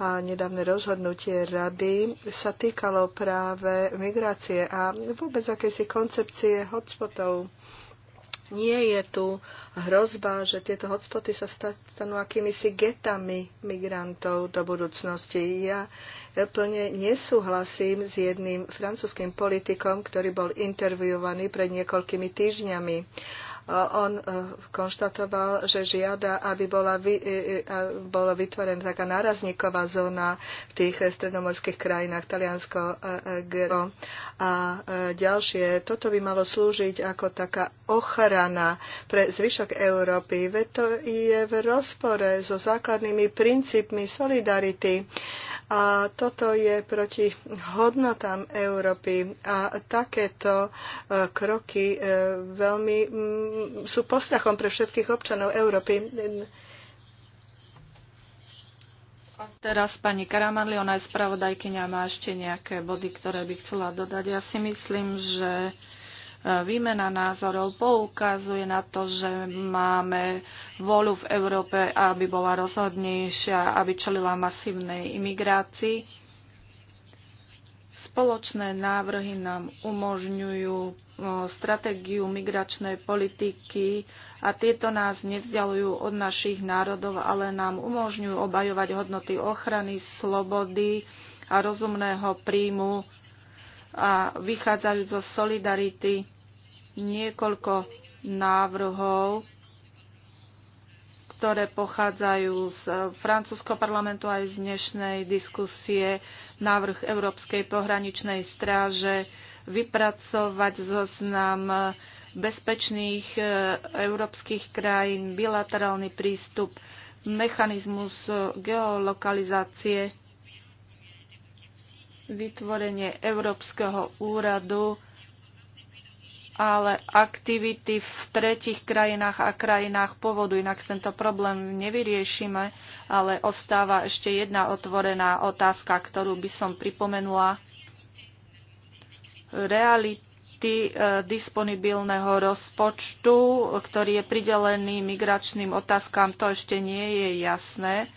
a nedávne rozhodnutie rady sa týkalo práve migrácie a vôbec akési koncepcie hotspotov. Nie je tu hrozba, že tieto hotspoty sa stanú akýmisi getami migrantov do budúcnosti. Ja plne nesúhlasím s jedným francúzským politikom, ktorý bol interviovaný pred niekoľkými týždňami on e, konštatoval, že žiada, aby bola, e, e, bola vytvorená taká nárazníková zóna v tých stredomorských krajinách, Taliansko, Gero a ďalšie. Toto by malo slúžiť ako taká ochrana pre zvyšok Európy. Veď to je v rozpore so základnými princípmi solidarity a toto je proti hodnotám Európy. A takéto e, kroky e, veľmi sú postrachom pre všetkých občanov Európy. A teraz pani Karamanli, ona je spravodajkynia, má ešte nejaké body, ktoré by chcela dodať. Ja si myslím, že výmena názorov poukazuje na to, že máme volu v Európe, aby bola rozhodnejšia, aby čelila masívnej imigrácii. Spoločné návrhy nám umožňujú stratégiu migračnej politiky a tieto nás nevzdialujú od našich národov, ale nám umožňujú obajovať hodnoty ochrany, slobody a rozumného príjmu a vychádzajú zo solidarity niekoľko návrhov, ktoré pochádzajú z francúzského parlamentu aj z dnešnej diskusie, návrh Európskej pohraničnej stráže, vypracovať zoznam bezpečných e, európskych krajín, bilaterálny prístup, mechanizmus e, geolokalizácie vytvorenie Európskeho úradu, ale aktivity v tretich krajinách a krajinách povodu, Inak tento problém nevyriešime, ale ostáva ešte jedna otvorená otázka, ktorú by som pripomenula. Reality e, disponibilného rozpočtu, ktorý je pridelený migračným otázkam, to ešte nie je jasné.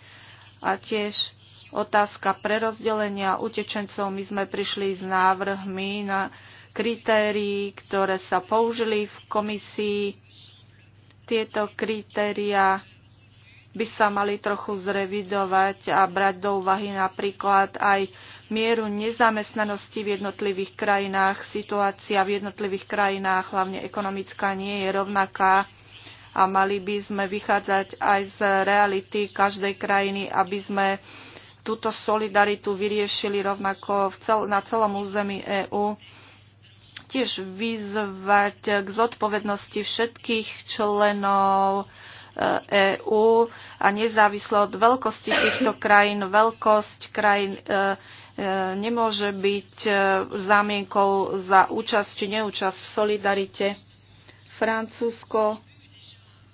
A tiež Otázka prerozdelenia utečencov. My sme prišli s návrhmi na kritérií, ktoré sa použili v komisii. Tieto kritéria by sa mali trochu zrevidovať a brať do úvahy napríklad aj mieru nezamestnanosti v jednotlivých krajinách. Situácia v jednotlivých krajinách, hlavne ekonomická, nie je rovnaká a mali by sme vychádzať aj z reality každej krajiny, aby sme túto solidaritu vyriešili rovnako cel, na celom území EÚ. Tiež vyzvať k zodpovednosti všetkých členov EÚ e a nezávislo od veľkosti týchto krajín, veľkosť krajín e, e, nemôže byť zámienkou za účasť či neúčasť v solidarite. Francúzsko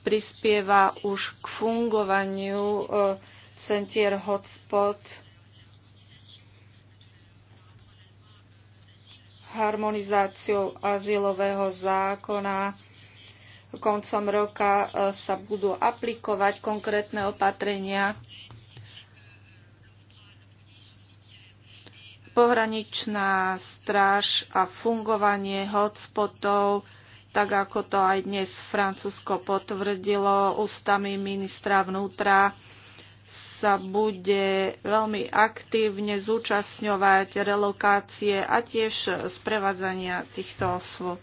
prispieva už k fungovaniu centier hotspot, harmonizáciou azylového zákona koncom roka e, sa budú aplikovať konkrétne opatrenia. Pohraničná stráž a fungovanie hotspotov, tak ako to aj dnes Francúzsko potvrdilo ústami ministra vnútra, sa bude veľmi aktívne zúčastňovať relokácie a tiež sprevádzania týchto osôb.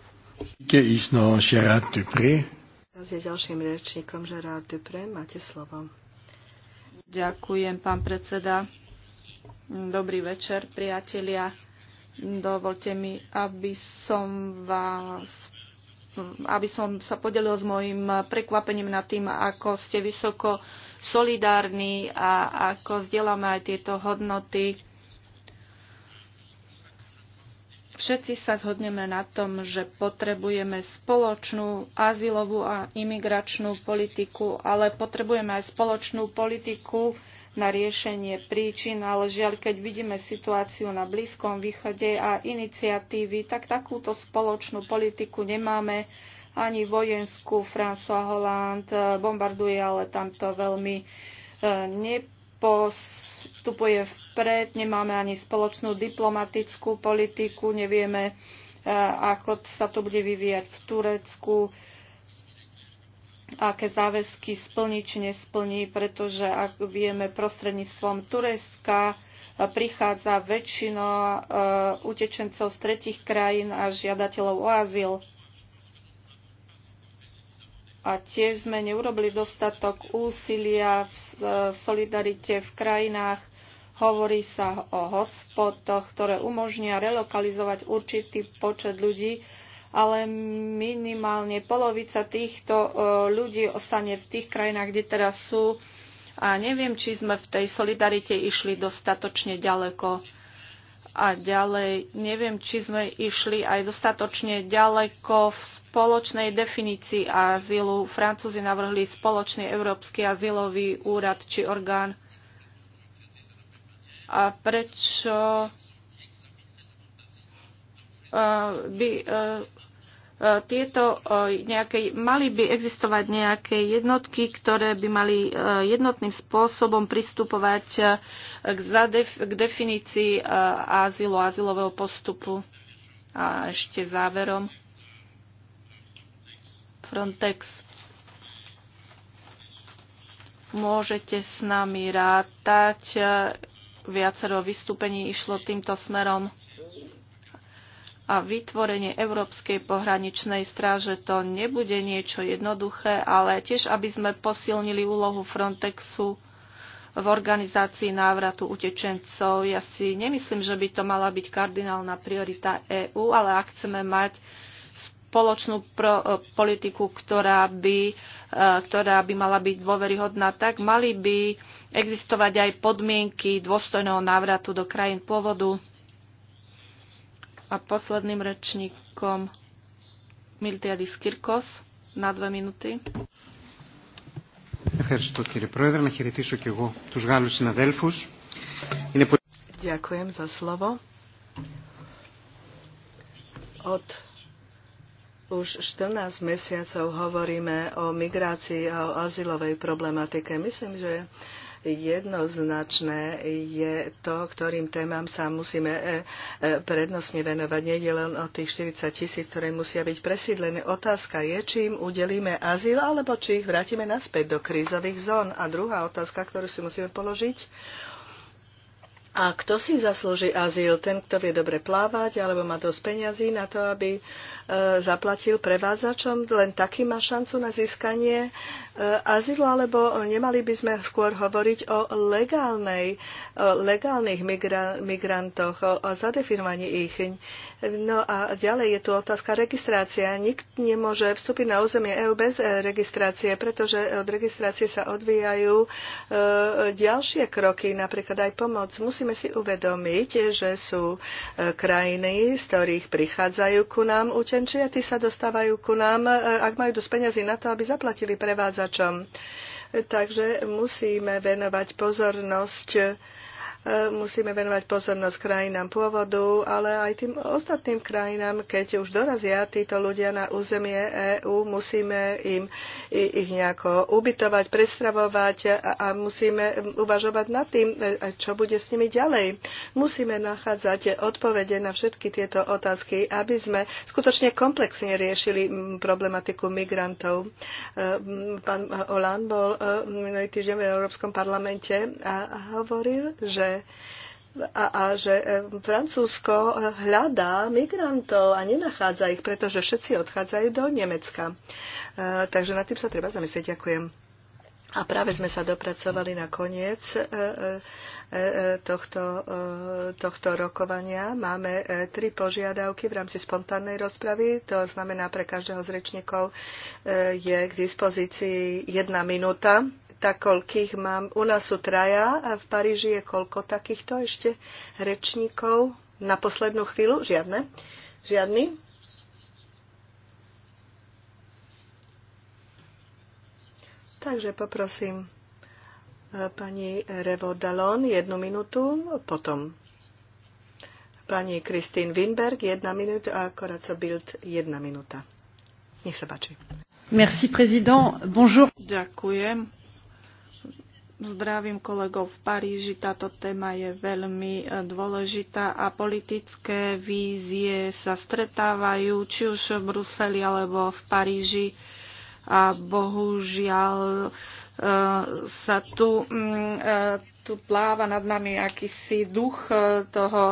Teraz je ďalším rečníkom Gerard Dupré. Máte slovo. Ďakujem, pán predseda. Dobrý večer, priatelia. Dovolte mi, aby som vás aby som sa podelil s mojim prekvapením nad tým, ako ste vysoko solidárni a ako zdieľame aj tieto hodnoty. Všetci sa zhodneme na tom, že potrebujeme spoločnú azylovú a imigračnú politiku, ale potrebujeme aj spoločnú politiku na riešenie príčin, ale žiaľ, keď vidíme situáciu na Blízkom východe a iniciatívy, tak takúto spoločnú politiku nemáme ani vojenskú. François Hollande eh, bombarduje, ale tam to veľmi eh, nepostupuje vpred. Nemáme ani spoločnú diplomatickú politiku, nevieme, eh, ako sa to bude vyvíjať v Turecku aké záväzky splní či nesplní, pretože ak vieme prostredníctvom Turecka prichádza väčšina utečencov z tretich krajín a žiadateľov o azyl a tiež sme neurobili dostatok úsilia v, e, v solidarite v krajinách. Hovorí sa o hotspotoch, ktoré umožnia relokalizovať určitý počet ľudí, ale minimálne polovica týchto e, ľudí ostane v tých krajinách, kde teraz sú. A neviem, či sme v tej solidarite išli dostatočne ďaleko. A ďalej, neviem, či sme išli aj dostatočne ďaleko v spoločnej definícii azylu. Francúzi navrhli spoločný európsky azylový úrad či orgán. A prečo e, by e, E, tieto e, nejakej, mali by existovať nejaké jednotky, ktoré by mali e, jednotným spôsobom pristupovať k, zadef, k definícii azylu, azylového postupu. A ešte záverom Frontex. Môžete s nami rátať. Viacero vystúpení išlo týmto smerom a vytvorenie Európskej pohraničnej stráže to nebude niečo jednoduché, ale tiež, aby sme posilnili úlohu Frontexu v organizácii návratu utečencov. Ja si nemyslím, že by to mala byť kardinálna priorita EÚ, ale ak chceme mať spoločnú pro, e, politiku, ktorá by, e, ktorá by mala byť dôveryhodná, tak mali by existovať aj podmienky dôstojného návratu do krajín pôvodu a posledným rečníkom Miltiadis Kirkos na dve minúty. Ďakujem za slovo. Od už 14 mesiacov hovoríme o migrácii a o azylovej problematike. Myslím, že uh, jednoznačné je to, ktorým témam sa musíme e, e, prednostne venovať. Nie je len o tých 40 tisíc, ktoré musia byť presídlené. Otázka je, či im udelíme azyl, alebo či ich vrátime naspäť do krízových zón. A druhá otázka, ktorú si musíme položiť, a kto si zaslúži azyl? Ten, kto vie dobre plávať, alebo má dosť peňazí na to, aby e, zaplatil prevádzačom? Len taký má šancu na získanie e, azylu? Alebo nemali by sme skôr hovoriť o, legálnej, o legálnych migra- migrantoch, o, o zadefinovaní ich? No a ďalej je tu otázka registrácia. Nikt nemôže vstúpiť na územie EU bez e, registrácie, pretože od registrácie sa odvíjajú ďalšie kroky, napríklad aj pomoc. Musí musíme si uvedomiť, že sú e, krajiny, z ktorých prichádzajú ku nám učenči a tí sa dostávajú ku nám, e, ak majú dosť peniazy na to, aby zaplatili prevádzačom. E, takže musíme venovať pozornosť musíme venovať pozornosť krajinám pôvodu, ale aj tým ostatným krajinám, keď už dorazia títo ľudia na územie EÚ, musíme im ich nejako ubytovať, prestravovať a, musíme uvažovať nad tým, e, e, čo bude s nimi ďalej. Musíme nachádzať odpovede na všetky tieto otázky, aby sme skutočne komplexne riešili problematiku migrantov. E, pán Olan bol minulý týždeň v Európskom parlamente a hovoril, že a, a že e, Francúzsko hľadá migrantov a nenachádza ich, pretože všetci odchádzajú do Nemecka. E, takže nad tým sa treba zamyslieť. Ďakujem. A práve sme sa dopracovali na koniec e, e, e, e tohto, e, tohto rokovania. Máme tri požiadavky v rámci spontánnej rozpravy. To znamená, pre každého z rečníkov e, je k dispozícii jedna minúta tak koľkých mám. U nás sú traja a v Paríži je koľko takýchto ešte rečníkov? Na poslednú chvíľu? Žiadne? Žiadny? Takže poprosím eh, pani Revo Dalon jednu minútu, potom pani Kristín Winberg jedna minúta a Koraco Bild jedna minúta. Nech sa páči. Merci, président. Bonjour. Ďakujem. Zdravím kolegov v Paríži. Táto téma je veľmi e, dôležitá a politické vízie sa stretávajú či už v Bruseli alebo v Paríži. A bohužiaľ e, sa tu, mm, e, tu pláva nad nami akýsi duch toho,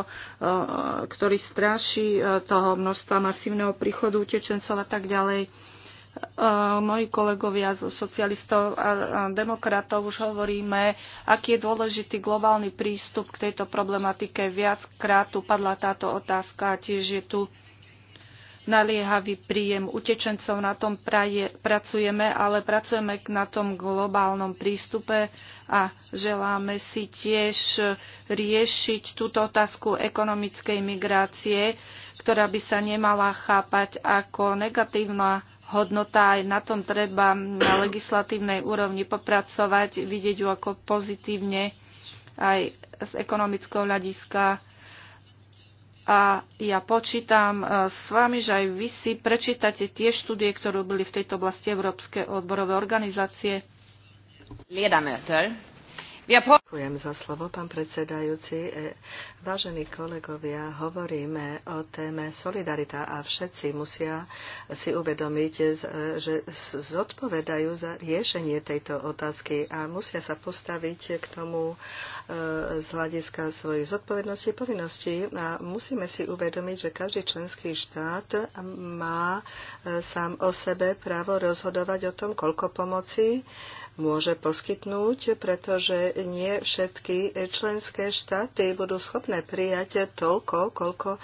ktorý straší toho množstva masívneho príchodu utečencov a tak ďalej Eh, moji kolegovia zo socialistov a demokratov už hovoríme, aký je dôležitý globálny prístup k tejto problematike. Viackrát tu padla táto otázka a tiež je tu naliehavý príjem utečencov. Na tom praje, pracujeme, ale pracujeme na tom globálnom prístupe a želáme si tiež riešiť túto otázku ekonomickej migrácie, ktorá by sa nemala chápať ako negatívna hodnota, aj na tom treba na legislatívnej úrovni popracovať, vidieť ju ako pozitívne aj z ekonomického hľadiska. A ja počítam e, s vami, že aj vy si prečítate tie štúdie, ktoré boli v tejto oblasti Európske odborové organizácie. Ledamöter Ďakujem za slovo, pán predsedajúci. E, vážení kolegovia, hovoríme o téme solidarita a všetci musia si uvedomiť, e, že zodpovedajú za riešenie tejto otázky a musia sa postaviť k tomu e, z hľadiska svojich zodpovedností a povinností. A musíme si uvedomiť, že každý členský štát má sám o sebe právo rozhodovať o tom, koľko pomoci môže poskytnúť, pretože nie všetky členské štáty budú schopné prijať toľko, koľko e,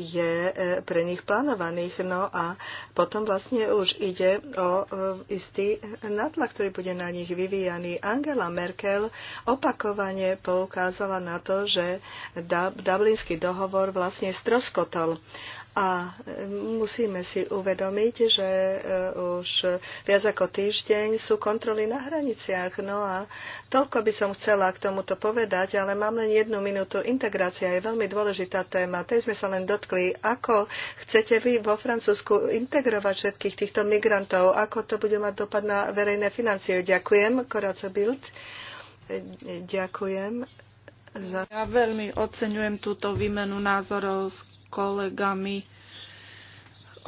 je e, pre nich plánovaných. No a potom vlastne už ide o e, istý natlak, ktorý bude na nich vyvíjaný. Angela Merkel opakovane poukázala na to, že Dublinský dohovor vlastne stroskotol. A e, musíme si uvedomiť, že e, už viac ako týždeň sú kontroly na hraniciach. No a toľko by som chcela k tomuto povedať, ale mám len jednu minútu. Integrácia je veľmi dôležitá téma. Tej sme sa len dotkli. Ako chcete vy vo Francúzsku integrovať všetkých týchto migrantov? Ako to bude mať dopad na verejné financie? Ďakujem, Koraco Bild. Ďakujem. Za... Ja veľmi oceňujem túto výmenu názorov s kolegami.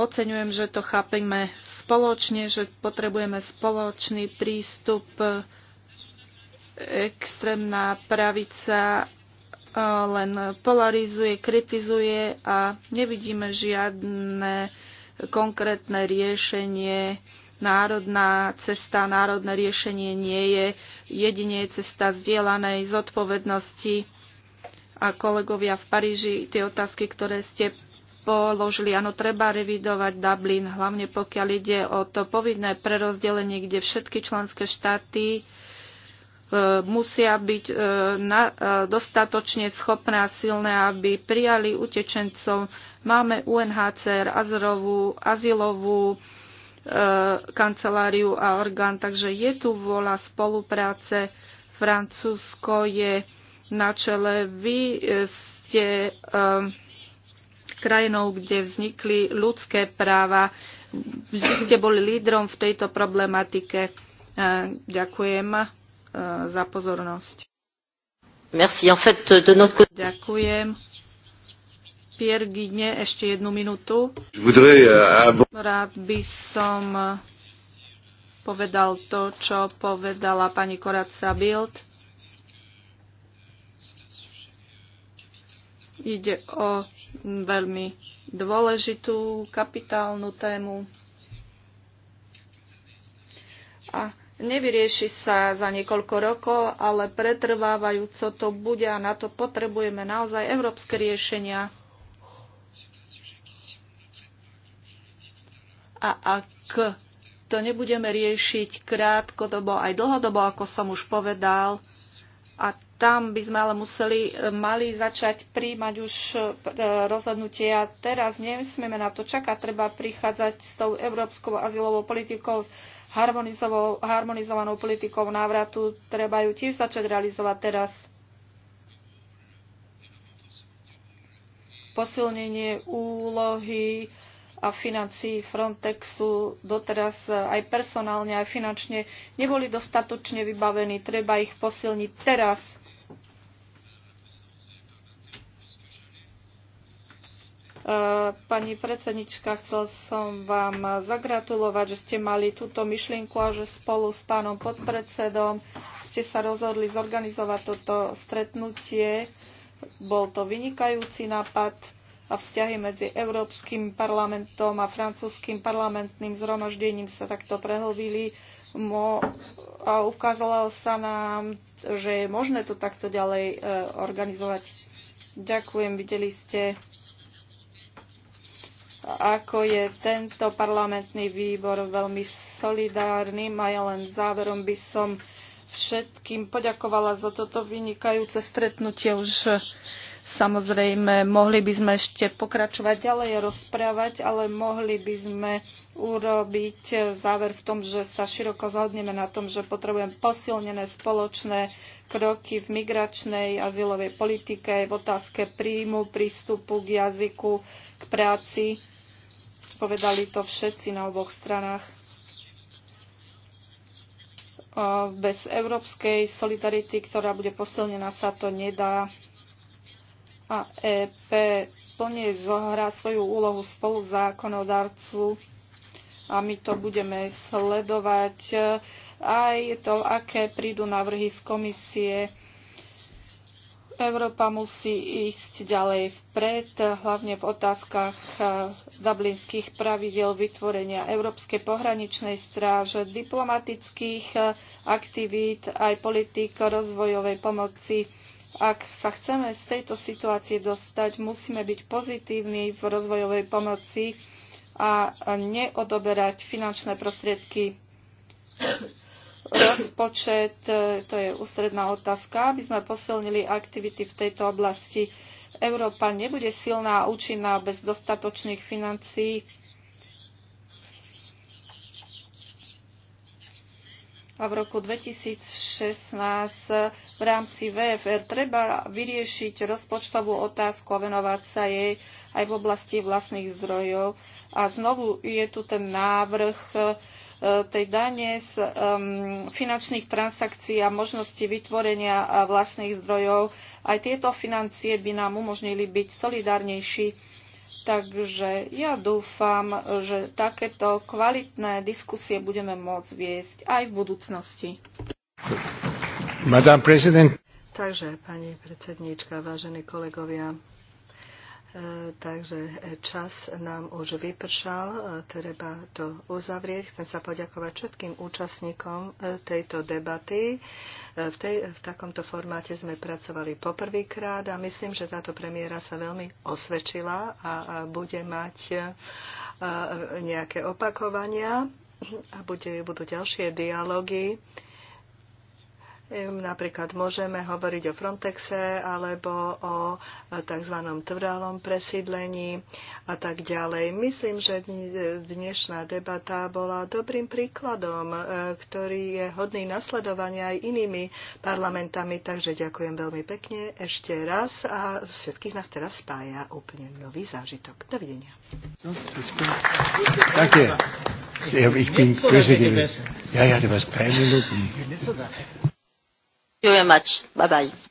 Oceňujem, že to chápeme spoločne, že potrebujeme spoločný prístup. Extrémna pravica len polarizuje, kritizuje a nevidíme žiadne konkrétne riešenie národná cesta, národné riešenie nie je jedine cesta zdieľanej zodpovednosti a kolegovia v Paríži tie otázky, ktoré ste položili. Áno, treba revidovať Dublin, hlavne pokiaľ ide o to povinné prerozdelenie, kde všetky členské štáty e, musia byť e, e, dostatočne schopné a silné, aby prijali utečencov. Máme UNHCR, Azrovú, azylovú kanceláriu a orgán, takže je tu vola spolupráce. Francúzsko je na čele. Vy e, ste krajinou, kde vznikli ľudské práva. Vy ste boli lídrom v tejto problematike. E, ďakujem e, za pozornosť. Merci. En fait, de notre côté... Ďakujem. Pierre Guigné, ešte jednu minútu. Euh, Rád by som povedal to, čo povedala pani Koraca Bild Ide o veľmi dôležitú kapitálnu tému a nevyrieši sa za niekoľko rokov, ale pretrvávajúco to bude a na to potrebujeme naozaj európske riešenia. A ak to nebudeme riešiť krátkodobo aj dlhodobo, ako som už povedal, a tam by sme ale museli, e, mali začať príjmať už e, e, rozhodnutia. Teraz nesmieme na to čakať, treba prichádzať s tou európskou azylovou politikou, harmonizovanou politikou návratu, treba ju tiež začať realizovať teraz. Posilnenie úlohy a financií Frontexu doteraz aj personálne, aj finančne neboli dostatočne vybavení. Treba ich posilniť teraz Eh, pani predsednička, chcel som vám zagratulovať, že ste mali túto myšlienku a že spolu s pánom podpredsedom ste sa rozhodli zorganizovať toto stretnutie. Bol to vynikajúci nápad a vzťahy medzi Európskym parlamentom a francúzským parlamentným zhromaždením sa takto prehlbili a ukázalo sa nám, že je možné to takto ďalej eh, organizovať. Ďakujem, videli ste ako je tento parlamentný výbor veľmi solidárny. A ja len záverom by som všetkým poďakovala za toto vynikajúce stretnutie. Už e, samozrejme mohli by sme ešte pokračovať ďalej, rozprávať, ale mohli by sme urobiť e, záver v tom, že sa široko zhodneme na tom, že potrebujeme posilnené spoločné kroky v migračnej azylovej politike, v otázke príjmu, prístupu k jazyku, k práci. Povedali to všetci na oboch stranách. Bez európskej solidarity, ktorá bude posilnená, sa to nedá. A EP plne zohrá svoju úlohu spolu zákonodarcu a my to budeme sledovať aj to, aké prídu návrhy z komisie. Európa musí ísť ďalej vpred, hlavne v otázkach eh, dublinských pravidel vytvorenia Európskej pohraničnej stráže, diplomatických eh, aktivít, aj politík rozvojovej pomoci. Ak sa chceme z tejto situácie dostať, musíme byť pozitívni v rozvojovej pomoci a neodoberať finančné prostriedky Rozpočet, e, to je ústredná otázka, aby sme posilnili aktivity v tejto oblasti. Európa nebude silná a účinná bez dostatočných financií. A v roku 2016 v rámci VFR treba vyriešiť rozpočtovú otázku a venovať sa jej aj v oblasti vlastných zdrojov. A znovu je tu ten návrh Eh, tej dane z finančných transakcií a možnosti vytvorenia eh, vlastných zdrojov. Aj tieto financie by nám umožnili byť solidárnejší. Takže ja dúfam, že takéto kvalitné diskusie budeme môcť viesť aj v budúcnosti. Madame President. Takže, pani predsedníčka, vážení kolegovia, E, takže čas nám už vypršal, e, treba to uzavrieť. Chcem sa poďakovať všetkým účastníkom e, tejto debaty. V, tej, v takomto formáte sme pracovali poprvýkrát a myslím, že táto premiéra sa veľmi osvedčila a, a bude mať nejaké opakovania a bude, budú ďalšie dialógy Napríklad môžeme hovoriť o Frontexe alebo o e, tzv. trvalom presídlení a tak ďalej. Myslím, že e, dnešná debata bola dobrým príkladom, e, ktorý je hodný nasledovania aj inými parlamentami. Takže ďakujem veľmi pekne ešte raz a všetkých nás teraz spája úplne nový zážitok. Dovidenia. Ich bin Ja, ja, du warst drei Minuten. Thank you very much. Bye bye.